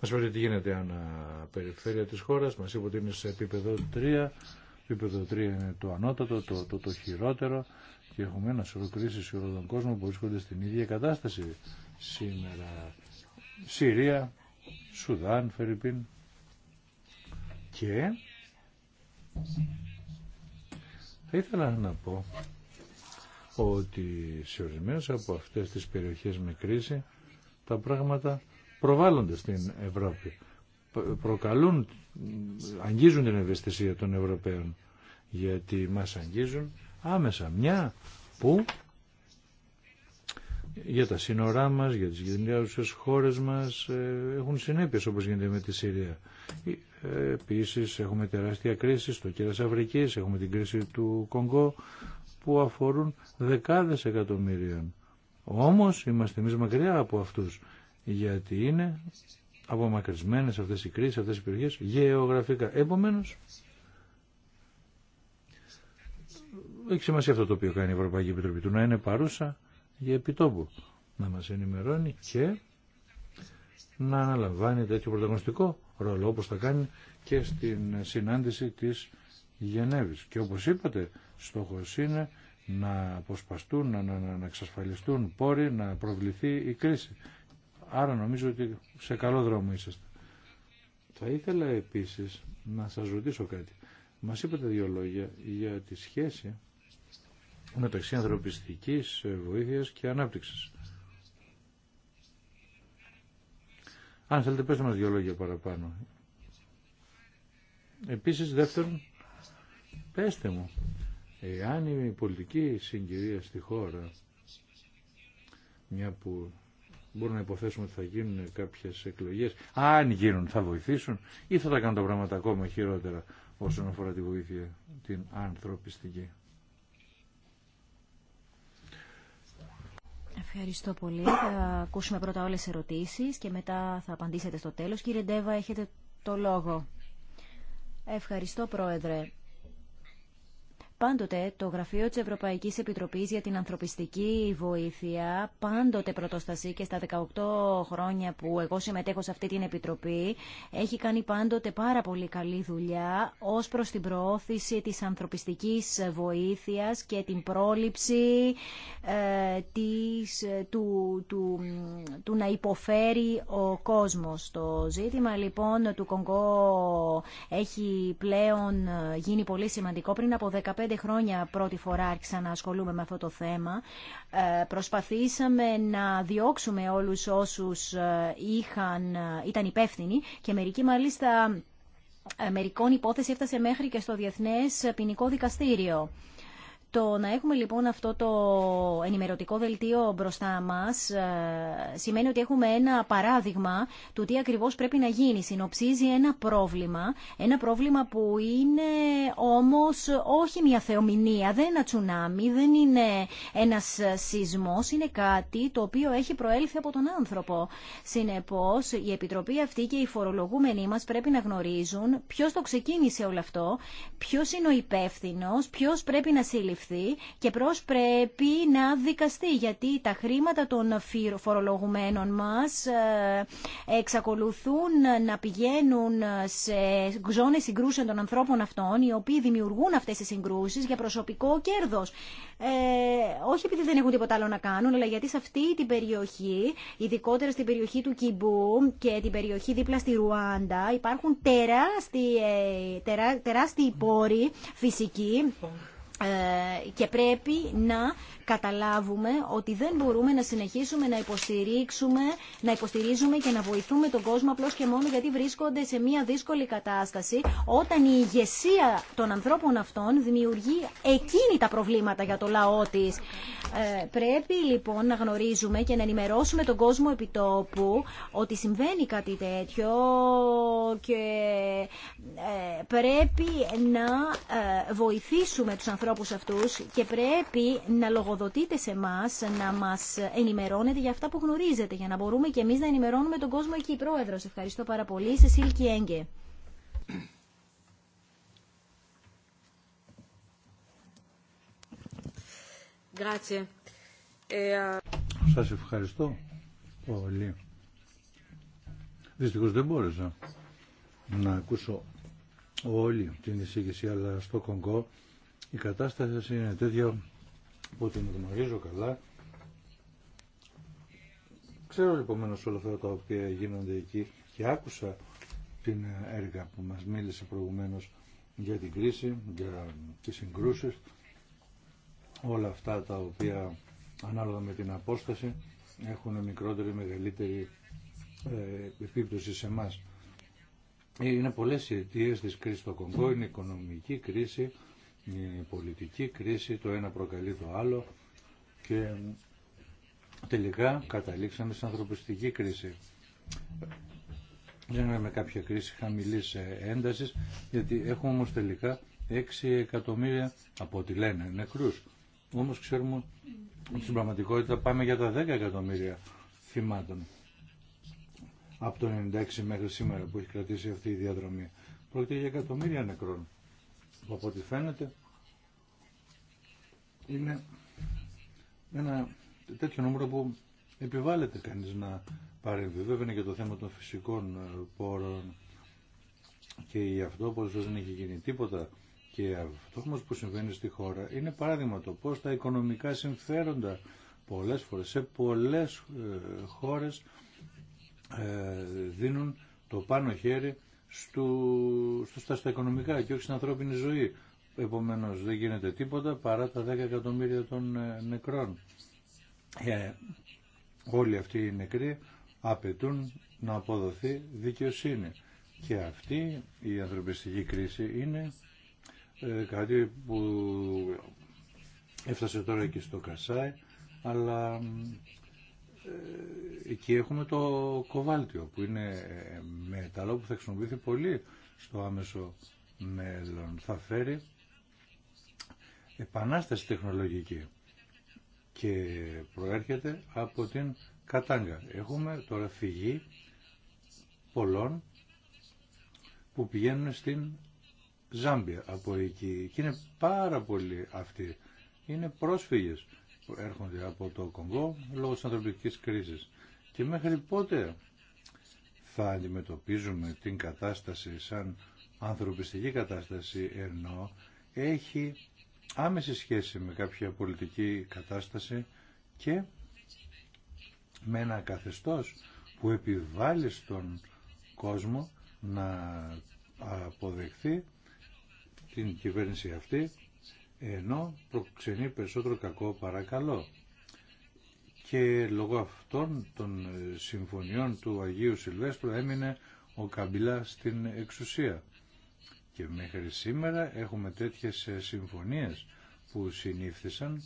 Μας είπατε τι γίνεται ανά περιφέρεια της χώρας, μας είπατε ότι είναι σε επίπεδο 3, επίπεδο 3 είναι το ανώτατο, το, το, το χειρότερο και έχουμε ένα σωρό κρίσεις σε όλο τον κόσμο που βρίσκονται στην ίδια κατάσταση σήμερα. Συρία, Σουδάν, Φερρυπίν και θα ήθελα να πω ότι σε ορισμένες από αυτές τις περιοχές με κρίση τα πράγματα προβάλλονται στην Ευρώπη. Προκαλούν, αγγίζουν την ευαισθησία των Ευρωπαίων γιατί μας αγγίζουν άμεσα μια που για τα σύνορά μα, για τις χώρε χώρες μας ε, έχουν συνέπειε όπω γίνεται με τη Συρία. Ε, Επίση έχουμε τεράστια κρίση στο κέρα Αφρική, έχουμε την κρίση του Κονγκό που αφορούν δεκάδες εκατομμύριων. Όμω είμαστε εμεί μακριά από αυτού, γιατί είναι απομακρυσμένε αυτέ οι κρίσει αυτέ οι περιοχέ γεωγραφικά. Επομένω. έχει σημασία αυτό το οποίο κάνει η Ευρωπαϊκή Επιτροπή του να είναι παρούσα για επιτόπου να μας ενημερώνει και να αναλαμβάνει τέτοιο πρωταγωνιστικό ρόλο όπως θα κάνει και στην συνάντηση της Γενέβης. Και όπως είπατε, στόχος είναι να αποσπαστούν, να, να, να εξασφαλιστούν πόροι, να προβληθεί η κρίση. Άρα νομίζω ότι σε καλό δρόμο είσαστε. Θα ήθελα επίσης να σας ρωτήσω κάτι. Μας είπατε δύο λόγια για τη σχέση μεταξύ ανθρωπιστικής ε, βοήθειας και ανάπτυξης. Αν θέλετε πέστε μας δύο λόγια παραπάνω. Επίσης δεύτερον, πέστε μου, εάν η πολιτική συγκυρία στη χώρα, μια που μπορούμε να υποθέσουμε ότι θα γίνουν κάποιες εκλογές, αν γίνουν θα βοηθήσουν ή θα τα κάνουν τα πράγματα ακόμα χειρότερα όσον αφορά τη βοήθεια την ανθρωπιστική. Ευχαριστώ πολύ. Θα ακούσουμε πρώτα όλε τι ερωτήσεις και μετά θα απαντήσετε στο τέλος. Κύριε Ντέβα, έχετε το λόγο. Ευχαριστώ, Πρόεδρε. Πάντοτε το Γραφείο της Ευρωπαϊκής Επιτροπής για την Ανθρωπιστική Βοήθεια, πάντοτε πρωτοστασή και στα 18 χρόνια που εγώ συμμετέχω σε αυτή την Επιτροπή, έχει κάνει πάντοτε πάρα πολύ καλή δουλειά ως προς την προώθηση της ανθρωπιστικής βοήθειας και την πρόληψη ε, της, του, του, του να υποφέρει ο κόσμος. Το ζήτημα λοιπόν του Κονγκό έχει πλέον γίνει πολύ σημαντικό πριν από 15 15 χρόνια πρώτη φορά άρχισα να ασχολούμαι με αυτό το θέμα. Ε, προσπαθήσαμε να διώξουμε όλους όσους ε, είχαν, ε, ήταν υπεύθυνοι και μερικοί μάλιστα μερικών υπόθεση έφτασε μέχρι και στο Διεθνές Ποινικό Δικαστήριο. Το να έχουμε λοιπόν αυτό το ενημερωτικό δελτίο μπροστά μας ε, σημαίνει ότι έχουμε ένα παράδειγμα του τι ακριβώς πρέπει να γίνει. Συνοψίζει ένα πρόβλημα, ένα πρόβλημα που είναι όμως όχι μια θεομηνία, δεν είναι ένα τσουνάμι, δεν είναι ένας σεισμός, είναι κάτι το οποίο έχει προέλθει από τον άνθρωπο. Συνεπώς η Επιτροπή αυτή και οι φορολογούμενοι μας πρέπει να γνωρίζουν ποιο το ξεκίνησε όλο αυτό, ποιο είναι ο υπεύθυνο, ποιο πρέπει να συλληφθεί και προς πρέπει να δικαστεί γιατί τα χρήματα των φορολογουμένων μας ε, εξακολουθούν να πηγαίνουν σε ζώνες συγκρούσεων των ανθρώπων αυτών οι οποίοι δημιουργούν αυτές τις συγκρούσεις για προσωπικό κέρδος. Ε, όχι επειδή δεν έχουν τίποτα άλλο να κάνουν, αλλά γιατί σε αυτή την περιοχή, ειδικότερα στην περιοχή του Κιμπού και την περιοχή δίπλα στη Ρουάντα, υπάρχουν τεράστιοι, ε, τερά, τεράστιοι πόροι φυσικοί λοιπόν, ε, και πρέπει να καταλάβουμε ότι δεν μπορούμε να συνεχίσουμε να υποστηρίξουμε, να υποστηρίζουμε και να βοηθούμε τον κόσμο απλώ και μόνο γιατί βρίσκονται σε μια δύσκολη κατάσταση όταν η ηγεσία των ανθρώπων αυτών δημιουργεί εκείνη τα προβλήματα για το λαό τη. Ε, πρέπει λοιπόν να γνωρίζουμε και να ενημερώσουμε τον κόσμο επιτόπου ότι συμβαίνει κάτι τέτοιο και ε, πρέπει να ε, βοηθήσουμε τους ανθρώπους αυτούς και πρέπει να λογοδοτήσουμε Ρωτείτε σε εμά να μα ενημερώνετε για αυτά που γνωρίζετε, για να μπορούμε και εμεί να ενημερώνουμε τον κόσμο εκεί. Πρόεδρο, ευχαριστώ πάρα πολύ. Σε Σίλκι Έγκε. Ε, Σας ευχαριστώ πολύ. Δυστυχώς δεν μπόρεσα να ακούσω όλη την εισήγηση, αλλά στο Κονγκό η κατάσταση είναι τέτοια που την γνωρίζω καλά. Ξέρω λοιπόν όλα αυτά τα οποία γίνονται εκεί και άκουσα την έργα που μας μίλησε προηγουμένως για την κρίση, για τις συγκρούσεις, όλα αυτά τα οποία ανάλογα με την απόσταση έχουν μικρότερη ή μεγαλύτερη ε, επίπτωση σε εμά. Είναι πολλές οι αιτίες της κρίσης στο Κονγκό, είναι η οικονομική κρίση, η πολιτική κρίση, το ένα προκαλεί το άλλο και τελικά καταλήξαμε στην ανθρωπιστική κρίση. Δεν με κάποια κρίση χαμηλής έντασης, γιατί έχουμε όμως τελικά 6 εκατομμύρια, από ό,τι λένε, νεκρούς. Όμως ξέρουμε ότι στην πραγματικότητα πάμε για τα 10 εκατομμύρια θυμάτων από το 96 μέχρι σήμερα που έχει κρατήσει αυτή η διαδρομή. Πρόκειται για εκατομμύρια νεκρών από ό,τι φαίνεται είναι ένα τέτοιο νούμερο που επιβάλλεται κανείς να παρέμβει. Βέβαια είναι και το θέμα των φυσικών ε, πόρων και η αυτό όπως δεν έχει γίνει τίποτα και αυτό όμως που συμβαίνει στη χώρα είναι παράδειγμα το πώς τα οικονομικά συμφέροντα πολλές φορές σε πολλές ε, χώρες ε, δίνουν το πάνω χέρι στο, στα, στα οικονομικά και όχι στην ανθρώπινη ζωή. Επομένω δεν γίνεται τίποτα παρά τα 10 εκατομμύρια των ε, νεκρών. Ε, όλοι αυτοί οι νεκροί απαιτούν να αποδοθεί δικαιοσύνη. Και αυτή η ανθρωπιστική κρίση είναι ε, κάτι που έφτασε τώρα και στο Κασάι, αλλά ε, εκεί έχουμε το κοβάλτιο που είναι ε, μεταλλό που θα χρησιμοποιηθεί πολύ στο άμεσο μέλλον. Θα φέρει επανάσταση τεχνολογική και προέρχεται από την Κατάγκα. Έχουμε τώρα φυγή πολλών που πηγαίνουν στην Ζάμπια από εκεί και είναι πάρα πολλοί αυτοί. Είναι πρόσφυγες που έρχονται από το Κονγκό λόγω της ανθρωπικής κρίσης. Και μέχρι πότε θα αντιμετωπίζουμε την κατάσταση σαν ανθρωπιστική κατάσταση ενώ έχει άμεση σχέση με κάποια πολιτική κατάσταση και με ένα καθεστώς που επιβάλλει στον κόσμο να αποδεχθεί την κυβέρνηση αυτή ενώ προξενεί περισσότερο κακό παρακαλώ. Και λόγω αυτών των ε, συμφωνιών του Αγίου Σιλβέστρου έμεινε ο Καμπυλά στην εξουσία. Και μέχρι σήμερα έχουμε τέτοιες ε, συμφωνίες που συνήφθησαν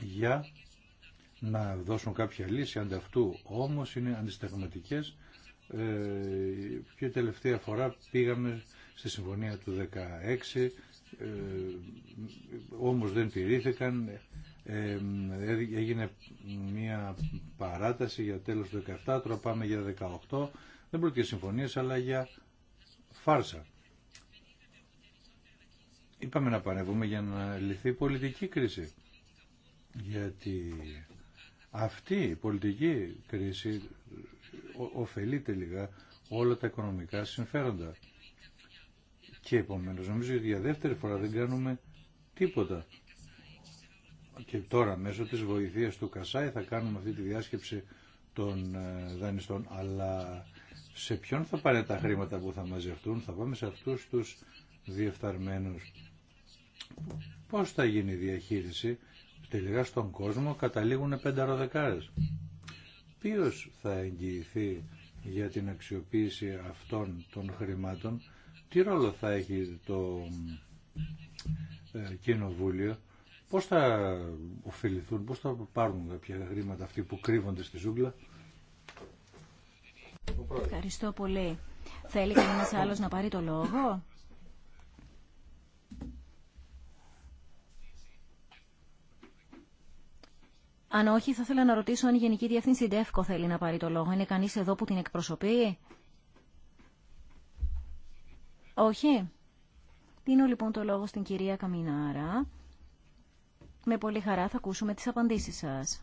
για να δώσουν κάποια λύση ανταυτού όμως είναι αντισταγματικές ε, και τελευταία φορά πήγαμε στη συμφωνία του 16 ε, όμως δεν τηρήθηκαν ε, ε έγινε μια παράταση για τέλος του 17 τώρα πάμε για 18 δεν πρόκειται για συμφωνίες αλλά για φάρσα είπαμε να πανεύουμε για να λυθεί η πολιτική κρίση γιατί αυτή η πολιτική κρίση ωφελεί τελικά όλα τα οικονομικά συμφέροντα και επομένω, νομίζω ότι για δεύτερη φορά δεν κάνουμε τίποτα. Και τώρα μέσω της βοηθείας του ΚΑΣΑΙ θα κάνουμε αυτή τη διάσκεψη των ε, δανειστών. Αλλά σε ποιον θα πάνε τα χρήματα που θα μαζευτούν, θα πάμε σε αυτούς τους διεφθαρμένους. Πώς θα γίνει η διαχείριση, τελικά στον κόσμο καταλήγουν πενταροδεκάρες. Ποιος θα εγγυηθεί για την αξιοποίηση αυτών των χρημάτων τι ρόλο θα έχει το ε, κοινοβούλιο, πώς θα ωφεληθούν, πώς θα πάρουν κάποια χρήματα αυτοί που κρύβονται στη ζούγκλα. Ευχαριστώ πολύ. Θέλει κανένας άλλος να πάρει το λόγο. Αν όχι, θα ήθελα να ρωτήσω αν η Γενική Διεύθυνση ΔΕΦΚΟ θέλει να πάρει το λόγο. Είναι κανείς εδώ που την εκπροσωπεί. Όχι. Δίνω λοιπόν το λόγο στην κυρία Καμινάρα. Με πολύ χαρά θα ακούσουμε τις απαντήσεις σας.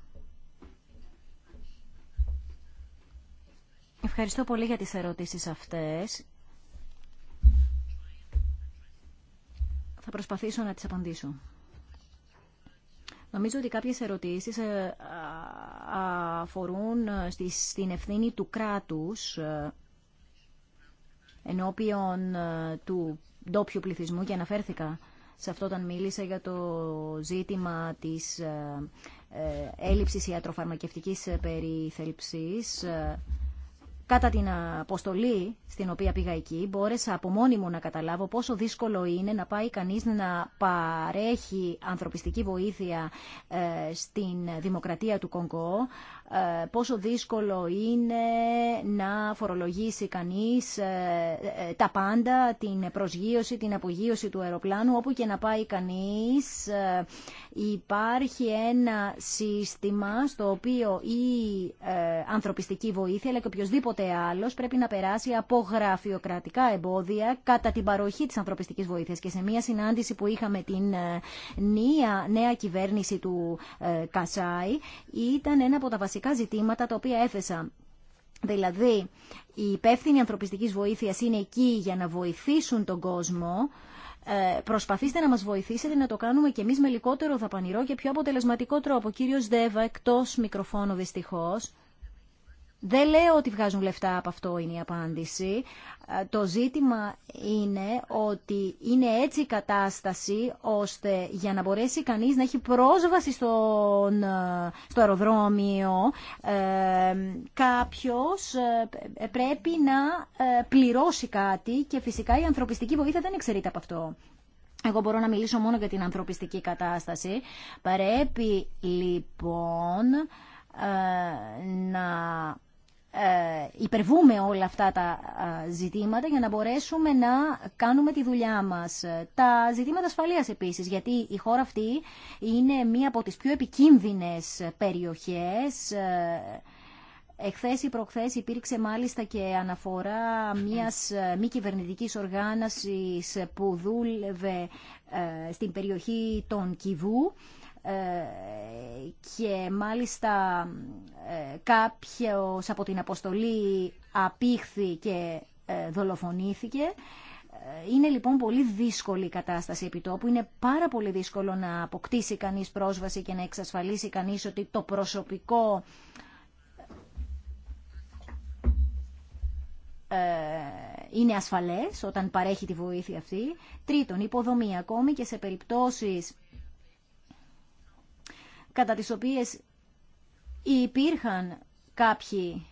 Ευχαριστώ πολύ για τις ερωτήσεις αυτές. Θα προσπαθήσω να τις απαντήσω. Νομίζω ότι κάποιες ερωτήσεις ε, αφορούν ε, στην ευθύνη του κράτους ε, ενώπιον ε, του ντόπιου πληθυσμού και αναφέρθηκα σε αυτό όταν μίλησα για το ζήτημα της ε, ε, έλλειψης ιατροφαρμακευτικής περιθελψής. Κατά την αποστολή στην οποία πήγα εκεί, μπόρεσα από μόνη μου να καταλάβω πόσο δύσκολο είναι να πάει κανείς να παρέχει ανθρωπιστική βοήθεια στην δημοκρατία του Κονγκό, ε, πόσο δύσκολο είναι να φορολογήσει κανείς ε, ε, τα πάντα, την προσγείωση, την απογείωση του αεροπλάνου, όπου και να πάει κανείς. Υπάρχει ένα σύστημα στο οποίο η ανθρωπιστική βοήθεια, αλλά και οποιοδήποτε άλλος, πρέπει να περάσει από γραφειοκρατικά εμπόδια κατά την παροχή της ανθρωπιστικής βοήθειας. Και σε μια συνάντηση που είχαμε την νέα, κυβέρνηση του Κασάι, ήταν ένα από τα βασικά βασικά ζητήματα τα οποία έθεσα. Δηλαδή, οι υπεύθυνοι ανθρωπιστικής βοήθειας είναι εκεί για να βοηθήσουν τον κόσμο. Ε, προσπαθήστε να μας βοηθήσετε να το κάνουμε και εμείς με λιγότερο δαπανηρό και πιο αποτελεσματικό τρόπο. Κύριος Δέβα, εκτός μικροφώνου δυστυχώς. Δεν λέω ότι βγάζουν λεφτά από αυτό είναι η απάντηση. Ε, το ζήτημα είναι ότι είναι έτσι η κατάσταση ώστε για να μπορέσει κανείς να έχει πρόσβαση ε, στο αεροδρόμιο ε, κάποιος ε, πρέπει να πληρώσει κάτι και φυσικά η ανθρωπιστική βοήθεια δεν εξαιρείται από αυτό. Εγώ μπορώ να μιλήσω μόνο για την ανθρωπιστική κατάσταση. Πρέπει λοιπόν να ε, υπερβούμε όλα αυτά τα ε, ζητήματα για να μπορέσουμε να κάνουμε τη δουλειά μας. Τα ζητήματα ασφαλείας επίσης, γιατί η χώρα αυτή είναι μία από τις πιο επικίνδυνες περιοχές. Ε, εχθές ή προχθές υπήρξε μάλιστα και αναφορά μιας μη κυβερνητικής οργάνωσης που δούλευε στην περιοχή των Κιβού ε, και μάλιστα ε, κάποιος από την αποστολή απήχθη και ε, δολοφονήθηκε. Είναι λοιπόν πολύ δύσκολη η κατάσταση επιτόπου. Είναι πάρα πολύ δύσκολο να αποκτήσει κανείς πρόσβαση και να εξασφαλίσει κανείς ότι το προσωπικό είναι ασφαλές όταν παρέχει τη βοήθεια αυτή. Τρίτον, υποδομή ακόμη και σε περιπτώσεις κατά τις οποίες υπήρχαν κάποιοι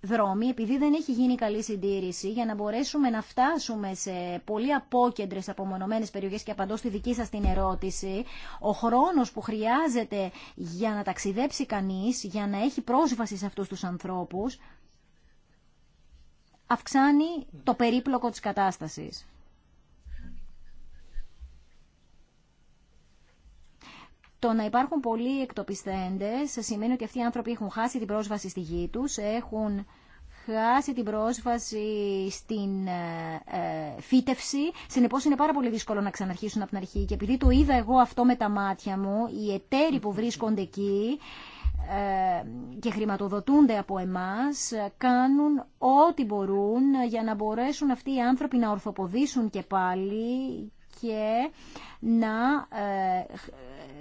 δρόμοι, επειδή δεν έχει γίνει καλή συντήρηση, για να μπορέσουμε να φτάσουμε σε πολύ απόκεντρε, απομονωμένες περιοχές και απαντώ στη δική σας την ερώτηση, ο χρόνος που χρειάζεται για να ταξιδέψει κανείς, για να έχει πρόσβαση σε αυτούς τους ανθρώπους, αυξάνει το περίπλοκο της κατάστασης. Το να υπάρχουν πολλοί εκτοπιστέντες σημαίνει ότι αυτοί οι άνθρωποι έχουν χάσει την πρόσβαση στη γη τους, έχουν χάσει την πρόσβαση στην ε, ε, φύτευση. Συνεπώς είναι πάρα πολύ δύσκολο να ξαναρχίσουν από την αρχή και επειδή το είδα εγώ αυτό με τα μάτια μου, οι εταίροι που βρίσκονται εκεί ε, και χρηματοδοτούνται από εμάς κάνουν ό,τι μπορούν για να μπορέσουν αυτοί οι άνθρωποι να ορθοποδήσουν και πάλι και να ε,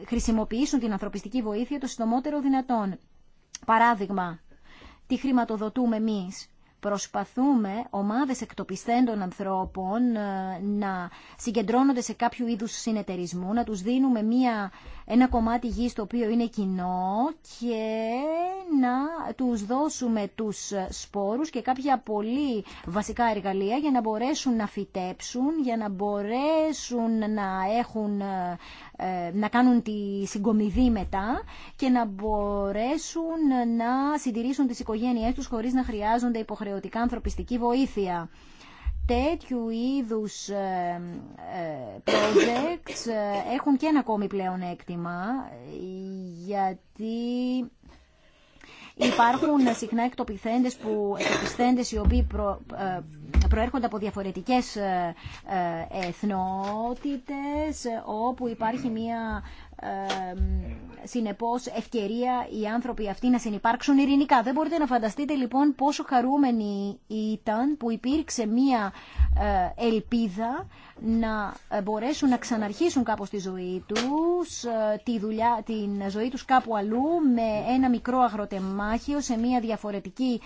χρησιμοποιήσουν την ανθρωπιστική βοήθεια το συντομότερο δυνατόν. Παράδειγμα, τι χρηματοδοτούμε εμείς προσπαθούμε ομάδες εκτοπιστέντων ανθρώπων ε, να συγκεντρώνονται σε κάποιο είδους συνεταιρισμού, να τους δίνουμε μία ένα κομμάτι γης το οποίο είναι κοινό και να τους δώσουμε τους σπόρους και κάποια πολύ βασικά εργαλεία για να μπορέσουν να φυτέψουν, για να μπορέσουν να, έχουν, ε, να κάνουν τη συγκομιδή μετά και να μπορέσουν να συντηρήσουν τις οικογένειές τους χωρίς να χρειάζονται υποχρεωτικά ανθρωπιστική βοήθεια τέτοιου είδους ε, ε, projects ε, έχουν και ένα ακόμη πλέον έκτημα γιατί υπάρχουν συχνά εκτοπιθέντες που, εκτοπιθέντες οι οποίοι προ, προέρχονται από διαφορετικές ε, ε, εθνότητες όπου υπάρχει μια ε, συνεπώς ευκαιρία οι άνθρωποι αυτοί να συνεπάρξουν ειρηνικά. Δεν μπορείτε να φανταστείτε λοιπόν πόσο χαρούμενοι ήταν που υπήρξε μια ελπίδα να μπορέσουν να ξαναρχίσουν κάπως τη ζωή τους, τη δουλειά, την ζωή τους κάπου αλλού με ένα μικρό αγροτεμάχιο σε μια διαφορετική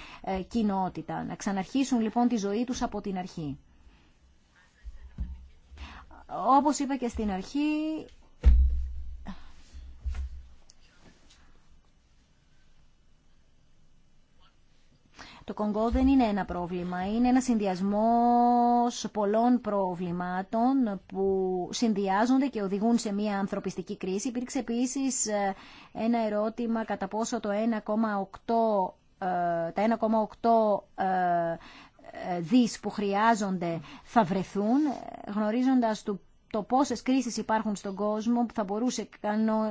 κοινότητα. Να ξαναρχίσουν λοιπόν τη ζωή τους από την αρχή. Όπως είπα και στην αρχή, Το Κονγκό δεν είναι ένα πρόβλημα, είναι ένα συνδυασμό πολλών προβλημάτων που συνδυάζονται και οδηγούν σε μια ανθρωπιστική κρίση. Υπήρξε επίσης ε, ένα ερώτημα κατά πόσο το 1,8 ε, τα 1,8 δις που χρειάζονται θα βρεθούν, γνωρίζοντας το πόσες κρίσεις υπάρχουν στον κόσμο που θα μπορούσε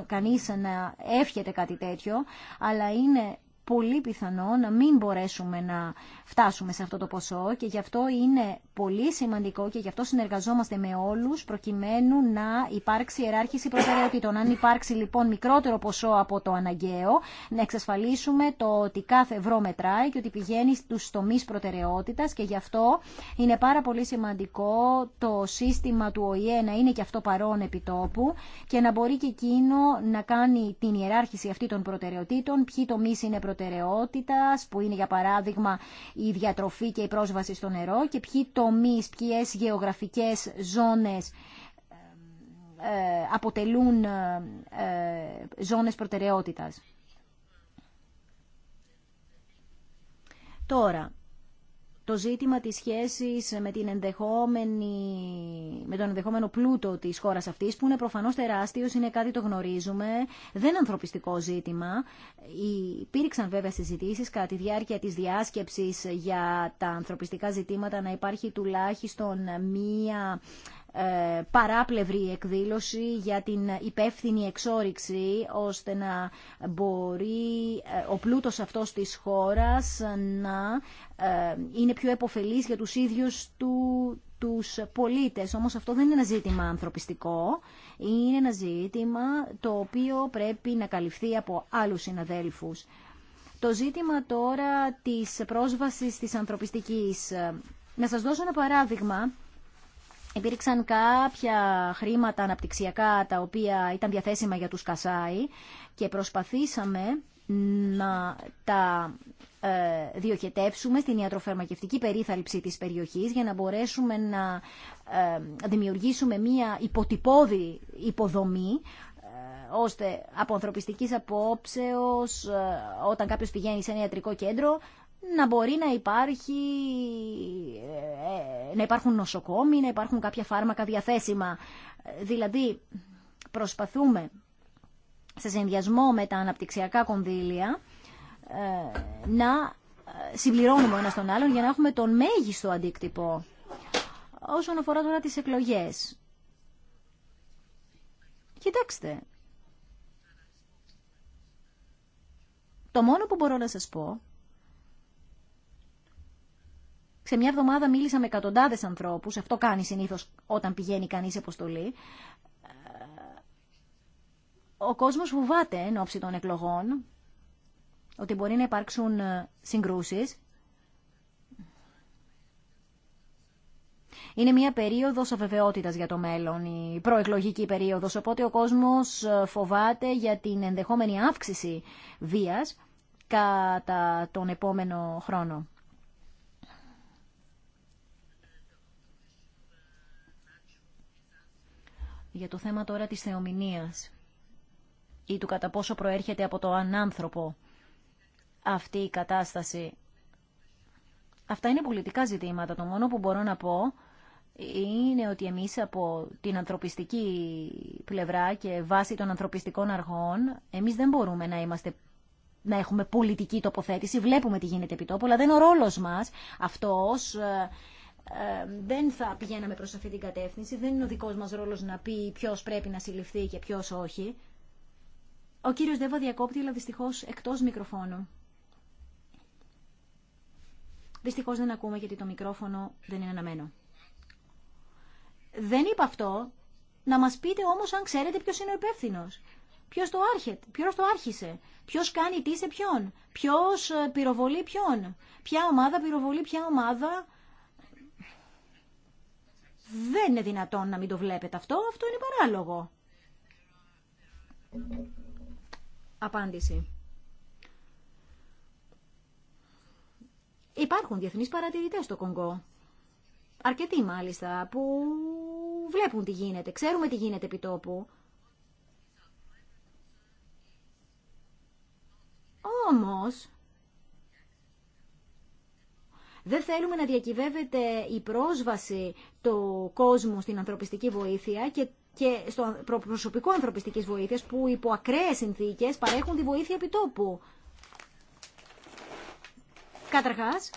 κανείς να εύχεται κάτι τέτοιο, αλλά είναι πολύ πιθανό να μην μπορέσουμε να φτάσουμε σε αυτό το ποσό και γι' αυτό είναι πολύ σημαντικό και γι' αυτό συνεργαζόμαστε με όλους προκειμένου να υπάρξει ιεράρχηση προτεραιοτήτων. Αν υπάρξει λοιπόν μικρότερο ποσό από το αναγκαίο, να εξασφαλίσουμε το ότι κάθε ευρώ μετράει και ότι πηγαίνει στους τομείς προτεραιότητας και γι' αυτό είναι πάρα πολύ σημαντικό το σύστημα του ΟΗΕ να είναι και αυτό παρόν επιτόπου και να μπορεί και εκείνο να κάνει την ιεράρχηση αυτή των προτεραιοτήτων, ποιοι τομείς είναι προτεραιότητα προτεραιότητας που είναι για παράδειγμα η διατροφή και η πρόσβαση στο νερό και ποιοι τομείς, ποιες γεωγραφικές ζώνες ε, ε, αποτελούν ε, ζώνες προτεραιότητας. Τώρα, το ζήτημα της σχέσης με, την ενδεχόμενη, με τον ενδεχόμενο πλούτο της χώρας αυτής, που είναι προφανώς τεράστιος, είναι κάτι το γνωρίζουμε, δεν ανθρωπιστικό ζήτημα. Υπήρξαν βέβαια συζητήσεις κατά τη διάρκεια της διάσκεψης για τα ανθρωπιστικά ζητήματα να υπάρχει τουλάχιστον μία παράπλευρη εκδήλωση για την υπεύθυνη εξόριξη ώστε να μπορεί ε, ο πλούτος αυτός της χώρας να ε, είναι πιο επωφελής για τους ίδιους του, τους πολίτες. Όμως αυτό δεν είναι ένα ζήτημα ανθρωπιστικό, είναι ένα ζήτημα το οποίο πρέπει να καλυφθεί από άλλους συναδέλφους. Το ζήτημα τώρα της πρόσβασης της ανθρωπιστικής. Ε, να σας δώσω ένα παράδειγμα Υπήρξαν κάποια χρήματα αναπτυξιακά τα οποία ήταν διαθέσιμα για τους Κασάι και προσπαθήσαμε να τα ε, διοχετεύσουμε στην ιατροφαρμακευτική περίθαλψη της περιοχής για να μπορέσουμε να ε, δημιουργήσουμε μία υποτυπώδη υποδομή ε, ώστε από ανθρωπιστικής απόψεως όταν κάποιος πηγαίνει σε ένα ιατρικό κέντρο να μπορεί να, υπάρχει, ε, ε, να υπάρχουν νοσοκόμοι, να υπάρχουν κάποια φάρμακα διαθέσιμα. Δηλαδή, προσπαθούμε σε συνδυασμό με τα αναπτυξιακά κονδύλια ε, να συμπληρώνουμε ένα τον άλλον για να έχουμε τον μέγιστο αντίκτυπο. Όσον αφορά τώρα τις εκλογές. Κοιτάξτε. Το μόνο που μπορώ να σας πω σε μια εβδομάδα μίλησα με εκατοντάδε ανθρώπου. αυτό κάνει συνήθως όταν πηγαίνει κανείς σε αποστολή. Ε, ο κόσμος φοβάται εν ώψη των εκλογών ότι μπορεί να υπάρξουν ε, συγκρούσεις. Είναι μια περίοδος αβεβαιότητα για το μέλλον, η προεκλογική περίοδος, οπότε ο κόσμος ε, φοβάται για την ενδεχόμενη αύξηση βία κατά τον επόμενο χρόνο. Για το θέμα τώρα της θεομηνίας ή του κατά πόσο προέρχεται από το ανάνθρωπο αυτή η κατάσταση. Αυτά είναι πολιτικά ζητήματα. Το μόνο που μπορώ να πω είναι ότι εμείς από την ανθρωπιστική πλευρά και βάση των ανθρωπιστικών αργών εμείς δεν μπορούμε να είμαστε να έχουμε πολιτική τοποθέτηση, βλέπουμε τι γίνεται επί αλλά δεν ο ρόλος μας αυτός ε, δεν θα πηγαίναμε προς αυτή την κατεύθυνση. Δεν είναι ο δικός μας ρόλος να πει ποιος πρέπει να συλληφθεί και ποιος όχι. Ο κύριος Δέβα διακόπτει, αλλά δυστυχώς εκτός μικροφώνου. Δυστυχώς δεν ακούμε γιατί το μικρόφωνο δεν είναι αναμένο. Δεν είπα αυτό. Να μας πείτε όμως αν ξέρετε ποιος είναι ο υπεύθυνο. Ποιος το, ποιος το άρχισε, ποιος κάνει τι σε ποιον, ποιος ε, πυροβολεί ποιον, ποια ομάδα πυροβολεί ποια ομάδα, δεν είναι δυνατόν να μην το βλέπετε αυτό. Αυτό είναι παράλογο. Απάντηση. Υπάρχουν διεθνείς παρατηρητές στο Κονγκό. Αρκετοί μάλιστα που βλέπουν τι γίνεται. Ξέρουμε τι γίνεται επί τόπου. Όμως δεν θέλουμε να διακυβεύεται η πρόσβαση του κόσμου στην ανθρωπιστική βοήθεια και και στο προσωπικό ανθρωπιστικής βοήθειας που υπό ακραίε συνθήκες παρέχουν τη βοήθεια επιτόπου. Καταρχάς,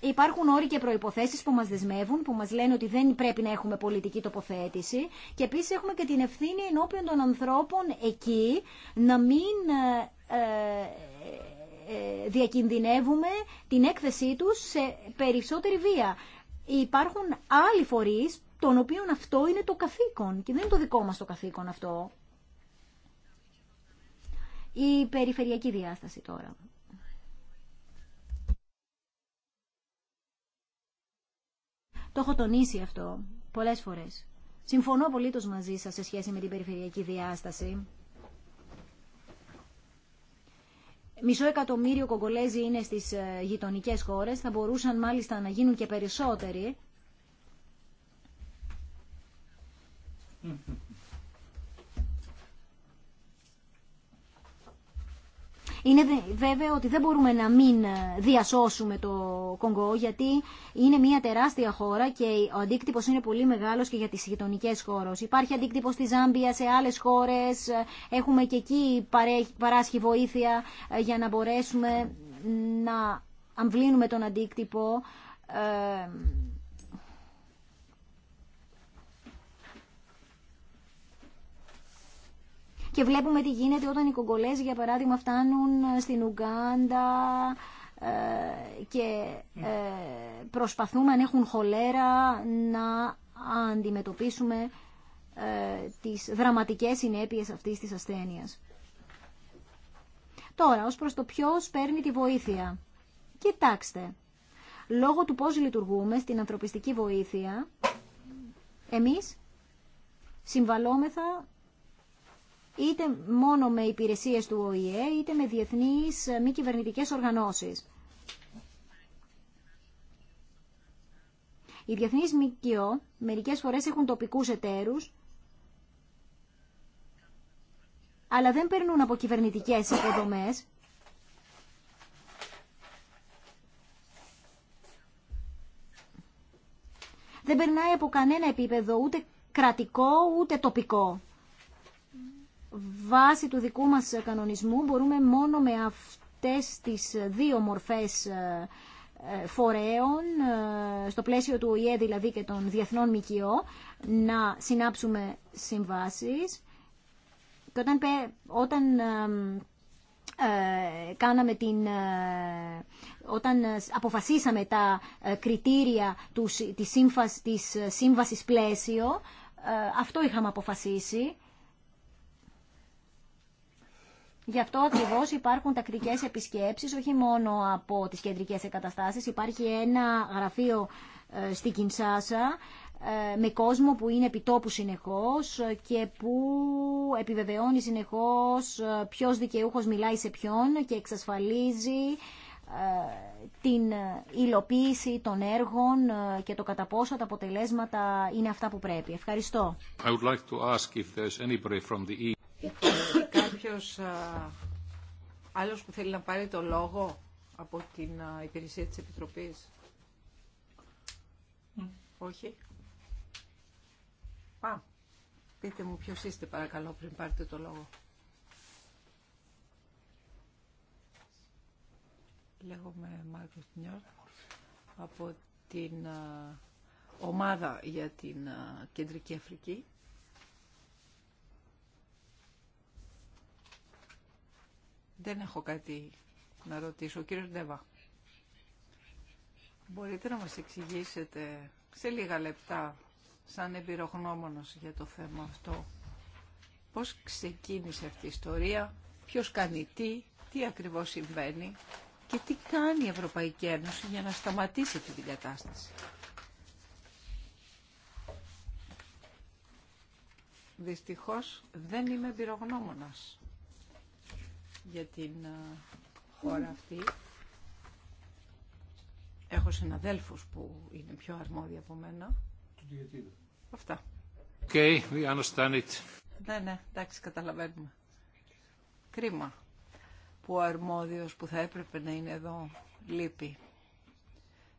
Υπάρχουν όροι και προποθέσει που μα δεσμεύουν, που μα λένε ότι δεν πρέπει να έχουμε πολιτική τοποθέτηση. Και επίση έχουμε και την ευθύνη ενώπιον των ανθρώπων εκεί να μην ε, ε, ε, διακινδυνεύουμε την έκθεσή τους σε περισσότερη βία. Υπάρχουν άλλοι φορείς, των οποίων αυτό είναι το καθήκον και δεν είναι το δικό μας το καθήκον αυτό. Η περιφερειακή διάσταση τώρα. Το έχω τονίσει αυτό πολλές φορές. Συμφωνώ απολύτως μαζί σας σε σχέση με την περιφερειακή διάσταση. Μισό εκατομμύριο Κογκολέζοι είναι στις ε, γειτονικές χώρες, θα μπορούσαν μάλιστα να γίνουν και περισσότεροι. Είναι βέβαιο ότι δεν μπορούμε να μην ε, διασώσουμε το Κονγκό γιατί είναι μια τεράστια χώρα και ο αντίκτυπο είναι πολύ μεγάλο και για τι γειτονικέ χώρε. Υπάρχει αντίκτυπο στη Ζάμπια, σε άλλε χώρε. Έχουμε και εκεί παράσχει βοήθεια ε, για να μπορέσουμε να αμβλύνουμε τον αντίκτυπο. Ε, Και βλέπουμε τι γίνεται όταν οι Κογκολέζοι, για παράδειγμα, φτάνουν ε, στην Ουγκάντα ε, και ε, προσπαθούμε αν έχουν χολέρα να αντιμετωπίσουμε τις δραματικές συνέπειες αυτής της ασθένειας. Τώρα, ως προς το ποιος παίρνει τη βοήθεια. Κοιτάξτε, λόγω του πώς λειτουργούμε στην ανθρωπιστική βοήθεια, εμείς συμβαλόμεθα είτε μόνο με υπηρεσίες του ΟΗΕ, είτε με διεθνείς ε, μη κυβερνητικές οργανώσεις. Οι διεθνείς ΜΚΟ μερικές φορές έχουν τοπικούς εταίρους, αλλά δεν περνούν από κυβερνητικές υποδομές. Δεν περνάει από κανένα επίπεδο, ούτε κρατικό, ούτε τοπικό βάση του δικού μας κανονισμού μπορούμε μόνο με αυτές τις δύο μορφές ε, ε, φορέων, ε, στο πλαίσιο του ΟΗΕ δηλαδή και των διεθνών ΜΚΟ, να συνάψουμε συμβάσεις. Και όταν, όταν κάναμε την, όταν αποφασίσαμε τα κριτήρια του, της, της σύμβασης πλαίσιο, αυτό είχαμε αποφασίσει Γι' αυτό ακριβώ υπάρχουν τακτικέ επισκέψει, όχι μόνο από τι κεντρικέ εγκαταστάσει. Υπάρχει ένα γραφείο ε, στη Κινσάσα ε, με κόσμο που είναι επιτόπου συνεχώς και που επιβεβαιώνει συνεχώς ε, ποιο δικαιούχο μιλάει σε ποιον και εξασφαλίζει την υλοποίηση των έργων και το κατά πόσο τα αποτελέσματα είναι αυτά που πρέπει. Ευχαριστώ. like κάποιος άλλος που θέλει να πάρει το λόγο από την υπηρεσία της Επιτροπής. Ναι. Όχι. Α, πείτε μου ποιος είστε παρακαλώ πριν πάρετε το λόγο. Λέγομαι Μάρκος Νιόρ από την ομάδα για την Κεντρική Αφρική. Δεν έχω κάτι να ρωτήσω. Ο κύριος Ντεβά. Μπορείτε να μας εξηγήσετε σε λίγα λεπτά, σαν εμπειρογνώμονος για το θέμα αυτό, πώς ξεκίνησε αυτή η ιστορία, ποιος κάνει τι, τι ακριβώς συμβαίνει και τι κάνει η Ευρωπαϊκή Ένωση για να σταματήσει αυτή την κατάσταση. Δυστυχώς δεν είμαι εμπειρογνώμονας για την ε, χώρα αυτή. Έχω συναδέλφους που είναι πιο αρμόδιοι από μένα. Αυτά. Okay, we understand it. Ναι, ναι, εντάξει, καταλαβαίνουμε. Κρίμα που ο αρμόδιος που θα έπρεπε να είναι εδώ λείπει.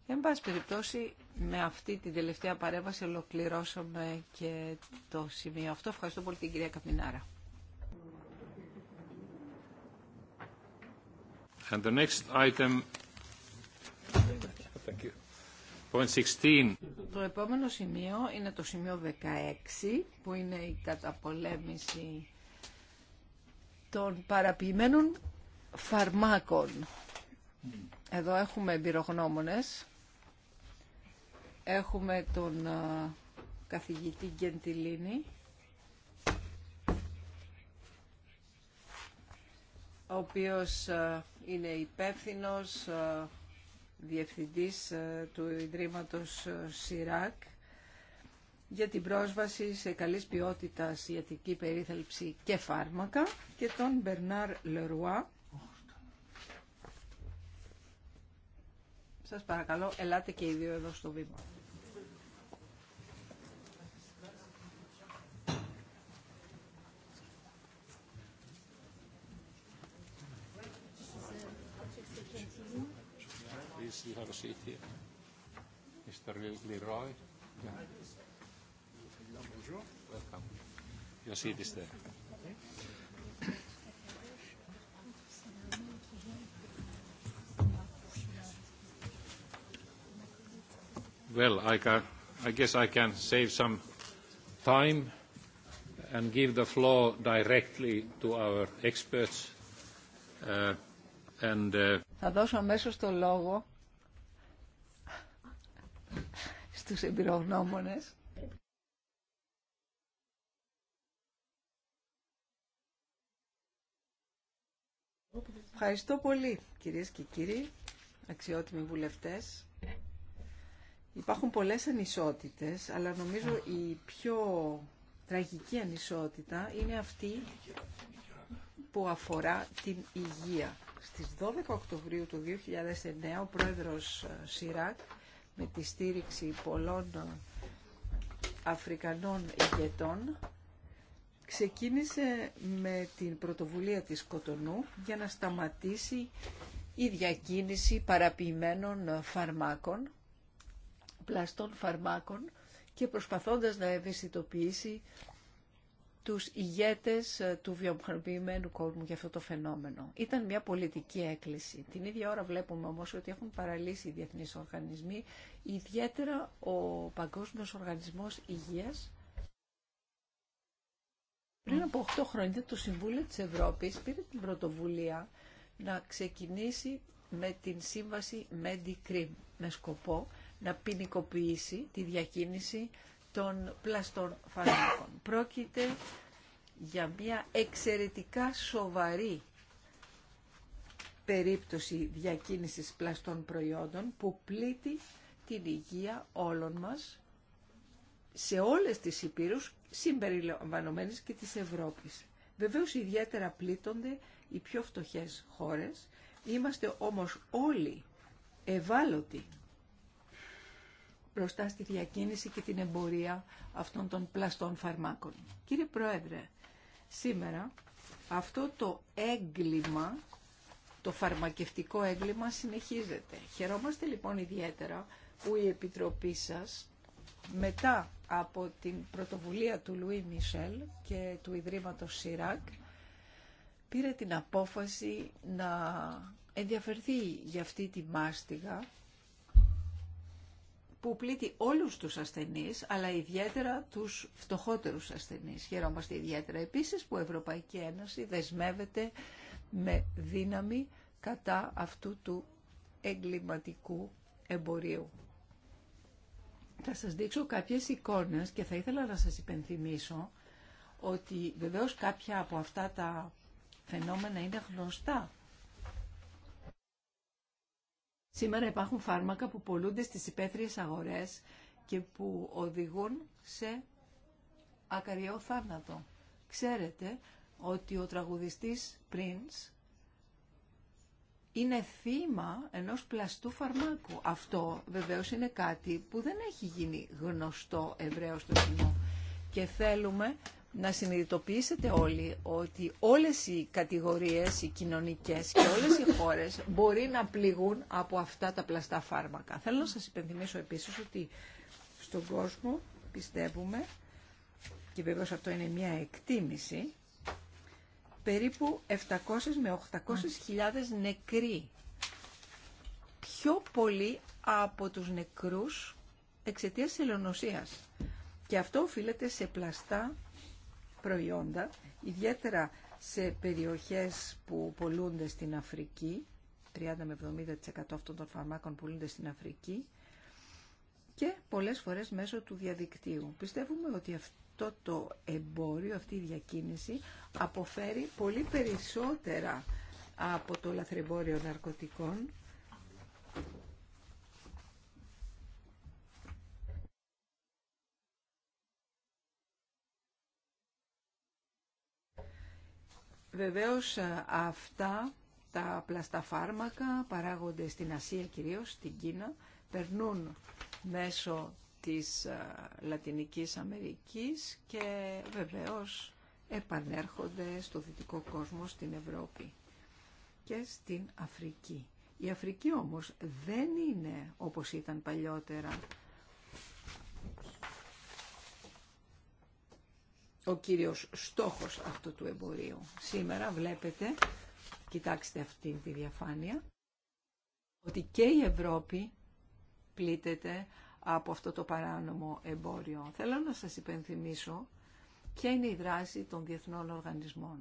Εν πάση περιπτώσει, με αυτή την τελευταία παρέμβαση ολοκληρώσαμε και το σημείο αυτό. Ευχαριστώ πολύ την κυρία Καπινάρα. the next item, Το επόμενο σημείο είναι το σημείο 16, που είναι η καταπολέμηση των παραποιημένων φαρμάκων. Εδώ έχουμε εμπειρογνώμονες. Έχουμε τον καθηγητή Γκεντιλίνη. ο οποίος ε, είναι υπεύθυνος ε, διευθυντής ε, του Ιδρύματος ΣΥΡΑΚ για την πρόσβαση σε καλής ποιότητας ιατρική περίθαλψη και φάρμακα και τον Μπερνάρ Λερουά. Σας παρακαλώ, ελάτε και οι δύο εδώ στο βήμα. Well, I, can, I guess I can save some time and give the floor directly to our experts. Uh, and, uh... Θα δώσω το λόγο στους εμπειρογνώμονες. Ευχαριστώ πολύ κυρίες και κύριοι, αξιότιμοι βουλευτές. Υπάρχουν πολλές ανισότητες, αλλά νομίζω η πιο τραγική ανισότητα είναι αυτή που αφορά την υγεία. Στις 12 Οκτωβρίου του 2009 ο πρόεδρος ε, Σιράκ με τη στήριξη πολλών Αφρικανών ηγετών ξεκίνησε με την πρωτοβουλία της Κοτονού για να σταματήσει η διακίνηση παραποιημένων φαρμάκων, πλαστών φαρμάκων και προσπαθώντας να ευαισθητοποιήσει τους ηγέτες ε, του βιομηχανοποιημένου κόσμου για αυτό το φαινόμενο. Ήταν μια πολιτική έκκληση. Την ίδια ώρα βλέπουμε όμως ότι έχουν παραλύσει οι διεθνείς οργανισμοί, ιδιαίτερα ο Παγκόσμιος Οργανισμός Υγείας. Πριν από 8 χρόνια το Συμβούλιο της Ευρώπης πήρε την πρωτοβουλία να ξεκινήσει με την σύμβαση Medicrim με σκοπό να ποινικοποιήσει τη διακίνηση των πλαστών φαρμάκων. Πρόκειται για μια εξαιρετικά σοβαρή περίπτωση διακίνησης πλαστών προϊόντων που πλήττει την υγεία όλων μας σε όλες τις υπήρους συμπεριλαμβανομένες και της Ευρώπης. Βεβαίως ιδιαίτερα πλήττονται οι πιο φτωχές χώρες, είμαστε όμως όλοι ευάλωτοι μπροστά στη διακίνηση και την εμπορία αυτών των πλαστών φαρμάκων. Κύριε Πρόεδρε, σήμερα αυτό το έγκλημα, το φαρμακευτικό έγκλημα συνεχίζεται. Χαιρόμαστε λοιπόν ιδιαίτερα που η Επιτροπή σας μετά από την πρωτοβουλία του Λουί Μισελ και του Ιδρύματος ΣΥΡΑΚ πήρε την απόφαση να ενδιαφερθεί για αυτή τη μάστιγα που πλήττει όλους τους ασθενείς, αλλά ιδιαίτερα τους φτωχότερους ασθενείς. Χαιρόμαστε ιδιαίτερα επίσης που η Ευρωπαϊκή Ένωση δεσμεύεται με δύναμη κατά αυτού του εγκληματικού εμπορίου. Θα σας δείξω κάποιες εικόνες και θα ήθελα να σας υπενθυμίσω ότι βεβαίως κάποια από αυτά τα φαινόμενα είναι γνωστά Σήμερα υπάρχουν φάρμακα που πολλούνται στις υπαίθριες αγορές και που οδηγούν σε ακαριό θάνατο. Ξέρετε ότι ο τραγουδιστής Prince είναι θύμα ενός πλαστού φαρμάκου. Αυτό βεβαίως είναι κάτι που δεν έχει γίνει γνωστό ευρέως στο κοινό. Και θέλουμε να συνειδητοποιήσετε όλοι ότι όλες οι κατηγορίες, οι κοινωνικές και όλες οι χώρες μπορεί να πληγούν από αυτά τα πλαστά φάρμακα. Θέλω να σας υπενθυμίσω επίσης ότι στον κόσμο πιστεύουμε, και βεβαίως αυτό είναι μια εκτίμηση, περίπου 700 με 800 χιλιάδες νεκροί. Πιο πολύ από τους νεκρούς εξαιτίας ελαιονοσίας. Και αυτό οφείλεται σε πλαστά προϊόντα, ιδιαίτερα σε περιοχές που πολλούνται στην Αφρική, 30 με 70% αυτών των φαρμάκων πουλούνται στην Αφρική και πολλές φορές μέσω του διαδικτύου. Πιστεύουμε ότι αυτό το εμπόριο, αυτή η διακίνηση αποφέρει πολύ περισσότερα από το λαθρεμπόριο ναρκωτικών Βεβαίως ε, αυτά τα πλασταφάρμακα παράγονται στην Ασία κυρίως, στην Κίνα, περνούν μέσω της ε, Λατινικής Αμερικής και βεβαίως επανέρχονται στο δυτικό κόσμο, στην Ευρώπη και στην Αφρική. Η Αφρική όμως δεν είναι όπως ήταν παλιότερα ο κύριος στόχος αυτού του εμπορίου. Σήμερα βλέπετε, κοιτάξτε αυτή τη διαφάνεια, ότι και η Ευρώπη πλήττεται από αυτό το παράνομο εμπόριο. Θέλω να σας υπενθυμίσω ποια είναι η δράση των διεθνών οργανισμών.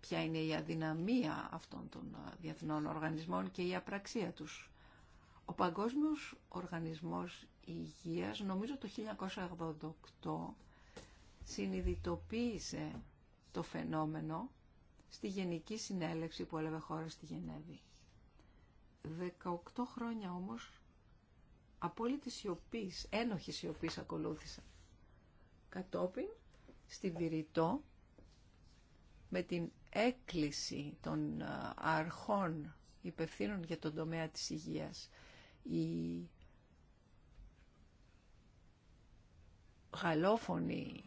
Ποια είναι η αδυναμία αυτών των διεθνών οργανισμών και η απραξία τους. Ο Παγκόσμιος Οργανισμός Υγείας, νομίζω το 1988, συνειδητοποίησε το φαινόμενο στη Γενική Συνέλευση που έλαβε χώρα στη Γενέβη. 18 χρόνια όμως απόλυτη σιωπής, ένοχη σιωπής ακολούθησαν. Κατόπιν, στη Βηρητό, με την έκκληση των ε, αρχών υπευθύνων για τον τομέα της υγείας, η γαλλόφωνοι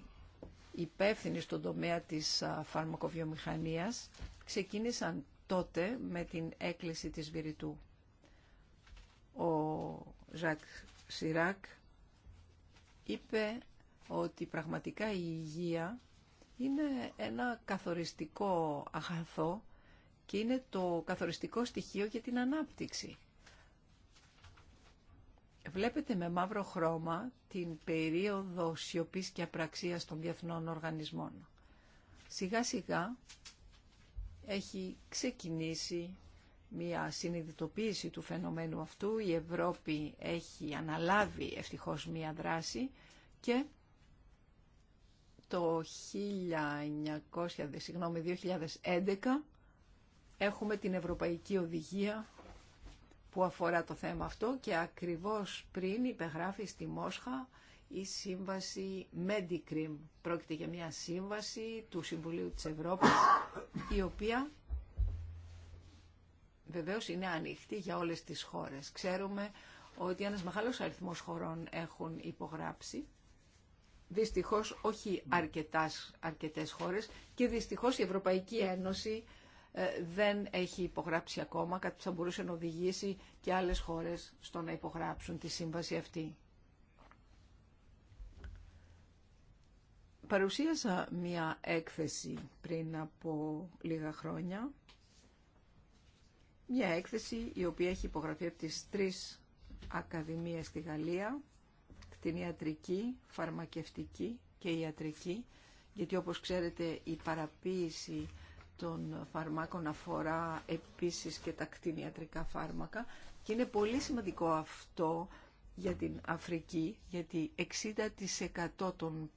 υπεύθυνοι στον τομέα της φαρμακοβιομηχανίας ξεκίνησαν τότε με την έκκληση της βιριτού. Ο Ζακ Σιράκ είπε ότι πραγματικά η υγεία είναι ένα καθοριστικό αγαθό και είναι το καθοριστικό στοιχείο για την ανάπτυξη. Βλέπετε με μαύρο χρώμα την περίοδο σιωπής και απραξίας των διεθνών οργανισμών. Σιγά σιγά έχει ξεκινήσει μια συνειδητοποίηση του φαινομένου αυτού. Η Ευρώπη έχει αναλάβει ευτυχώς μια δράση και το 1900, 2011 έχουμε την Ευρωπαϊκή Οδηγία που αφορά το θέμα αυτό και ακριβώς πριν υπεγράφει στη Μόσχα η σύμβαση Medicrim. Πρόκειται για μια σύμβαση του Συμβουλίου της Ευρώπης η οποία βεβαίως είναι ανοιχτή για όλες τις χώρες. Ξέρουμε ότι ένας μεγάλος αριθμός χωρών έχουν υπογράψει. Δυστυχώς όχι αρκετάς, αρκετές χώρες και δυστυχώς η Ευρωπαϊκή Ένωση ε, δεν έχει υπογράψει ακόμα, κάτι που θα μπορούσε να οδηγήσει και άλλες χώρες στο να υπογράψουν τη σύμβαση αυτή. Παρουσίασα μία έκθεση πριν από λίγα χρόνια, μία έκθεση η οποία έχει υπογραφεί από τις τρεις ακαδημίες στη Γαλλία, την ιατρική, φαρμακευτική και ιατρική, γιατί όπως ξέρετε η παραποίηση των φαρμάκων αφορά επίσης και τα κτηνιατρικά φάρμακα και είναι πολύ σημαντικό αυτό για την Αφρική γιατί 60% των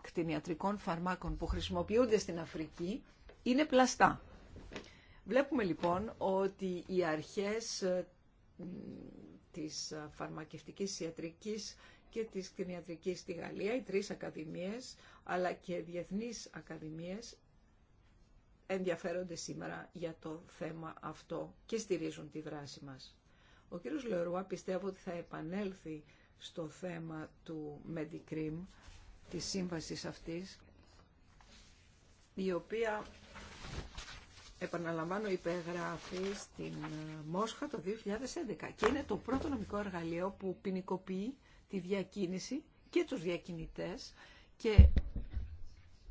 κτηνιατρικών φαρμάκων που χρησιμοποιούνται στην Αφρική είναι πλαστά. Βλέπουμε λοιπόν ότι οι αρχές ε, της φαρμακευτικής ιατρικής και της κτηνιατρικής στη Γαλλία, οι τρεις ακαδημίες, αλλά και διεθνείς ακαδημίες, ενδιαφέρονται σήμερα για το θέμα αυτό και στηρίζουν τη δράση μας. Ο κύριος Λερουά πιστεύω ότι θα επανέλθει στο θέμα του Medicrim, της σύμβασης αυτής, η οποία, επαναλαμβάνω, υπεγράφει στην ε, Μόσχα το 2011 και είναι το πρώτο νομικό εργαλείο που ποινικοποιεί τη διακίνηση και τους διακινητές και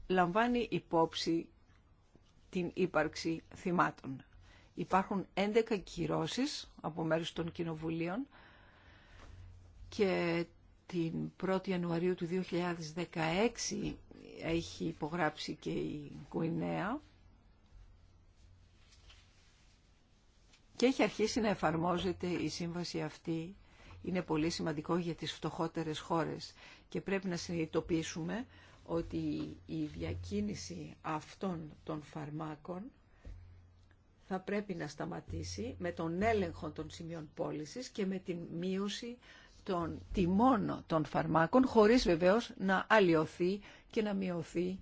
λαμβάνει υπόψη την ύπαρξη θυμάτων. Υπάρχουν 11 κυρώσεις από μέρους των κοινοβουλίων και την 1η Ιανουαρίου του 2016 έχει υπογράψει και η Κουινέα και έχει αρχίσει να εφαρμόζεται η σύμβαση αυτή. Είναι πολύ σημαντικό για τις φτωχότερες χώρες και πρέπει να συνειδητοποιήσουμε ότι η διακίνηση αυτών των φαρμάκων θα πρέπει να σταματήσει με τον έλεγχο των σημείων πώλησης και με την μείωση των τιμών των φαρμάκων, χωρίς βεβαίως να αλλοιωθεί και να μειωθεί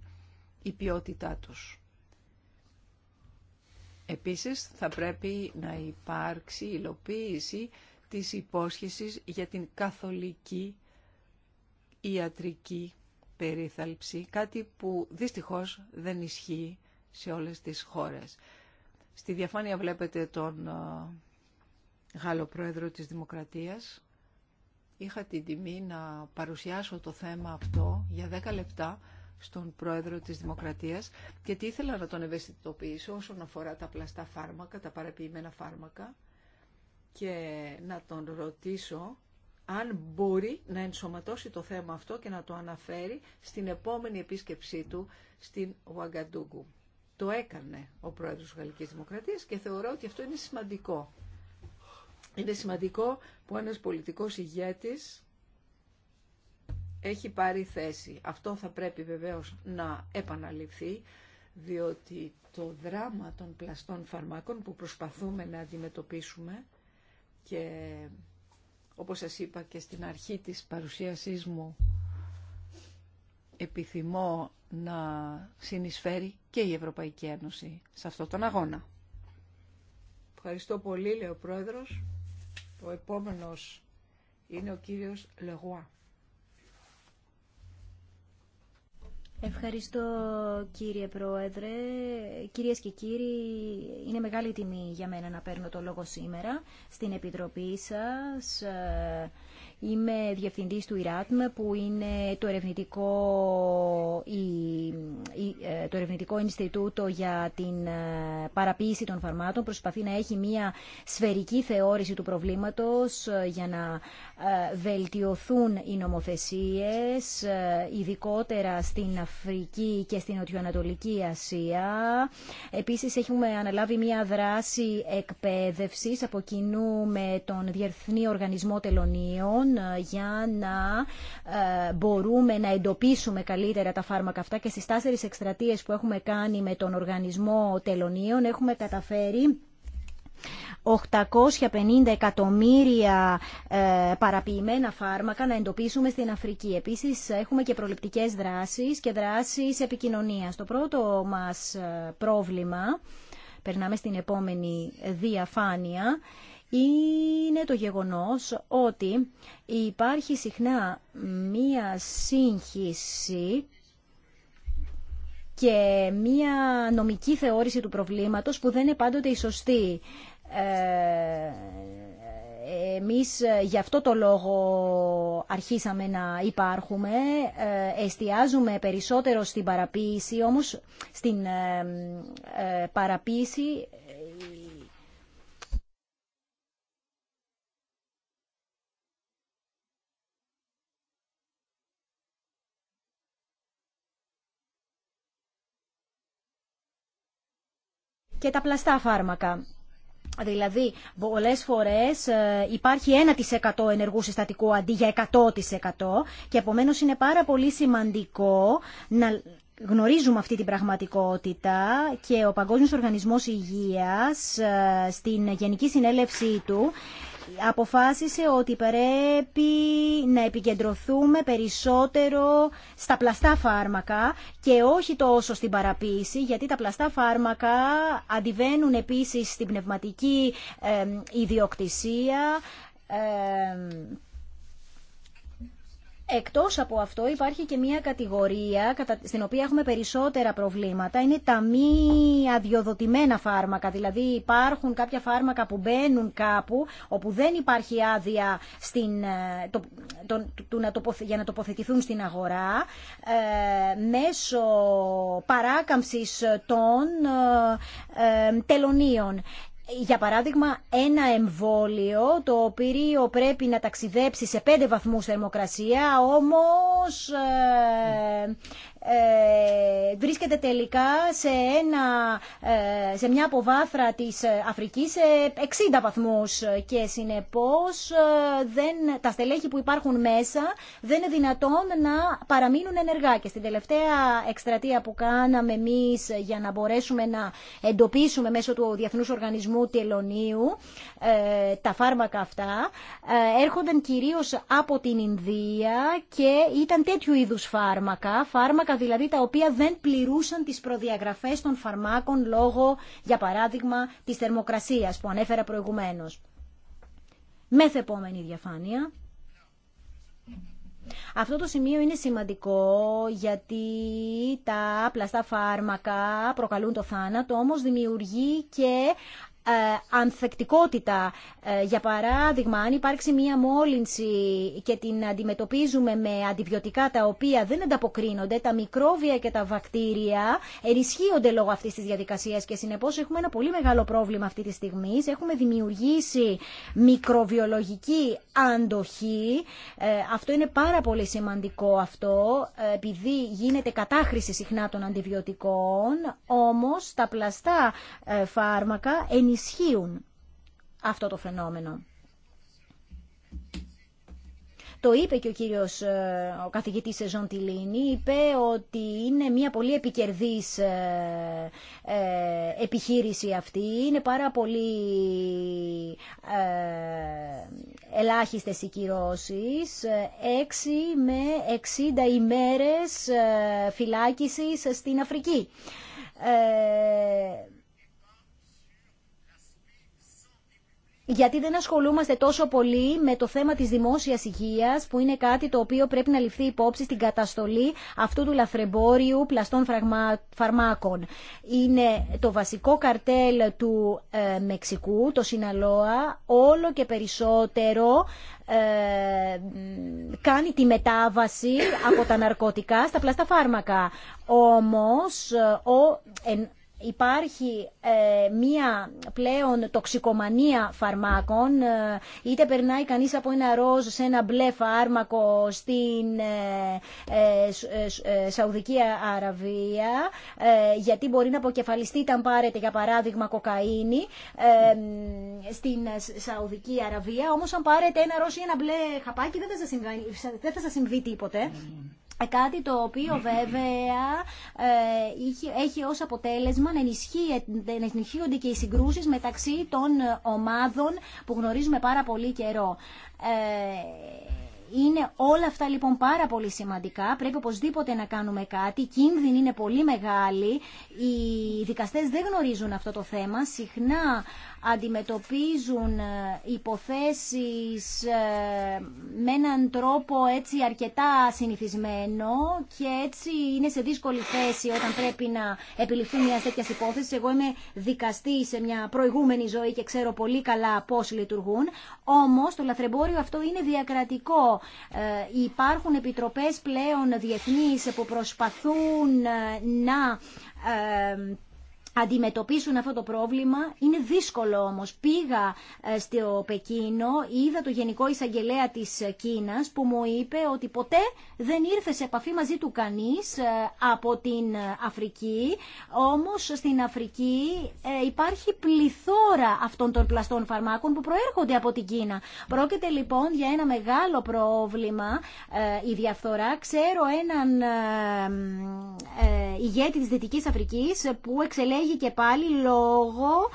η ποιότητά τους. Επίσης, θα πρέπει να υπάρξει υλοποίηση της υπόσχεσης για την καθολική ιατρική περίθαλψη, κάτι που δυστυχώς δεν ισχύει σε όλες τις χώρες. Στη διαφάνεια βλέπετε τον ε, Γάλλο Πρόεδρο της Δημοκρατίας. Είχα την τιμή να παρουσιάσω το θέμα αυτό για 10 λεπτά στον Πρόεδρο της Δημοκρατίας τι ήθελα να τον ευαισθητοποιήσω όσον αφορά τα πλαστά φάρμακα, τα παραποιημένα φάρμακα και να τον ρωτήσω αν μπορεί να ενσωματώσει το θέμα αυτό και να το αναφέρει στην επόμενη επίσκεψή του στην Ουαγκαντούγκου. Το έκανε ο πρόεδρος της Γαλλικής Δημοκρατίας και θεωρώ ότι αυτό είναι σημαντικό. Είναι σημαντικό που ένας πολιτικός ηγέτης έχει πάρει θέση. Αυτό θα πρέπει βεβαίως να επαναληφθεί, διότι το δράμα των πλαστών φαρμάκων που προσπαθούμε να αντιμετωπίσουμε και όπως σας είπα και στην αρχή της παρουσίασής μου, επιθυμώ να συνεισφέρει και η Ευρωπαϊκή Ένωση σε αυτόν τον αγώνα. Ευχαριστώ πολύ, λέει ο Πρόεδρος. Ο επόμενος είναι ο κύριος Λεγουά. Ευχαριστώ κύριε Πρόεδρε. Κυρίες και κύριοι, είναι μεγάλη τιμή για μένα να παίρνω το λόγο σήμερα στην Επιτροπή σας. Είμαι διευθυντή του ΙΡΑΤΜ που είναι το ερευνητικό, ε, το ερευνητικό Ινστιτούτο για την ε, παραποίηση των φαρμάτων. Προσπαθεί να έχει μια σφαιρική θεώρηση του προβλήματος ε, για να βελτιωθούν οι νομοθεσίες, ειδικότερα στην Αφρική και στην Νοτιοανατολική Ασία. Επίσης έχουμε αναλάβει μια δράση εκπαίδευσης από κοινού με τον Διεθνή Οργανισμό Τελωνίων ε, για να ε, μπορούμε να εντοπίσουμε καλύτερα τα φάρμακα αυτά και στις τέσσερις εκστρατείες που έχουμε κάνει με τον Οργανισμό Τελωνίων έχουμε καταφέρει 850 εκατομμύρια ε, παραποιημένα φάρμακα να εντοπίσουμε στην Αφρική. Επίσης έχουμε και προληπτικές δράσεις και δράσεις επικοινωνίας. Το πρώτο μας πρόβλημα, περνάμε στην επόμενη διαφάνεια, είναι το γεγονός ότι υπάρχει συχνά μία σύγχυση και μία νομική θεώρηση του προβλήματος που δεν είναι πάντοτε η σωστή. Ε, εμείς γι' αυτό το λόγο αρχίσαμε να υπάρχουμε, ε, εστιάζουμε περισσότερο στην παραποίηση, όμως στην ε, παραποίηση και τα πλαστά φάρμακα. Δηλαδή, πολλέ φορέ ε, υπάρχει 1% ενεργού συστατικού αντί για 100% και επομένω είναι πάρα πολύ σημαντικό να γνωρίζουμε αυτή την πραγματικότητα και ο Παγκόσμιος Οργανισμός Υγείας ε, στην Γενική Συνέλευσή του αποφάσισε ότι πρέπει να επικεντρωθούμε περισσότερο στα πλαστά φάρμακα και όχι τόσο στην παραποίηση, γιατί τα πλαστά φάρμακα αντιβαίνουν επίσης στην πνευματική ιδιοκτησία Εκτός από αυτό υπάρχει και μια κατηγορία στην οποία έχουμε περισσότερα προβλήματα. Είναι τα μη αδειοδοτημένα φάρμακα. Δηλαδή υπάρχουν κάποια φάρμακα που μπαίνουν κάπου όπου δεν υπάρχει άδεια στην, ε, το, για να τοποθετηθούν στην αγορά ε, μέσω παράκαμψης των ε, τελωνίων για παράδειγμα, ένα εμβόλιο το οποίο πρέπει να ταξιδέψει σε 5 βαθμούς θερμοκρασία, όμως ε, ε, βρίσκεται τελικά σε, ένα, ε, σε μια αποβάθρα της Αφρικής σε 60 βαθμούς και συνεπώς ε, δεν, τα στελέχη που υπάρχουν μέσα δεν είναι δυνατόν να παραμείνουν ενεργά και στην τελευταία εκστρατεία που κάναμε εμείς για να μπορέσουμε να εντοπίσουμε μέσω του Διεθνούς Οργανισμού Τελωνίου τα φάρμακα αυτά έρχονταν κυρίως από την Ινδία και ήταν τέτοιου είδους φάρμακα, φάρμακα δηλαδή τα οποία δεν πληρούσαν τις προδιαγραφές των φαρμάκων λόγω, για παράδειγμα, της θερμοκρασίας που ανέφερα προηγουμένως. Μεθ' επόμενη διαφάνεια. Αυτό το σημείο είναι σημαντικό γιατί τα πλαστά φάρμακα προκαλούν το θάνατο, όμως δημιουργεί και ε, ανθεκτικότητα. Ε, για παράδειγμα, αν υπάρξει μία μόλυνση και την αντιμετωπίζουμε με αντιβιωτικά τα οποία δεν ανταποκρίνονται, τα μικρόβια και τα βακτήρια ενισχύονται λόγω αυτή τη διαδικασία και συνεπώ έχουμε ένα πολύ μεγάλο πρόβλημα αυτή τη στιγμή. Έχουμε δημιουργήσει μικροβιολογική αντοχή. Ε, αυτό είναι πάρα πολύ σημαντικό αυτό, επειδή γίνεται κατάχρηση συχνά των αντιβιωτικών, όμω τα πλαστά φάρμακα ενισχύουν αυτό το φαινόμενο. Το είπε και ο κύριος, ε, ο καθηγητής Τιλίνη είπε ότι είναι μια πολύ επικερδής ε, ε, επιχείρηση αυτή, είναι πάρα πολύ ελάχιστες οι κυρώσεις, 6 με 60 ημέρες φυλάκισης στην Αφρική. γιατί δεν ασχολούμαστε τόσο πολύ με το θέμα της δημόσιας υγείας που είναι κάτι το οποίο πρέπει να ληφθεί υπόψη στην καταστολή αυτού του λαθρεμπόριου πλαστών φαρμάκων. Είναι το βασικό καρτέλ του ε, Μεξικού, το Σιναλόα, όλο και περισσότερο ε, κάνει τη μετάβαση από τα ναρκωτικά στα πλαστά φάρμακα. Όμως, υπάρχει ε, μία πλέον τοξικομανία φαρμάκων, ε, είτε περνάει κανείς από ένα ροζ σε ένα μπλε φάρμακο στην ε, ε, Σαουδική Αραβία, γιατί μπορεί να αποκεφαλιστεί αν πάρετε για παράδειγμα κοκαίνη στην Σαουδική Αραβία, όμως αν πάρετε ένα ροζ ή ένα μπλε χαπάκι δεν θα σας συμβεί, σας τίποτε. Ε, κάτι το οποίο βέβαια ε, έχει ως αποτέλεσμα να, ενισχύονται και οι συγκρούσεις μεταξύ των ομάδων που γνωρίζουμε πάρα πολύ καιρό. Ε, είναι όλα αυτά λοιπόν πάρα πολύ σημαντικά. Πρέπει οπωσδήποτε να κάνουμε κάτι. Η κίνδυνη είναι πολύ μεγάλη. Οι δικαστές δεν γνωρίζουν αυτό το θέμα. Συχνά αντιμετωπίζουν ε, υποθέσεις ε, με έναν τρόπο έτσι αρκετά συνηθισμένο και έτσι είναι σε δύσκολη θέση όταν πρέπει να επιληφθούν μια τέτοια υπόθεση. Εγώ είμαι δικαστή σε μια προηγούμενη ζωή και ξέρω πολύ καλά πώς λειτουργούν. Όμως το λαθρεμπόριο αυτό είναι διακρατικό. Ε, υπάρχουν επιτροπές πλέον διεθνείς που προσπαθούν να αντιμετωπίσουν αυτό το πρόβλημα. Είναι δύσκολο όμως. Πήγα ε, στο Πεκίνο, είδα το Γενικό Εισαγγελέα της ε, Κίνας που μου είπε ότι ποτέ δεν ήρθε σε επαφή μαζί του κανείς ε, από την Αφρική. Όμως στην Αφρική υπάρχει πληθώρα αυτών των πλαστών φαρμάκων που προέρχονται από την Κίνα. Πρόκειται λοιπόν για ένα μεγάλο πρόβλημα η διαφθορά. Ξέρω έναν ηγέτη της Δυτικής Αφρικής που εξελέγει και πάλι λόγω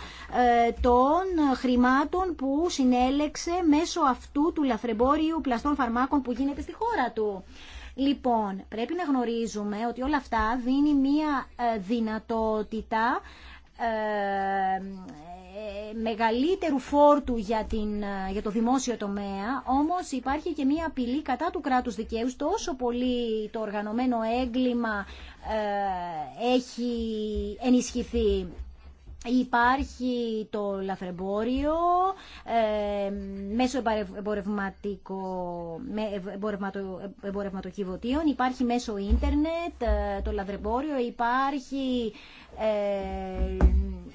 ε, των χρημάτων που συνέλεξε μέσω αυτού του λαθρεμπόριου πλαστών φαρμάκων που γίνεται στη χώρα του. Λοιπόν, πρέπει να γνωρίζουμε ότι όλα αυτά δίνει μία ε, δυνατότητα ε, ε, μεγαλύτερου φόρτου για, την, ε, για το δημόσιο τομέα, όμως υπάρχει και μία απειλή κατά του κράτους δικαίου, τόσο πολύ το οργανωμένο έγκλημα ε, έχει ενισχυθεί. Υπάρχει το λαθρεμπόριο, ε, μέσω εμπορευματοκιβωτίων, υπάρχει μέσω ίντερνετ ε, το λαθρεμπόριο, υπάρχει... Ε,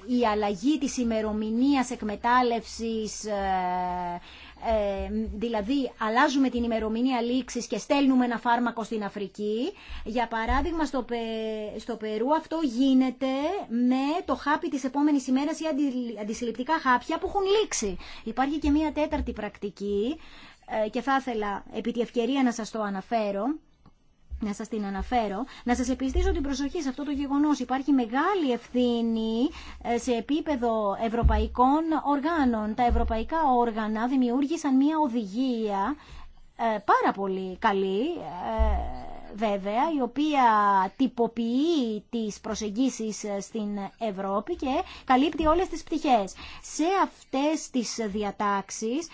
η αλλαγή της ημερομηνίας εκμετάλλευσης ε, ε, δηλαδή αλλάζουμε την ημερομηνία λήξης και στέλνουμε ένα φάρμακο στην Αφρική. Για παράδειγμα στο, Περού αυτό γίνεται με το χάπι της επόμενης ημέρας ή αντι... αντισυλληπτικά χάπια που έχουν λήξει. Υπάρχει και μία τέταρτη πρακτική ε, και θα ήθελα επί τη ευκαιρία να σας το αναφέρω να σας την αναφέρω, να σας επιστήσω την προσοχή σε αυτό το γεγονός. Υπάρχει μεγάλη ευθύνη ε, σε επίπεδο ευρωπαϊκών οργάνων. Τα ευρωπαϊκά όργανα δημιούργησαν μια οδηγία ε, πάρα πολύ καλή, ε, βέβαια, η οποία τυποποιεί τις προσεγγίσεις στην Ευρώπη και καλύπτει όλες τις πτυχές. Σε αυτές τις διατάξεις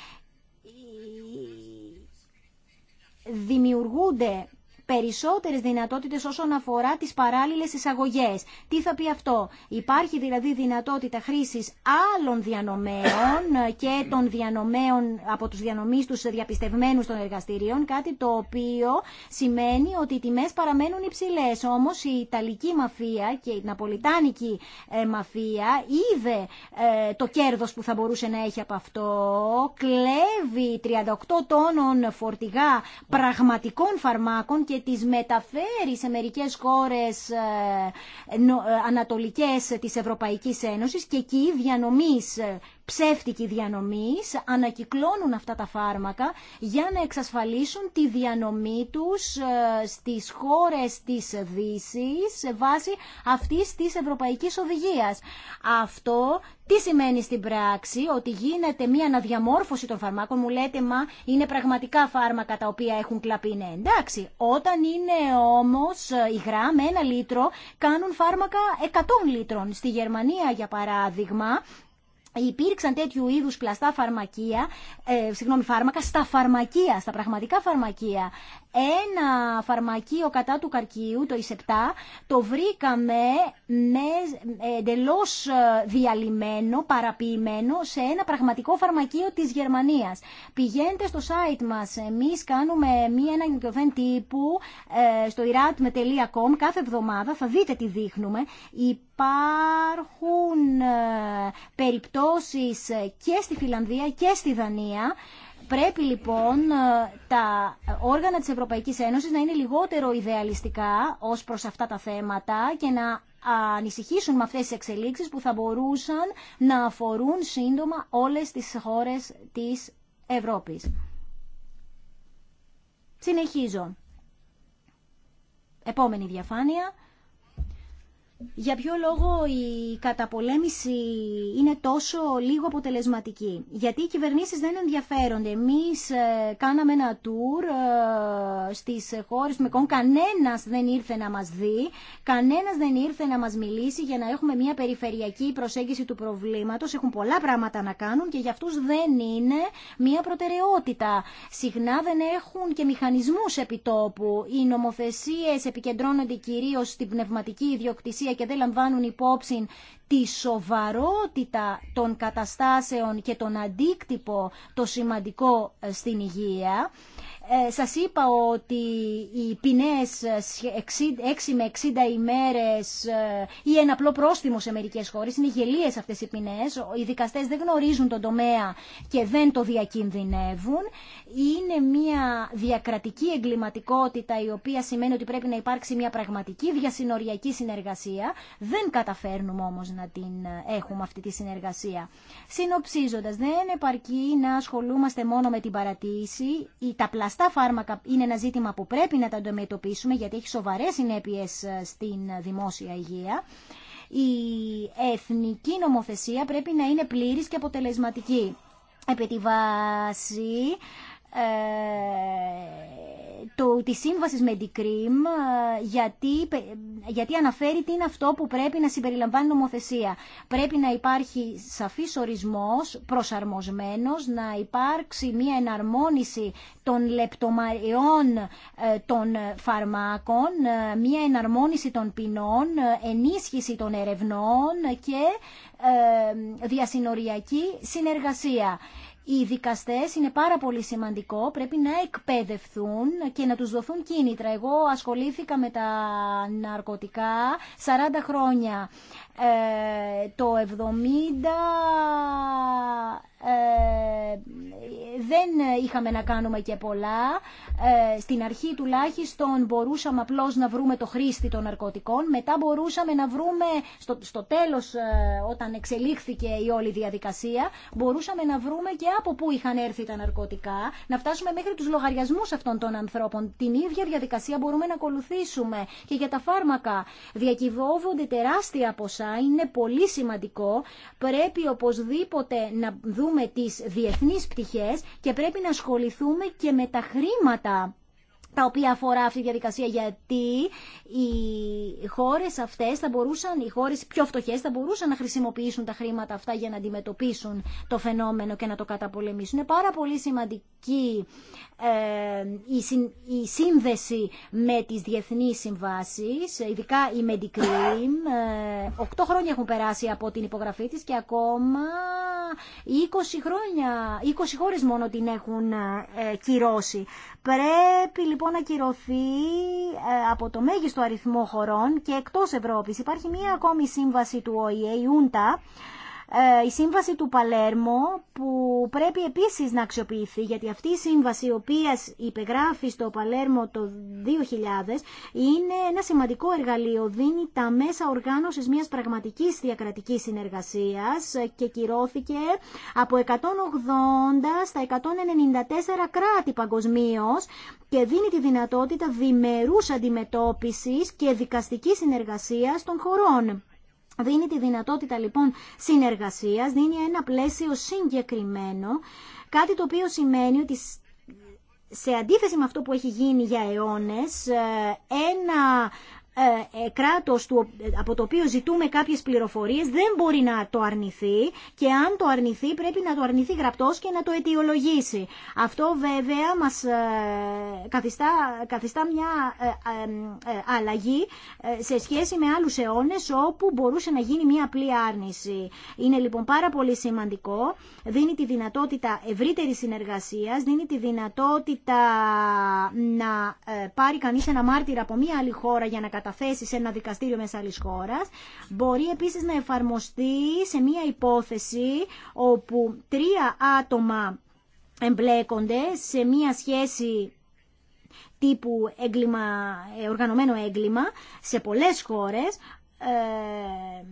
δημιουργούνται Περισσότερε δυνατότητε όσον αφορά τι παράλληλε εισαγωγέ. Τι θα πει αυτό. Υπάρχει δηλαδή δυνατότητα χρήση άλλων διανομέων και των διανομέων από του διανομή του διαπιστευμένους των εργαστηρίων, κάτι το οποίο σημαίνει ότι οι τιμέ παραμένουν υψηλέ. Όμω η Ιταλική μαφία και η Ναπολιτάνικη ε, μαφία είδε ε, το κέρδο που θα μπορούσε να έχει από αυτό. Κλέβει 38 τόνων φορτηγά πραγματικών φαρμάκων και τις μεταφέρει σε μερικές χώρες ε, ε, ανατολικές της Ευρωπαϊκής Ένωσης και εκεί διανομής ε, ψεύτικη διανομής ανακυκλώνουν αυτά τα φάρμακα για να εξασφαλίσουν τη διανομή τους ε, στις χώρες της δύση σε βάση αυτής της ευρωπαϊκής οδηγίας. Αυτό τι σημαίνει στην πράξη, ότι γίνεται μια αναδιαμόρφωση των φαρμάκων. Μου λέτε, μα είναι πραγματικά φάρμακα τα οποία έχουν κλαπεί. Ναι, εντάξει. Όταν είναι όμως υγρά ε, με ένα λίτρο, κάνουν φάρμακα 100 λίτρων. Στη Γερμανία, για παράδειγμα, Υπήρξαν τέτοιου είδους πλαστά φαρμακεία, ε, συγγνώμη, φάρμακα στα φαρμακεία, στα πραγματικά φαρμακεία ένα φαρμακείο κατά του καρκίου, το ΙΣΕΠΤΑ, το βρήκαμε ε, εντελώ ε, διαλυμένο, παραποιημένο σε ένα πραγματικό φαρμακείο της Γερμανίας. Πηγαίνετε στο site μας, εμείς κάνουμε μία ανακοινωθέν τύπου ε, στο iratme.com κάθε εβδομάδα, θα δείτε τι δείχνουμε. Υπάρχουν περιπτώσεις και στη Φιλανδία και στη Δανία Πρέπει λοιπόν ε, τα όργανα της Ευρωπαϊκής Ένωσης να είναι λιγότερο ιδεαλιστικά ως προς αυτά τα θέματα και να ανησυχήσουν με αυτές τις εξελίξεις που θα μπορούσαν να αφορούν σύντομα όλες τις χώρες της Ευρώπης. Συνεχίζω. Επόμενη διαφάνεια για ποιο λόγο η καταπολέμηση είναι τόσο λίγο αποτελεσματική. Γιατί οι κυβερνήσεις δεν ενδιαφέρονται. Εμείς ε, κάναμε ένα τουρ ε, στις χώρες του Μεκόν. Κανένας δεν ήρθε να μας δει, κανένας δεν ήρθε να μας μιλήσει για να έχουμε μια περιφερειακή προσέγγιση του προβλήματος. Έχουν πολλά πράγματα να κάνουν και για αυτούς δεν είναι μια προτεραιότητα. Συχνά δεν έχουν και μηχανισμούς επιτόπου. Οι νομοθεσίες επικεντρώνονται κυρίως στην πνευματική ιδιοκτησία και δεν λαμβάνουν υπόψη τη σοβαρότητα των καταστάσεων και τον αντίκτυπο το σημαντικό στην υγεία. Ε, σας είπα ότι οι ποινές 6 με 60 ημέρες ε, ή ένα απλό πρόστιμο σε μερικές χώρες είναι γελίες αυτές οι ποινές. Οι δικαστές δεν γνωρίζουν τον τομέα και δεν το διακινδυνεύουν. Είναι μια διακρατική εγκληματικότητα η οποία σημαίνει ότι πρέπει να υπάρξει μια πραγματική διασυνοριακή συνεργασία. Δεν καταφέρνουμε όμως να την ε, έχουμε αυτή τη συνεργασία. Συνοψίζοντας, δεν επαρκεί να ασχολούμαστε μόνο με την παρατήρηση ή τα πλαστικά... Τα φάρμακα είναι ένα ζήτημα που πρέπει να τα αντιμετωπίσουμε γιατί έχει σοβαρές συνέπειες ε, στην δημόσια υγεία. Η εθνική νομοθεσία πρέπει να είναι πλήρης και αποτελεσματική επί τη ε, το, τη σύμβαση με την ΚΡΙΜ ε, γιατί, γιατί αναφέρει τι είναι αυτό που πρέπει να συμπεριλαμβάνει νομοθεσία. Πρέπει να υπάρχει σαφής ορισμός, προσαρμοσμένος, να υπάρξει μια εναρμόνιση των λεπτομαριών ε, των φαρμάκων, μια εναρμόνιση των ποινών, ενίσχυση των ερευνών και διασυνοριακή συνεργασία οι δικαστές είναι πάρα πολύ σημαντικό, πρέπει να εκπαίδευθούν και να τους δοθούν κίνητρα. Εγώ ασχολήθηκα με τα ναρκωτικά 40 χρόνια το 70 ε, δεν είχαμε να κάνουμε και πολλά. Ε, στην αρχή τουλάχιστον μπορούσαμε απλώς να βρούμε το χρήστη των ναρκωτικών. Μετά μπορούσαμε να βρούμε, στο, στο τέλος ε, όταν εξελίχθηκε η όλη διαδικασία, μπορούσαμε να βρούμε και από πού είχαν έρθει τα ναρκωτικά, να φτάσουμε μέχρι τους λογαριασμούς αυτών των ανθρώπων. Την ίδια διαδικασία μπορούμε να ακολουθήσουμε. Και για τα φάρμακα διακυβόβονται τεράστια ποσά είναι πολύ σημαντικό. Πρέπει οπωσδήποτε να δούμε τις διεθνείς πτυχές και πρέπει να ασχοληθούμε και με τα χρήματα τα οποία αφορά αυτή η διαδικασία γιατί οι χώρες αυτές θα μπορούσαν, οι χώρες πιο φτωχές θα μπορούσαν να χρησιμοποιήσουν τα χρήματα αυτά για να αντιμετωπίσουν το φαινόμενο και να το καταπολεμήσουν. Είναι πάρα πολύ σημαντική ε, η, σύνδεση με τις διεθνείς συμβάσεις, ειδικά η MediCream 8 ε, χρόνια έχουν περάσει από την υπογραφή της και ακόμα 20 χρόνια, 20 χώρες μόνο την έχουν ε, κυρώσει. Πρέπει λοιπόν, λοιπόν ακυρωθεί ε, από το μέγιστο αριθμό χωρών και εκτός Ευρώπης. Υπάρχει μία ακόμη σύμβαση του ΟΗΕ, η UNTA, ε, η σύμβαση του Παλέρμο που πρέπει επίσης να αξιοποιηθεί γιατί αυτή η σύμβαση η οποία υπεγράφει στο Παλέρμο το 2000 είναι ένα σημαντικό εργαλείο, δίνει τα μέσα οργάνωσης μιας πραγματικής διακρατικής συνεργασίας και κυρώθηκε από 180 στα 194 κράτη παγκοσμίω και δίνει τη δυνατότητα διμερούς αντιμετώπισης και δικαστικής συνεργασίας των χωρών. Δίνει τη δυνατότητα λοιπόν συνεργασίας, δίνει ένα πλαίσιο συγκεκριμένο, κάτι το οποίο σημαίνει ότι σε αντίθεση με αυτό που έχει γίνει για αιώνες, ε, ένα ε, ε, κράτος από το οποίο ζητούμε κάποιες πληροφορίες δεν μπορεί να το αρνηθεί και αν το αρνηθεί πρέπει να το αρνηθεί γραπτός και να το αιτιολογήσει. Αυτό βέβαια μας ε, καθιστά, καθιστά μια αλλαγή σε σχέση με άλλους αιώνες όπου μπορούσε να γίνει μια απλή άρνηση. Είναι λοιπόν πάρα πολύ σημαντικό, δίνει τη δυνατότητα ευρύτερη συνεργασίας, δίνει τη δυνατότητα να πάρει κανείς ένα μάρτυρα από μια άλλη χώρα για να καταλάβει καταθέσει σε ένα δικαστήριο μέσα άλλη χώρα Μπορεί επίσης να εφαρμοστεί σε μια υπόθεση όπου τρία άτομα εμπλέκονται σε μια σχέση τύπου έγκλημα, ε, οργανωμένο έγκλημα σε πολλές χώρες ε,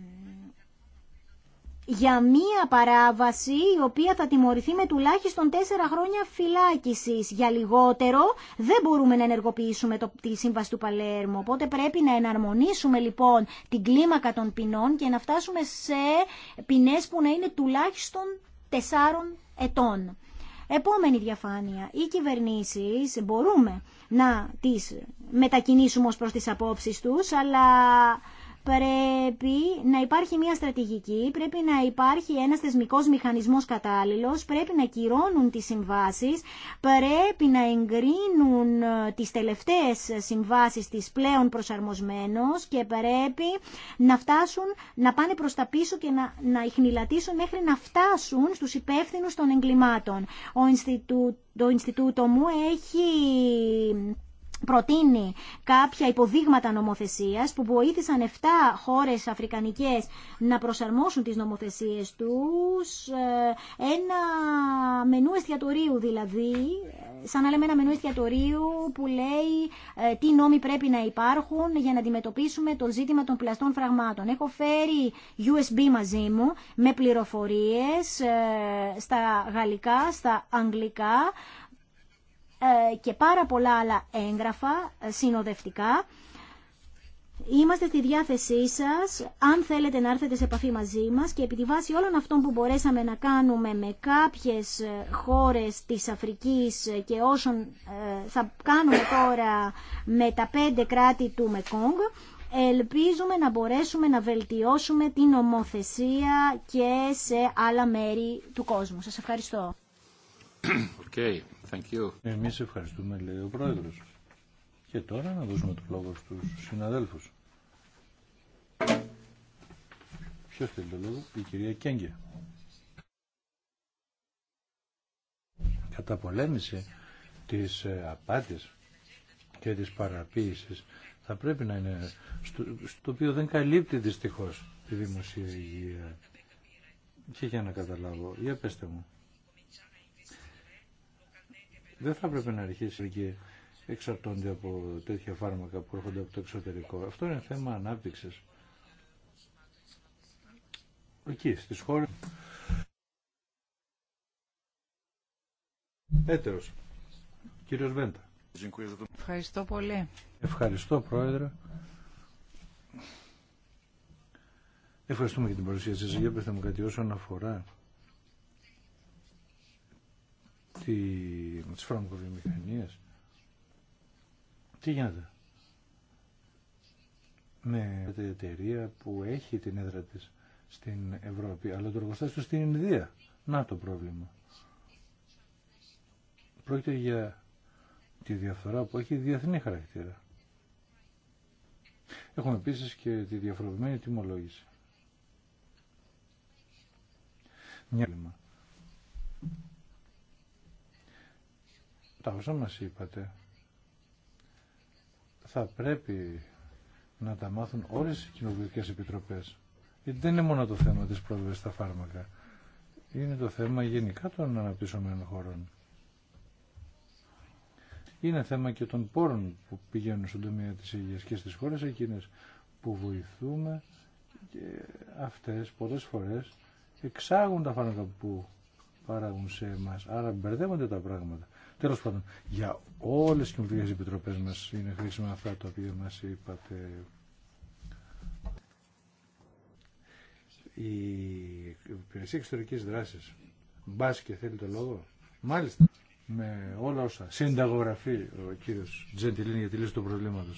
για μία παράβαση η οποία θα τιμωρηθεί με τουλάχιστον τέσσερα χρόνια φυλάκισης. Για λιγότερο δεν μπορούμε να ενεργοποιήσουμε το, τη Σύμβαση του Παλέρμου. Οπότε πρέπει να εναρμονίσουμε λοιπόν την κλίμακα των ποινών και να φτάσουμε σε ποινές που να είναι τουλάχιστον τεσσάρων ετών. Επόμενη διαφάνεια. Οι κυβερνήσεις μπορούμε να τις μετακινήσουμε ως προς τις απόψεις τους, αλλά πρέπει να υπάρχει μια στρατηγική, πρέπει να υπάρχει ένας θεσμικός μηχανισμός κατάλληλος, πρέπει να κυρώνουν τις συμβάσεις, πρέπει να εγκρίνουν ε, τις τελευταίες συμβάσεις τις πλέον προσαρμοσμένος και πρέπει να φτάσουν, να πάνε προς τα πίσω και να, να μέχρι να φτάσουν στους υπεύθυνους των εγκλημάτων. Ο το Ινστιτούτο μου έχει προτείνει κάποια υποδείγματα νομοθεσίας που βοήθησαν 7 χώρες αφρικανικές να προσαρμόσουν τις νομοθεσίες τους ε, ένα μενού εστιατορίου δηλαδή ε, σαν να λέμε ένα μενού εστιατορίου που λέει ε, τι νόμοι πρέπει να υπάρχουν για να αντιμετωπίσουμε το ζήτημα των πλαστών φραγμάτων. Έχω φέρει USB μαζί μου με πληροφορίες στα γαλλικά, στα αγγλικά ε, και πάρα πολλά άλλα έγγραφα ε, συνοδευτικά. Είμαστε στη διάθεσή σας, αν θέλετε να έρθετε σε επαφή μαζί μας και επί τη βάση όλων αυτών που μπορέσαμε να κάνουμε με κάποιες ε, χώρες της Αφρικής και όσων θα κάνουμε τώρα με τα πέντε κράτη του Μεκόγκ, ελπίζουμε να μπορέσουμε να βελτιώσουμε την ομοθεσία και σε άλλα μέρη του κόσμου. Σας ευχαριστώ. Okay, thank you. Εμείς ευχαριστούμε, λέει ο Πρόεδρος. Και τώρα να δώσουμε το λόγο στους συναδέλφους. Ποιος θέλει το λόγο, η κυρία Κέγκε. πολέμηση της ε, απάτης και τις παραποίησης θα πρέπει να είναι στο, στο οποίο δεν καλύπτει δυστυχώς τη δημοσία υγεία. Και για να καταλάβω, για πέστε μου δεν θα έπρεπε να αρχίσει και εξαρτώνται από τέτοια φάρμακα που έρχονται από το εξωτερικό. Αυτό είναι θέμα ανάπτυξης. Εκεί, στις χώρες... Έτερος. Κύριος Βέντα. Ευχαριστώ πολύ. Ευχαριστώ, Πρόεδρε. Ευχαριστούμε για την παρουσία σας. Για πετε μου κάτι όσον αφορά τις φαρμακοβιομηχανίες Τι γίνεται με την εταιρεία που έχει την έδρα της στην Ευρώπη, αλλά το εργοστάσιο στην Ινδία. Να το πρόβλημα. Πρόκειται για τη διαφθορά που έχει διεθνή χαρακτήρα. Έχουμε επίσης και τη διαφοροποιημένη τιμολόγηση. Μια τα όσα μας είπατε θα πρέπει να τα μάθουν όλες οι κοινοβουλικές επιτροπές. δεν είναι μόνο το θέμα της πρόβλησης στα φάρμακα. Είναι το θέμα γενικά των αναπτυσσομένων χωρών. Είναι θέμα και των πόρων που πηγαίνουν στον τομέα της υγείας και στις χώρες εκείνες που βοηθούμε και αυτές πολλές φορές εξάγουν τα φάρμακα που παράγουν σε εμάς. Άρα μπερδεύονται τα πράγματα. Τέλο πάντων, για όλε τι κοινοβουλευτικέ επιτροπέ μα είναι χρήσιμα αυτά τα οποία μα είπατε. Η υπηρεσία εξωτερική δράση. Μπα και θέλει το λόγο. Μάλιστα. Με όλα όσα συνταγογραφεί ο κύριο Τζεντιλίνη για τη λύση του προβλήματο.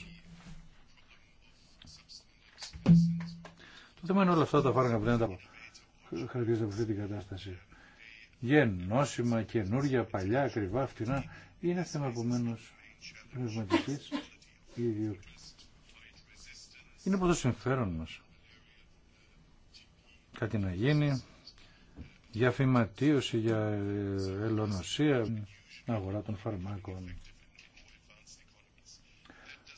Το θέμα είναι όλα αυτά τα φάρμακα που δεν τα χαρακτηρίζονται από αυτή την κατάσταση γεννόσημα, καινούργια, παλιά, ακριβά, φτηνά, είναι θέμα επομένω πνευματική ιδιότητας. Είναι από το συμφέρον μα. Κάτι να γίνει για φυματίωση, για ε, ελονοσία, αγορά των φαρμάκων.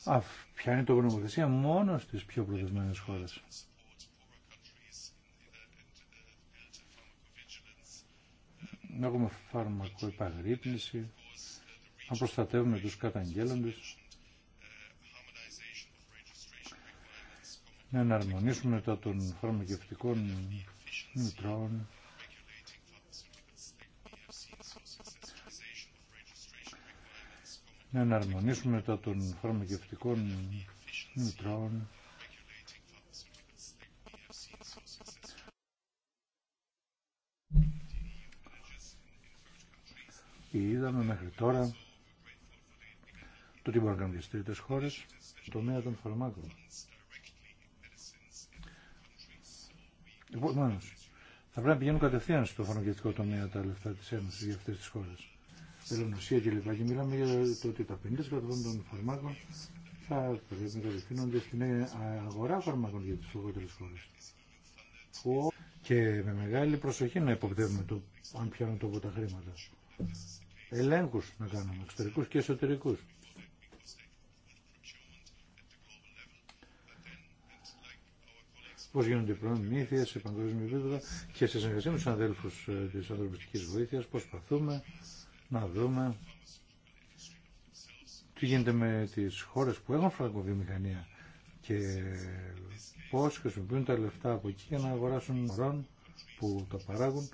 Αφ, ποια είναι το γνωμοθεσία μόνο στις πιο προδεσμένες χώρες. να έχουμε φάρμακο υπαγρύπνηση, να προστατεύουμε τους καταγγέλλοντες, να εναρμονίσουμε τα των φαρμακευτικών μητρών, να εναρμονίσουμε τα των φαρμακευτικών μητρών, και είδαμε μέχρι τώρα το τι μπορεί να κάνουν και τρίτες χώρες στο τομέα των φαρμάκων. Επομένω, λοιπόν, θα πρέπει να πηγαίνουν κατευθείαν στο φαρμακευτικό τομέα τα λεφτά τη Ένωση για αυτέ τι χώρε. και κλπ. Και μιλάμε για το ότι τα 50% των φαρμάκων θα πρέπει να κατευθύνονται στην αγορά φαρμάκων για τι λιγότερε χώρε. Και με μεγάλη προσοχή να υποπτεύουμε το αν πιάνουν τόπο τα χρήματα ελέγχους να κάνουμε, εξωτερικούς και εσωτερικούς. Πώ γίνονται οι προμήθειες σε παγκόσμιο επίπεδο και σε συνεργασία με τους αδέλφους ε, της ανθρωπιστικής βοήθειας, προσπαθούμε να δούμε τι γίνεται με τις χώρες που έχουν φραγκοβιομηχανία και πώ χρησιμοποιούν τα λεφτά από εκεί για να αγοράσουν ρόν που τα παράγουν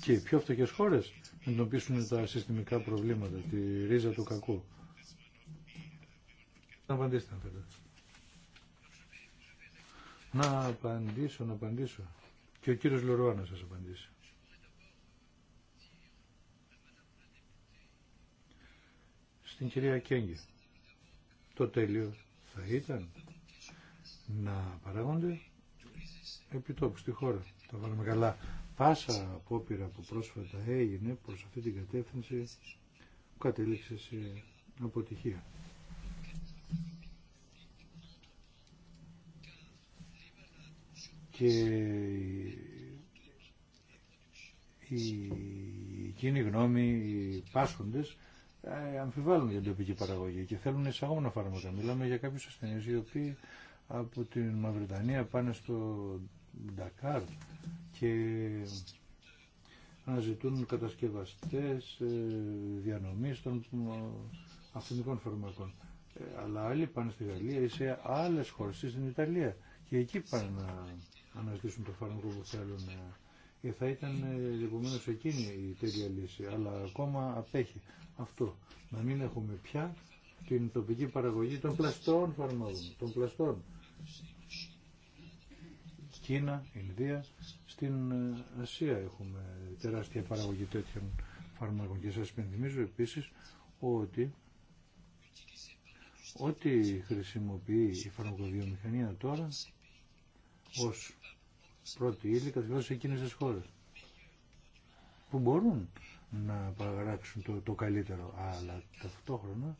και οι πιο φτωχέ χώρε να εντοπίσουν τα συστημικά προβλήματα, τη ρίζα του κακού. Να απαντήσετε αν θέλετε. Να απαντήσω, να απαντήσω. Και ο κύριος Λεωρουά να σας απαντήσει. Στην κυρία Κέγγε. Το τέλειο θα ήταν να παράγονται επιτόπου στη χώρα. Τα βάλουμε καλά πάσα απόπειρα που πρόσφατα έγινε προς αυτή την κατεύθυνση κατέληξε σε αποτυχία. Και οι κοινοί γνώμοι οι πάσχοντες, ε, αμφιβάλλουν για την τοπική παραγωγή και θέλουν εισαγόμενα φάρμακα. Μιλάμε για κάποιους ασθενείς οι οποίοι από την Μαυριτανία πάνε στο Ντακάρ και αναζητούν κατασκευαστές ε, διανομής των ε, αυθεντικών φαρμακών. Ε, αλλά άλλοι πάνε στη Γαλλία ή σε άλλες χώρες, στην Ιταλία. Και εκεί πάνε να αναζητήσουν το φάρμακο που θέλουν. θα ήταν λοιπον εκείνη η τέλεια λύση. Αλλά ακόμα απέχει αυτό. Να μην έχουμε πια την τοπική παραγωγή των πλαστών φαρμάκων. Των πλαστών. Κίνα, Ινδία, στην Ασία έχουμε τεράστια παραγωγή τέτοιων φαρμάκων και σας πενθυμίζω επίσης ότι ό,τι χρησιμοποιεί η φαρμακοβιομηχανία τώρα ως πρώτη ύλη καθώς σε εκείνες τις χώρες που μπορούν να παραγράψουν το, το καλύτερο αλλά ταυτόχρονα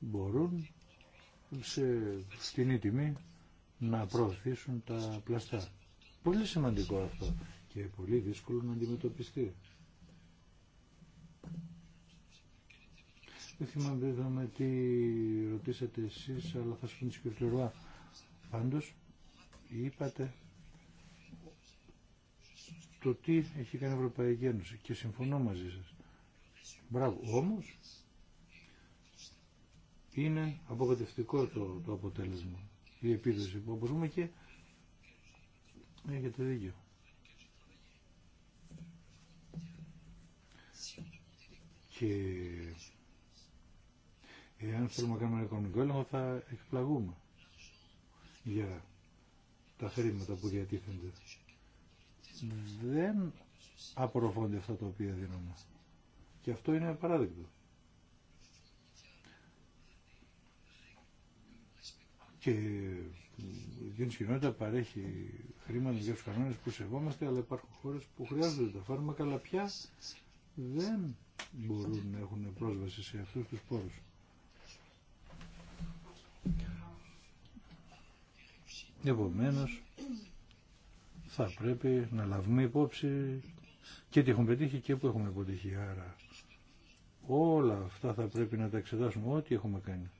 μπορούν σε φτηνή τιμή να προωθήσουν τα πλαστά. Πολύ σημαντικό αυτό και πολύ δύσκολο να αντιμετωπιστεί. Δεν θυμάμαι βέβαια τι ρωτήσατε εσείς, αλλά θα σας πω την Πάντως, είπατε το τι έχει κάνει η Ευρωπαϊκή Ένωση και συμφωνώ μαζί σας. Μπράβο. Όμως, είναι αποκατευτικό το, το αποτέλεσμα, η επίδοση που όπως και ναι, έχετε δίκιο. Και εάν θέλουμε να κάνουμε ένα οικονομικό έλεγχο θα εκπλαγούμε για τα χρήματα που διατίθενται. Δεν απορροφώνται αυτά τα οποία δίνουμε. Και αυτό είναι παράδειγμα. Και η κοινότητα παρέχει χρήματα για του κανόνε που σεβόμαστε, αλλά υπάρχουν χώρε που χρειάζονται τα φάρμακα, αλλά πια δεν μπορούν να έχουν πρόσβαση σε αυτούς τους πόρους. Επομένω, θα πρέπει να λάβουμε υπόψη και τι έχουμε πετύχει και που έχουμε αποτύχει. Άρα όλα αυτά θα πρέπει να τα εξετάσουμε ό,τι έχουμε κάνει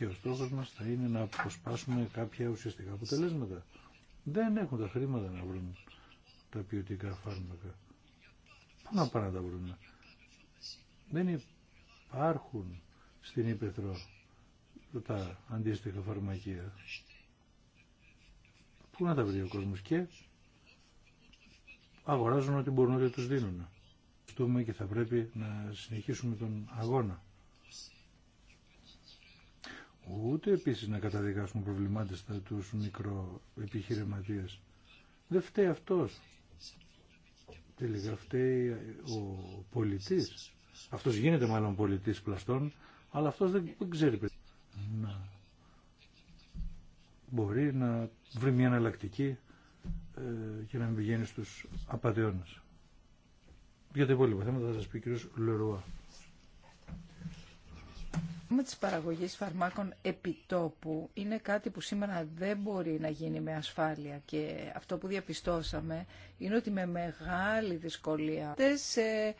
και ο στόχο μα θα είναι να αποσπάσουμε κάποια ουσιαστικά αποτελέσματα. Δεν έχουν τα χρήματα να βρουν τα ποιοτικά φάρμακα. Πού να πάνε να τα βρουν. Δεν υπάρχουν στην Ήπεθρο τα αντίστοιχα φαρμακεία. Πού να τα βρει ο κόσμο και αγοράζουν ό,τι μπορούν να τους δίνουν. και θα πρέπει να συνεχίσουμε τον αγώνα. Ούτε επίσης να καταδικάσουμε προβλημάτιστα τους μικροεπιχειρηματίες. Δεν φταίει αυτός. Τελικά φταίει ο πολιτής. Αυτός γίνεται μάλλον πολιτής πλαστών, αλλά αυτός δεν, δεν ξέρει να μπορεί να βρει μια εναλλακτική ε, και να μην πηγαίνει στους απαταιώνες. Για τα υπόλοιπα θέματα θα σας πει ο κ. Λερουά. Με της παραγωγής φαρμάκων επιτόπου είναι κάτι που σήμερα δεν μπορεί να γίνει με ασφάλεια και αυτό που διαπιστώσαμε είναι ότι με μεγάλη δυσκολία σε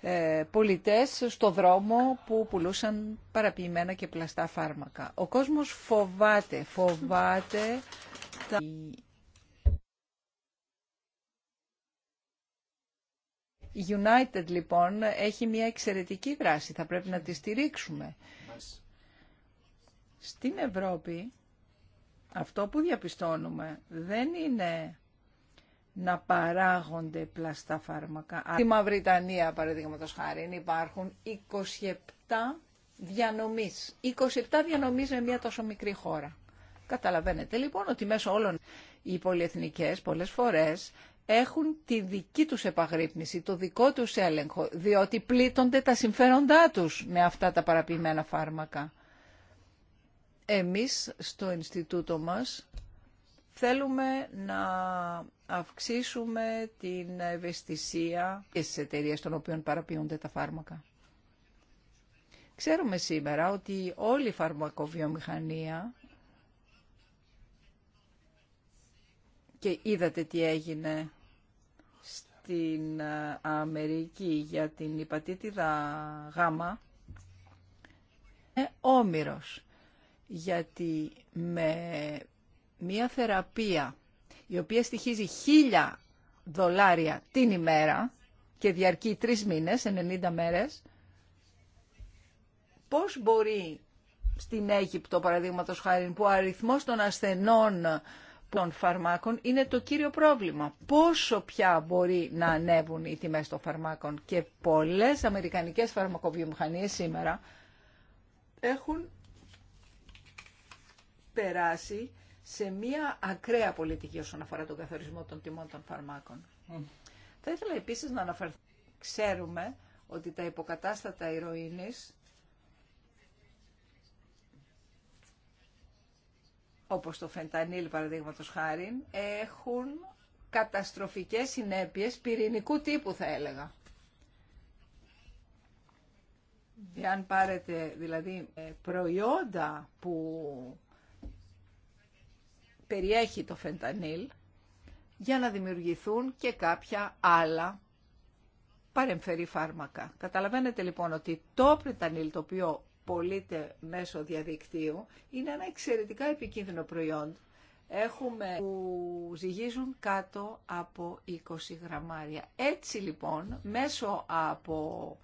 ε, πολιτές στο δρόμο που πουλούσαν παραποιημένα και πλαστά φάρμακα. Ο κόσμος φοβάται, φοβάται τα... Η United λοιπόν έχει μια εξαιρετική δράση, θα πρέπει να τη στηρίξουμε. Στην Ευρώπη αυτό που διαπιστώνουμε δεν είναι να παράγονται πλαστά φάρμακα. Στη Μαυριτανία, παραδείγματος χάρη, υπάρχουν 27 διανομής. 27 διανομής με μια τόσο μικρή χώρα. Καταλαβαίνετε λοιπόν ότι μέσω όλων οι πολυεθνικές πολλές φορές έχουν τη δική τους επαγρύπνηση, το δικό τους έλεγχο, διότι πλήττονται τα συμφέροντά τους με αυτά τα παραποιημένα φάρμακα. Εμείς στο Ινστιτούτο μας θέλουμε να αυξήσουμε την ευαισθησία και στις εταιρείες των οποίων παραποιούνται τα φάρμακα. Ξέρουμε σήμερα ότι όλη η φαρμακοβιομηχανία και είδατε τι έγινε στην Αμερική για την υπατήτηδα γάμα, είναι όμοιρος γιατί με μία θεραπεία η οποία στοιχίζει χίλια δολάρια την ημέρα και διαρκεί τρεις μήνες, 90 μέρες, πώς μπορεί στην Αίγυπτο, παραδείγματο χάρη, που ο αριθμός των ασθενών των φαρμάκων είναι το κύριο πρόβλημα. Πόσο πια μπορεί να ανέβουν οι τιμές των φαρμάκων και πολλές αμερικανικές φαρμακοβιομηχανίες σήμερα έχουν περάσει σε μία ακραία πολιτική όσον αφορά τον καθορισμό των τιμών των φαρμάκων. Θα ήθελα επίσης να αναφερθώ. Ξέρουμε ότι τα υποκατάστατα ηρωίνης, όπως το φεντανίλ παραδείγματος χάρη, έχουν καταστροφικές συνέπειες πυρηνικού τύπου θα έλεγα. Εάν πάρετε δηλαδή ε, προϊόντα που περιέχει το φεντανίλ για να δημιουργηθούν και κάποια άλλα παρεμφερή φάρμακα. Καταλαβαίνετε λοιπόν ότι το φεντανίλ το οποίο πωλείται μέσω διαδικτύου είναι ένα εξαιρετικά επικίνδυνο προϊόν. Έχουμε που ζυγίζουν κάτω από 20 γραμμάρια. Έτσι λοιπόν μέσω από...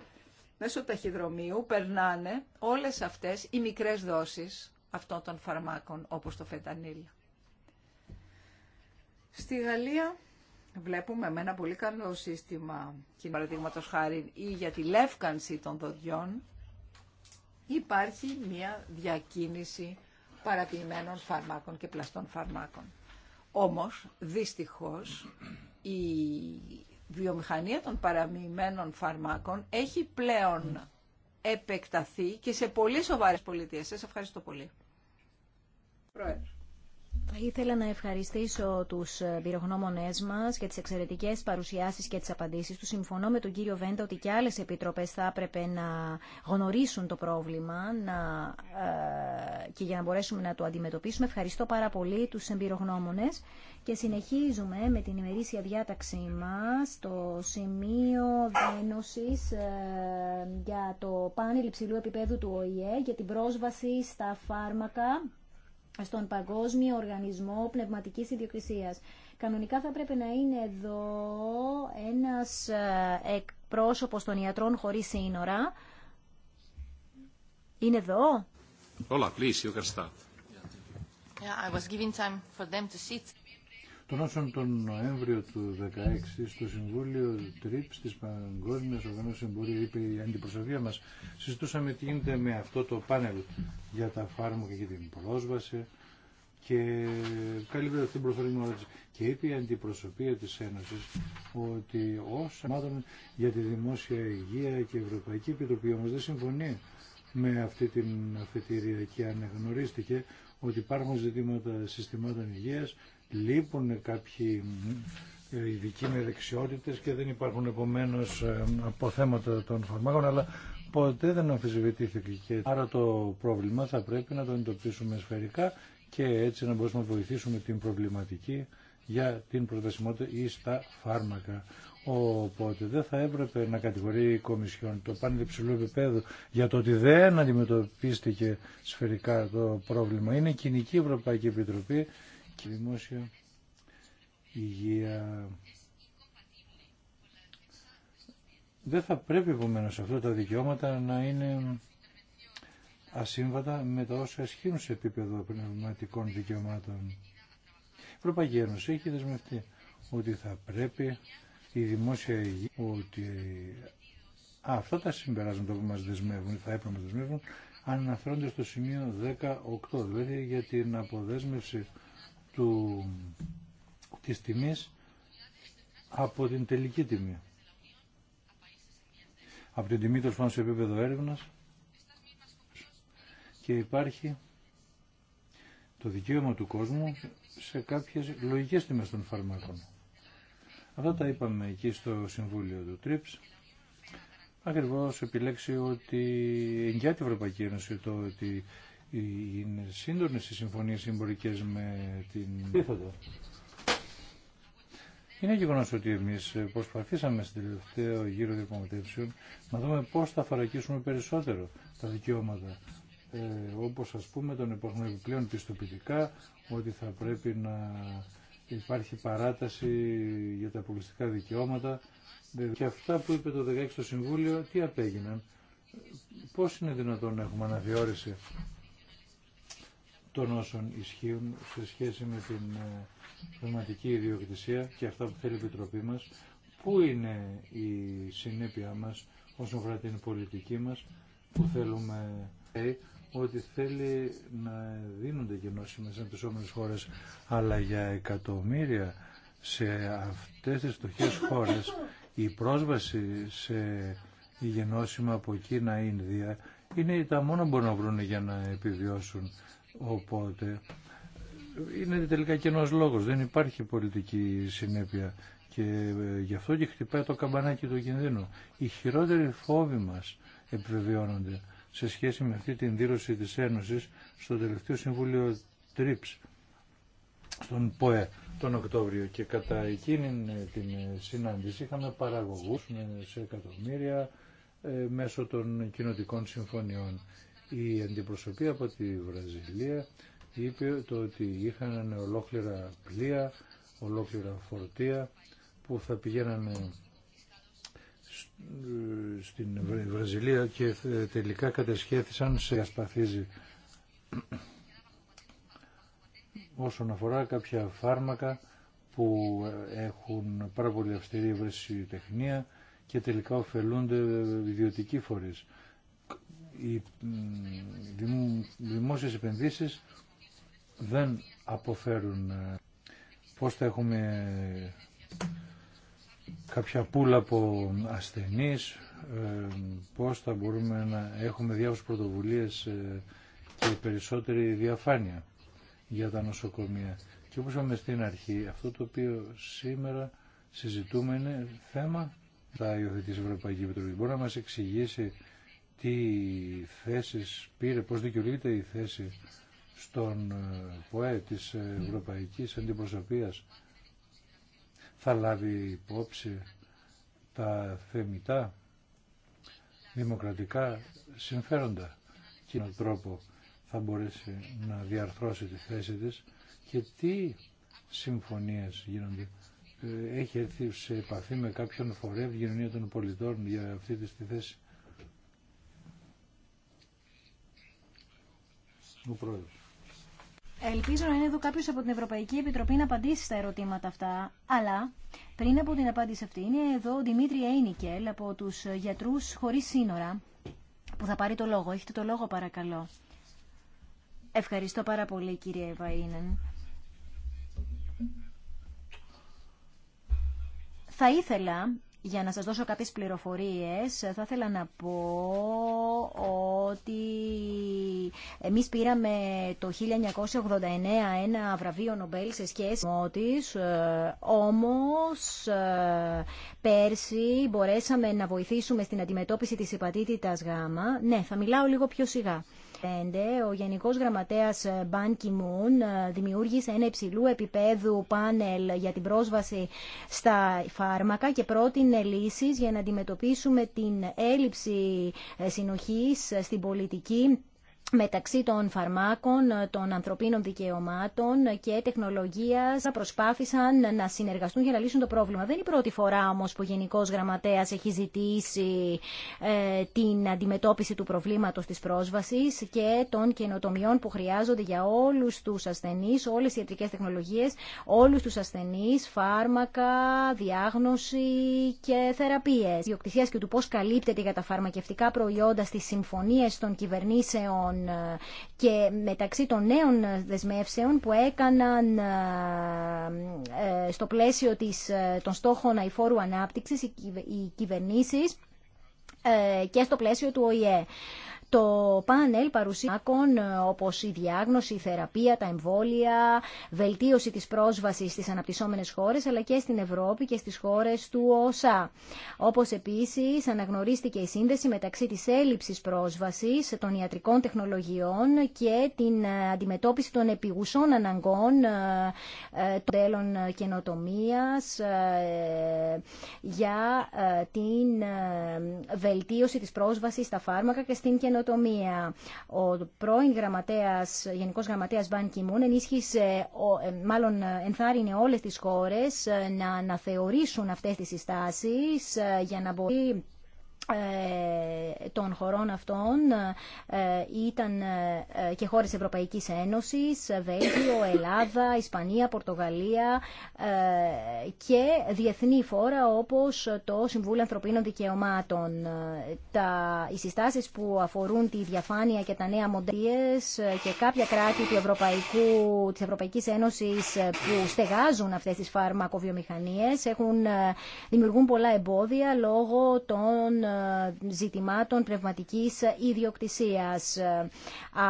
Μέσω ταχυδρομείου περνάνε όλες αυτές οι μικρές δόσεις αυτών των φαρμάκων όπως το φεντανίλ. Στη Γαλλία βλέπουμε με ένα πολύ καλό σύστημα, παραδείγματος χάρη, ή για τη λεύκανση των δοντιών, υπάρχει μια διακίνηση παραποιημένων φαρμάκων και πλαστών φαρμάκων. Όμως, δυστυχώς, η βιομηχανία των παραμοιημένων φαρμάκων έχει πλέον επεκταθεί και σε πολύ σοβαρές πολιτείες. Σας ευχαριστώ πολύ. Θα ήθελα να ευχαριστήσω τους ε, πυρογνώμονέ μας για τις εξαιρετικές παρουσιάσεις και τις απαντήσεις του. Συμφωνώ με τον κύριο Βέντα ότι και άλλε επιτροπές θα έπρεπε να γνωρίσουν το πρόβλημα να, ε, και για να μπορέσουμε να το αντιμετωπίσουμε. Ευχαριστώ πάρα πολύ τους εμπειρογνώμονες και συνεχίζουμε με την ημερήσια διάταξή μα στο σημείο δένωσης ε, για το πάνελ υψηλού επίπεδου του ΟΗΕ για την πρόσβαση στα φάρμακα στον Παγκόσμιο Οργανισμό Πνευματικής Ιδιοκρισίας. Κανονικά θα πρέπει να είναι εδώ ένας ε, εκπρόσωπος των ιατρών χωρίς σύνορα. Είναι εδώ. όλα please, you can Yeah, I was giving time for them to sit τον όσων τον Νοέμβριο του 2016 στο Συμβούλιο ΤΡΙΠ τη Παγκόσμια Οργανώσης Εμπορίου είπε η αντιπροσωπεία μας συζητούσαμε τι γίνεται με αυτό το πάνελ για τα φάρμακα και την πρόσβαση και αυτή την προφορική ερώτηση. Και είπε η αντιπροσωπεία της Ένωσης ότι όσα μάθαμε για τη δημόσια υγεία και η Ευρωπαϊκή Επιτροπή όμως δεν συμφωνεί με αυτή την αφετηρία και ανεγνωρίστηκε ότι υπάρχουν ζητήματα συστημάτων υγείας λείπουν κάποιοι ε, ειδικοί με δεξιότητες και δεν υπάρχουν επομένως ε, αποθέματα των φαρμάκων, αλλά ποτέ δεν αμφισβητήθηκε. άρα το πρόβλημα θα πρέπει να το εντοπίσουμε σφαιρικά και έτσι να μπορούμε να βοηθήσουμε την προβληματική για την προτασιμότητα ή στα φάρμακα. Οπότε δεν θα έπρεπε να κατηγορεί η Κομισιόν το πάνελ υψηλού επίπεδου για το ότι δεν αντιμετωπίστηκε σφαιρικά το πρόβλημα. Είναι κοινική Ευρωπαϊκή Επιτροπή και δημόσια υγεία. Δεν θα πρέπει επομένως αυτά τα δικαιώματα να είναι ασύμβατα με τα όσα ισχύουν σε επίπεδο πνευματικών δικαιωμάτων. Η Ευρωπαϊκή Ένωση έχει δεσμευτεί ότι θα πρέπει η δημόσια υγεία, ότι αυτά τα συμπεράσματα που μας δεσμεύουν, θα έπρεπε να μας δεσμεύουν, αναφέρονται στο σημείο 18, δηλαδή για την αποδέσμευση του, της τιμής από την τελική τιμή. Από την τιμή του πάνω σε επίπεδο έρευνας και υπάρχει το δικαίωμα του κόσμου σε κάποιες λογικές τιμές των φαρμάκων. Αυτά τα είπαμε εκεί στο Συμβούλιο του ΤΡΙΠΣ. Ακριβώς επιλέξει ότι εγγυάται η Ευρωπαϊκή Ένωση το ότι είναι σύντονες οι συμφωνίες συμπορικές με την... Είναι γεγονό ότι εμεί προσπαθήσαμε στην τελευταίο γύρω διαπραγματεύσεων να δούμε πώ θα θωρακίσουμε περισσότερο τα δικαιώματα. Ε, Όπω α πούμε, τον υπάρχουν επιπλέον πιστοποιητικά ότι θα πρέπει να υπάρχει παράταση για τα αποκλειστικά δικαιώματα. Ε, και αυτά που είπε το 16 ο Συμβούλιο, τι απέγιναν. Πώ είναι δυνατόν να έχουμε αναθεώρηση των όσων ισχύουν σε σχέση με την ε, πνευματική ιδιοκτησία και αυτά που θέλει η Επιτροπή μας, πού είναι η συνέπειά μας όσον αφορά την πολιτική μας, που θέλουμε ότι θέλει να δίνονται και νόσημες αναπτυσσόμενες χώρες, αλλά για εκατομμύρια σε αυτές τις φτωχές χώρες η πρόσβαση σε γενώσιμα από Κίνα, Ινδία είναι τα μόνα που θελουμε οτι θελει να δινονται και νοσημες αναπτυσσομενες χωρες αλλα για εκατομμυρια σε αυτες τις φτωχες χωρες η προσβαση σε γενωσιμα απο κινα ινδια ειναι τα μόνο που μπορουν να βρουν για να επιβιώσουν Οπότε είναι τελικά κοινό λόγος, δεν υπάρχει πολιτική συνέπεια και ε, γι' αυτό και χτυπάει το καμπανάκι του κινδύνου. Οι χειρότεροι φόβοι μας επιβεβαιώνονται σε σχέση με αυτή την δήλωση της Ένωσης στο τελευταίο Συμβούλιο Τρίψ στον ΠΟΕ τον Οκτώβριο και κατά εκείνη ε, την ε, συνάντηση είχαμε παραγωγούς σε εκατομμύρια μέσω των κοινοτικών συμφωνιών. Η αντιπροσωπή από τη Βραζιλία είπε το ότι είχαν ολόκληρα πλοία, ολόκληρα φορτία που θα πηγαίνανε στην Βραζιλία και τελικά κατεσχέθησαν σε ασπαθίζει όσον αφορά κάποια φάρμακα που έχουν πάρα πολύ αυστηρή βρεσιτεχνία και τελικά ωφελούνται ιδιωτικοί φορείς οι δημόσιες επενδύσεις δεν αποφέρουν ε, πώς θα έχουμε κάποια πουλα από ασθενείς, ε, πώς θα μπορούμε να έχουμε διάφορες πρωτοβουλίες ε, και περισσότερη διαφάνεια για τα νοσοκομεία. Και όπως είπαμε στην αρχή, αυτό το οποίο σήμερα συζητούμε είναι θέμα τα υιοθετήσει Ευρωπαϊκή Επιτροπή. Μπορεί να μας εξηγήσει τι θέσεις πήρε, πώς δικαιολογείται η θέση στον ε, ΠΟΕ της Ευρωπαϊκής Αντιπροσωπείας θα λάβει υπόψη τα θεμητά δημοκρατικά συμφέροντα και με τρόπο θα μπορέσει να διαρθρώσει τη θέση της και τι συμφωνίες γίνονται. Ε, έχει έρθει σε επαφή με κάποιον φορέα κοινωνία των πολιτών για αυτή τη θέση. Ελπίζω να είναι εδώ κάποιο από την Ευρωπαϊκή Επιτροπή να απαντήσει στα ερωτήματα αυτά. Αλλά πριν από την απάντηση αυτή, είναι εδώ ο Δημήτρη Έινικελ από του Γιατρού Χωρί Σύνορα που θα πάρει το λόγο. Έχετε το λόγο, παρακαλώ. Ευχαριστώ πάρα πολύ, κύριε Βαίνεν. Θα ήθελα για να σας δώσω κάποιες πληροφορίες, θα ήθελα να πω ότι εμείς πήραμε το 1989 ένα βραβείο Νομπέλ σε σχέση με της, ε, όμως ε, πέρσι μπορέσαμε να βοηθήσουμε στην αντιμετώπιση της υπατήτητας γάμα. Ναι, θα μιλάω λίγο πιο σιγά ο Γενικός Γραμματέας Μπαν Κιμούν ε, δημιούργησε ένα υψηλού επίπεδου πάνελ για την πρόσβαση στα φάρμακα και πρότεινε λύσεις για να αντιμετωπίσουμε την έλλειψη ε, συνοχής ε, στην πολιτική μεταξύ των φαρμάκων, των ανθρωπίνων δικαιωμάτων και τεχνολογία προσπάθησαν να συνεργαστούν για να λύσουν το πρόβλημα. Δεν είναι η πρώτη φορά όμω που ο γενικό γραμματέα έχει ζητήσει ε, την αντιμετώπιση του προβλήματο τη πρόσβαση και των καινοτομιών που χρειάζονται για όλου του ασθενεί, όλε οι ιατρικέ τεχνολογίε, όλου του ασθενεί, φάρμακα, διάγνωση και θεραπείες. Η και του πώ καλύπτεται για τα φαρμακευτικά προϊόντα στι συμφωνίε των κυβερνήσεων ε, και μεταξύ των νέων δεσμεύσεων που έκαναν ε, ε, στο πλαίσιο της, των στόχων αηφόρου ανάπτυξης οι κυβερνήσεις και στο πλαίσιο του ΟΗΕ. Το πάνελ παρουσιάκων όπως η διάγνωση, η θεραπεία, τα εμβόλια, βελτίωση της πρόσβασης στις αναπτυσσόμενες χώρες αλλά και στην Ευρώπη και στις χώρες του ΟΣΑ. Όπως επίσης αναγνωρίστηκε η σύνδεση μεταξύ της έλλειψης πρόσβασης των ιατρικών τεχνολογιών και την αντιμετώπιση των επιγουσών αναγκών ε, των τέλων καινοτομίας ε, για ε, την βελτίωση της πρόσβασης στα φάρμακα και στην καινοτομία καινοτομία. Ο πρώην γραμματέας, Γενικός Γραμματέας Βάν Κιμούν ενίσχυσε, ε, μάλλον ε, ενθάρρυνε όλες τις χώρες ε, να αναθεωρήσουν αυτές τις συστάσεις για να μπορεί ε, των χωρών αυτών ε, ήταν ε, και χώρες Ευρωπαϊκής Ένωσης, Βέλγιο, Ελλάδα, Ισπανία, Πορτογαλία και διεθνή φόρα όπως το Συμβούλιο Ανθρωπίνων Δικαιωμάτων. Τα, οι συστάσεις που αφορούν τη διαφάνεια και τα νέα μοντέλες και κάποια κράτη τη Ευρωπαϊκού, της Ευρωπαϊκής Ένωσης που στεγάζουν αυτές τις φαρμακοβιομηχανίες έχουν, δημιουργούν πολλά εμπόδια λόγω των ζητημάτων πνευματικής ιδιοκτησίας.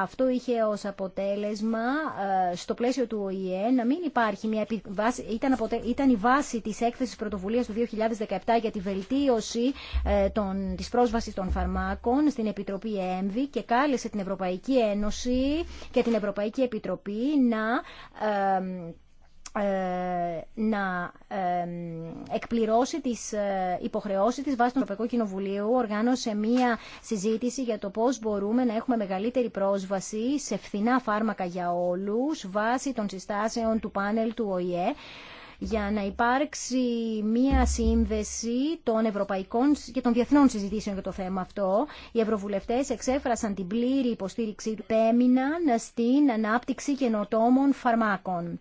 Αυτό είχε ως αποτέλεσμα ε, στο πλαίσιο του ΟΗΕ να μην υπάρχει μια επιβάση, ήταν, ήταν η βάση της έκθεσης πρωτοβουλίας του 2017 για τη βελτίωση ε, των... της πρόσβασης των φαρμάκων στην Επιτροπή ΕΜΒΗ και κάλεσε την Ευρωπαϊκή Ένωση και την Ευρωπαϊκή Επιτροπή να ε, ε, να εκπληρώσει τις ε, υποχρεώσεις της βάσει του Ευρωπαϊκού Κοινοβουλίου οργάνωσε μία συζήτηση για το πώς μπορούμε να έχουμε μεγαλύτερη πρόσβαση σε φθηνά φάρμακα για όλους βάσει των συστάσεων του πάνελ του ΟΗΕ για να υπάρξει μία σύνδεση των ευρωπαϊκών και των διεθνών συζητήσεων για το θέμα αυτό. Οι ευρωβουλευτές εξέφρασαν την πλήρη υποστήριξη του, έμειναν στην ανάπτυξη καινοτόμων φαρμάκων.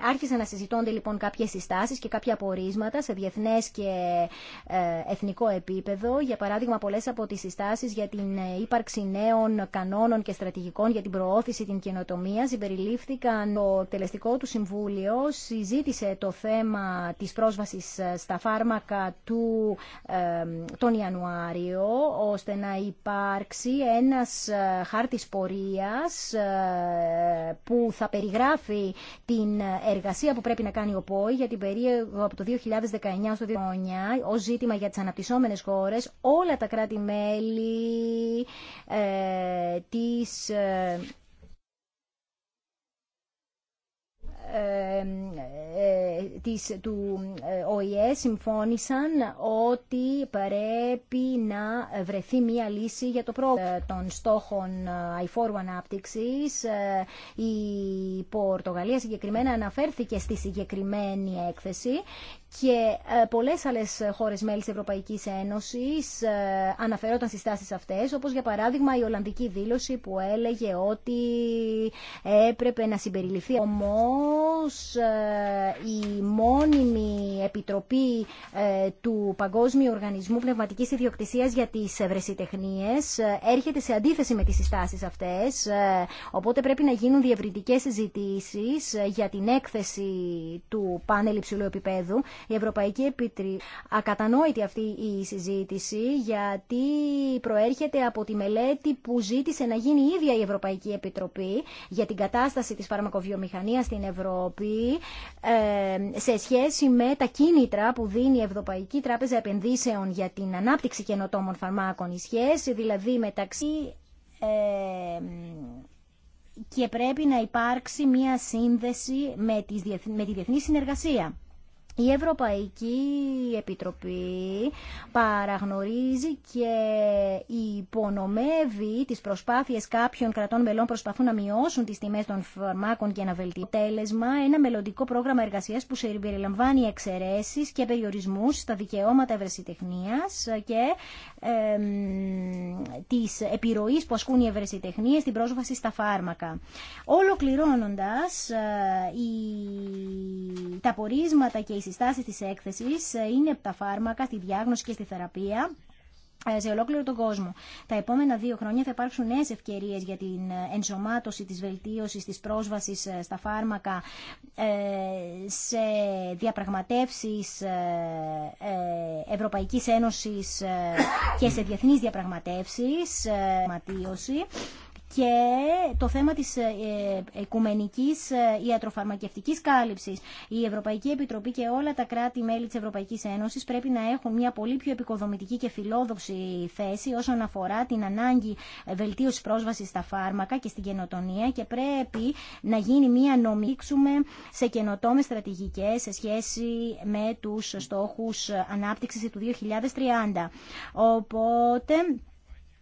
άρχισαν να συζητώνται λοιπόν κάποιες συστάσεις και κάποια απορίσματα σε διεθνές και ε, εθνικό επίπεδο. Για παράδειγμα, πολλές από τις συστάσεις για την ε, ύπαρξη νέων κανόνων και στρατηγικών για την προώθηση την καινοτομία συμπεριλήφθηκαν. Το τελεστικό του συμβούλιο συζήτησε το θέμα της πρόσβασης ε, στα φάρμακα του τον Ιανουάριο, ώστε να υπάρξει ένας χάρτης πορείας που θα περιγράφει την εργασία που πρέπει να κάνει ο ΠΟΗ για την περίοδο από το 2019 στο 2019 ως ζήτημα για τις αναπτυσσόμενες χώρες όλα τα κράτη-μέλη ε, της... Ε, Ε, ε, της, του ε, ΟΗΕ συμφώνησαν ότι πρέπει να βρεθεί μία λύση για το πρόβλημα των στόχων αηφόρου ανάπτυξης. Η Πορτογαλία συγκεκριμένα αναφέρθηκε στη συγκεκριμένη έκθεση και ε, πολλές άλλες χώρες μέλη της Ευρωπαϊκής Ένωσης ε, αναφερόταν στις τάσεις αυτές, όπως για παράδειγμα η Ολλανδική δήλωση που έλεγε ότι έπρεπε να συμπεριληφθεί. Όμως ε, η μόνιμη επιτροπή του Παγκόσμιου Οργανισμού Πνευματικής Ιδιοκτησίας για τις Βρεσιτεχνίες έρχεται σε αντίθεση με τις συστάσεις αυτές, οπότε πρέπει να γίνουν διευρυντικές συζητήσεις για την έκθεση του πάνελ υψηλού επίπεδου η Ευρωπαϊκή Επιτροπή. Ακατανόητη αυτή η συζήτηση γιατί προέρχεται από τη μελέτη που ζήτησε να γίνει η ίδια η Ευρωπαϊκή Επιτροπή για την κατάσταση της φαρμακοβιομηχανίας στην Ευρώπη ε, σε σχέση με τα κίνητρα που δίνει η Ευρωπαϊκή Τράπεζα Επενδύσεων για την ανάπτυξη καινοτόμων φαρμάκων. Η σχέση δηλαδή μεταξύ ε, και πρέπει να υπάρξει μία σύνδεση με τη διεθνή συνεργασία. Η Ευρωπαϊκή Επιτροπή παραγνωρίζει και υπονομεύει τις προσπάθειες κάποιων κρατών μελών προσπαθούν να μειώσουν τις τιμές των φαρμάκων και να βελτιώσουν τέλεσμα ένα μελλοντικό πρόγραμμα εργασίας που περιλαμβάνει εξαιρέσεις και περιορισμούς στα δικαιώματα ευρεσιτεχνίας και ε, της επιρροής που ασκούν οι ευρεσιτεχνίες στην πρόσβαση στα φάρμακα. Ολοκληρώνοντας, ε, η... τα πορίσματα και οι συστάσεις της έκθεσης ε, είναι από τα φάρμακα, τη διάγνωση και στη θεραπεία ε, σε ολόκληρο τον κόσμο. Τα επόμενα δύο χρόνια θα υπάρξουν νέες ευκαιρίες για την ε, ενσωμάτωση της βελτίωσης της πρόσβασης στα φάρμακα σε διαπραγματεύσεις Ευρωπαϊκής Ένωσης και σε διεθνείς διαπραγματεύσεις και το θέμα της ε, ε, οικουμενικής ε, ιατροφαρμακευτικής κάλυψης. Η Ευρωπαϊκή Επιτροπή και όλα τα κράτη-μέλη της Ευρωπαϊκής Ένωσης πρέπει να έχουν μια πολύ πιο επικοδομητική και φιλόδοξη θέση όσον αφορά την ανάγκη βελτίωσης πρόσβασης στα φάρμακα και στην καινοτονία και πρέπει να γίνει μια νομίξουμε σε καινοτόμες στρατηγικές σε σχέση με τους στόχους ανάπτυξης του 2030. Οπότε...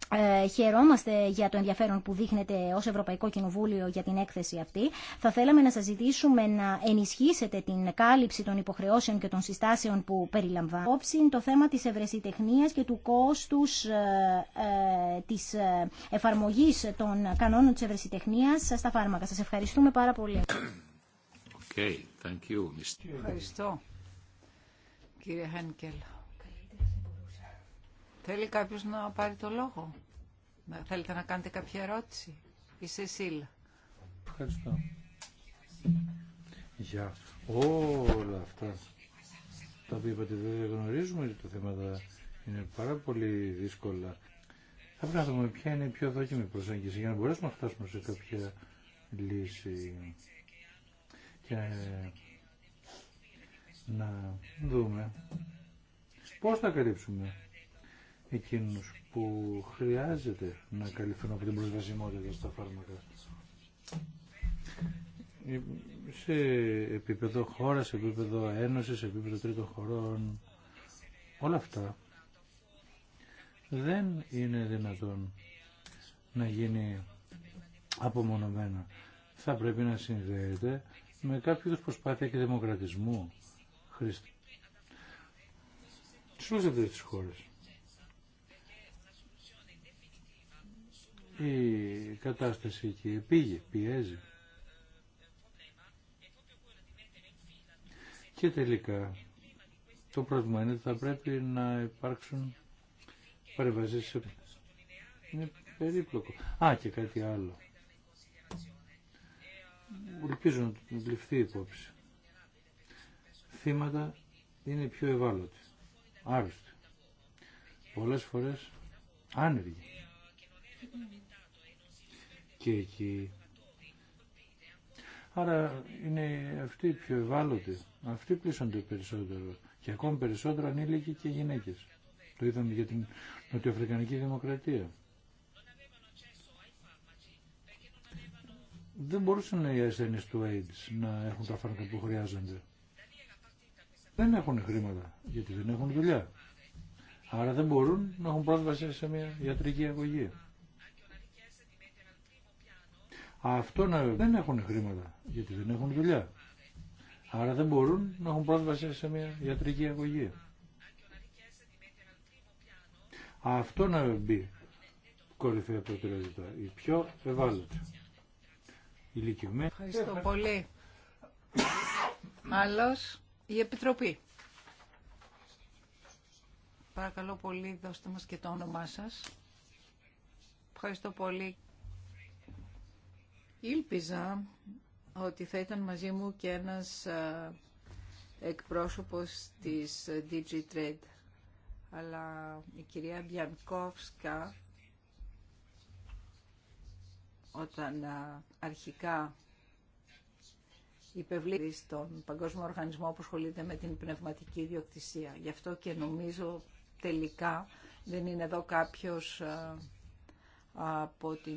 Ε, χαιρόμαστε για το ενδιαφέρον που δείχνετε ως Ευρωπαϊκό Κοινοβούλιο για την έκθεση αυτή. Θα θέλαμε να σας ζητήσουμε να ενισχύσετε την κάλυψη των υποχρεώσεων και των συστάσεων που περιλαμβάνει. Όψη το θέμα της ευρεσιτεχνίας και του κόστους ε, ε, της ε, εφαρμογής των κανόνων της ευρεσιτεχνίας στα φάρμακα. Σας ευχαριστούμε πάρα πολύ. Okay, thank you, Mr. Θέλει κάποιος να πάρει το λόγο. Θέλετε να κάνετε κάποια ερώτηση. Η Σεσίλα. Ευχαριστώ. Για όλα αυτά τα οποία είπατε δεν γνωρίζουμε ότι τα θέματα είναι πάρα πολύ δύσκολα. Θα πρέπει να δούμε ποια είναι η πιο δόκιμη προσέγγιση για να μπορέσουμε να φτάσουμε σε κάποια λύση και να δούμε πώς θα καλύψουμε εκείνους που χρειάζεται να καλυφθούν από την προσβασιμότητα στα φάρμακα. Ε, σε επίπεδο χώρα, σε επίπεδο ένωσης, σε επίπεδο τρίτων χωρών, όλα αυτά δεν είναι δυνατόν να γίνει απομονωμένα. Θα πρέπει να συνδέεται με κάποιο είδους προσπάθεια και δημοκρατισμού χρήστη. Τις όλες αυτές τις χώρες. η κατάσταση εκεί πήγε, πιέζει. Και τελικά το πρόβλημα είναι ότι θα πρέπει να υπάρξουν παρεμβάσει Είναι περίπλοκο. Α, και κάτι άλλο. Ελπίζω να του ληφθεί υπόψη. Θύματα είναι πιο ευάλωτοι, άρρωστοι. Πολλές φορές άνεργοι και εκεί. Άρα είναι αυτοί οι πιο ευάλωτοι, αυτοί πλήσονται περισσότερο και ακόμη περισσότερο ανήλικοι και γυναίκες. Το είδαμε για την Νοτιοαφρικανική Δημοκρατία. Δεν μπορούσαν οι ασθένειε του AIDS να έχουν τα φάρμακα που χρειάζονται. Δεν έχουν χρήματα, γιατί δεν έχουν δουλειά. Άρα δεν μπορούν να έχουν πρόσβαση σε μια ιατρική αγωγή. Αυτό να... δεν έχουν χρήματα, γιατί δεν έχουν δουλειά. Άρα δεν μπορούν να έχουν πρόσβαση σε μια ιατρική αγωγή. Αυτό να μπει κορυφαία προτεραιότητα. Η πιο ευάλωτη. Ηλικιωμένη. Ευχαριστώ πολύ. Άλλος, η Επιτροπή. Παρακαλώ πολύ, δώστε μας και το όνομά σας. Ευχαριστώ πολύ Ήλπιζα ότι θα ήταν μαζί μου και ένας εκπρόσωπος της DigiTrade, αλλά η κυρία Μπιανκόφσκα όταν αρχικά υπευλήθηκε στον Παγκόσμιο Οργανισμό που ασχολείται με την πνευματική ιδιοκτησία. Γι' αυτό και νομίζω τελικά δεν είναι εδώ κάποιος από την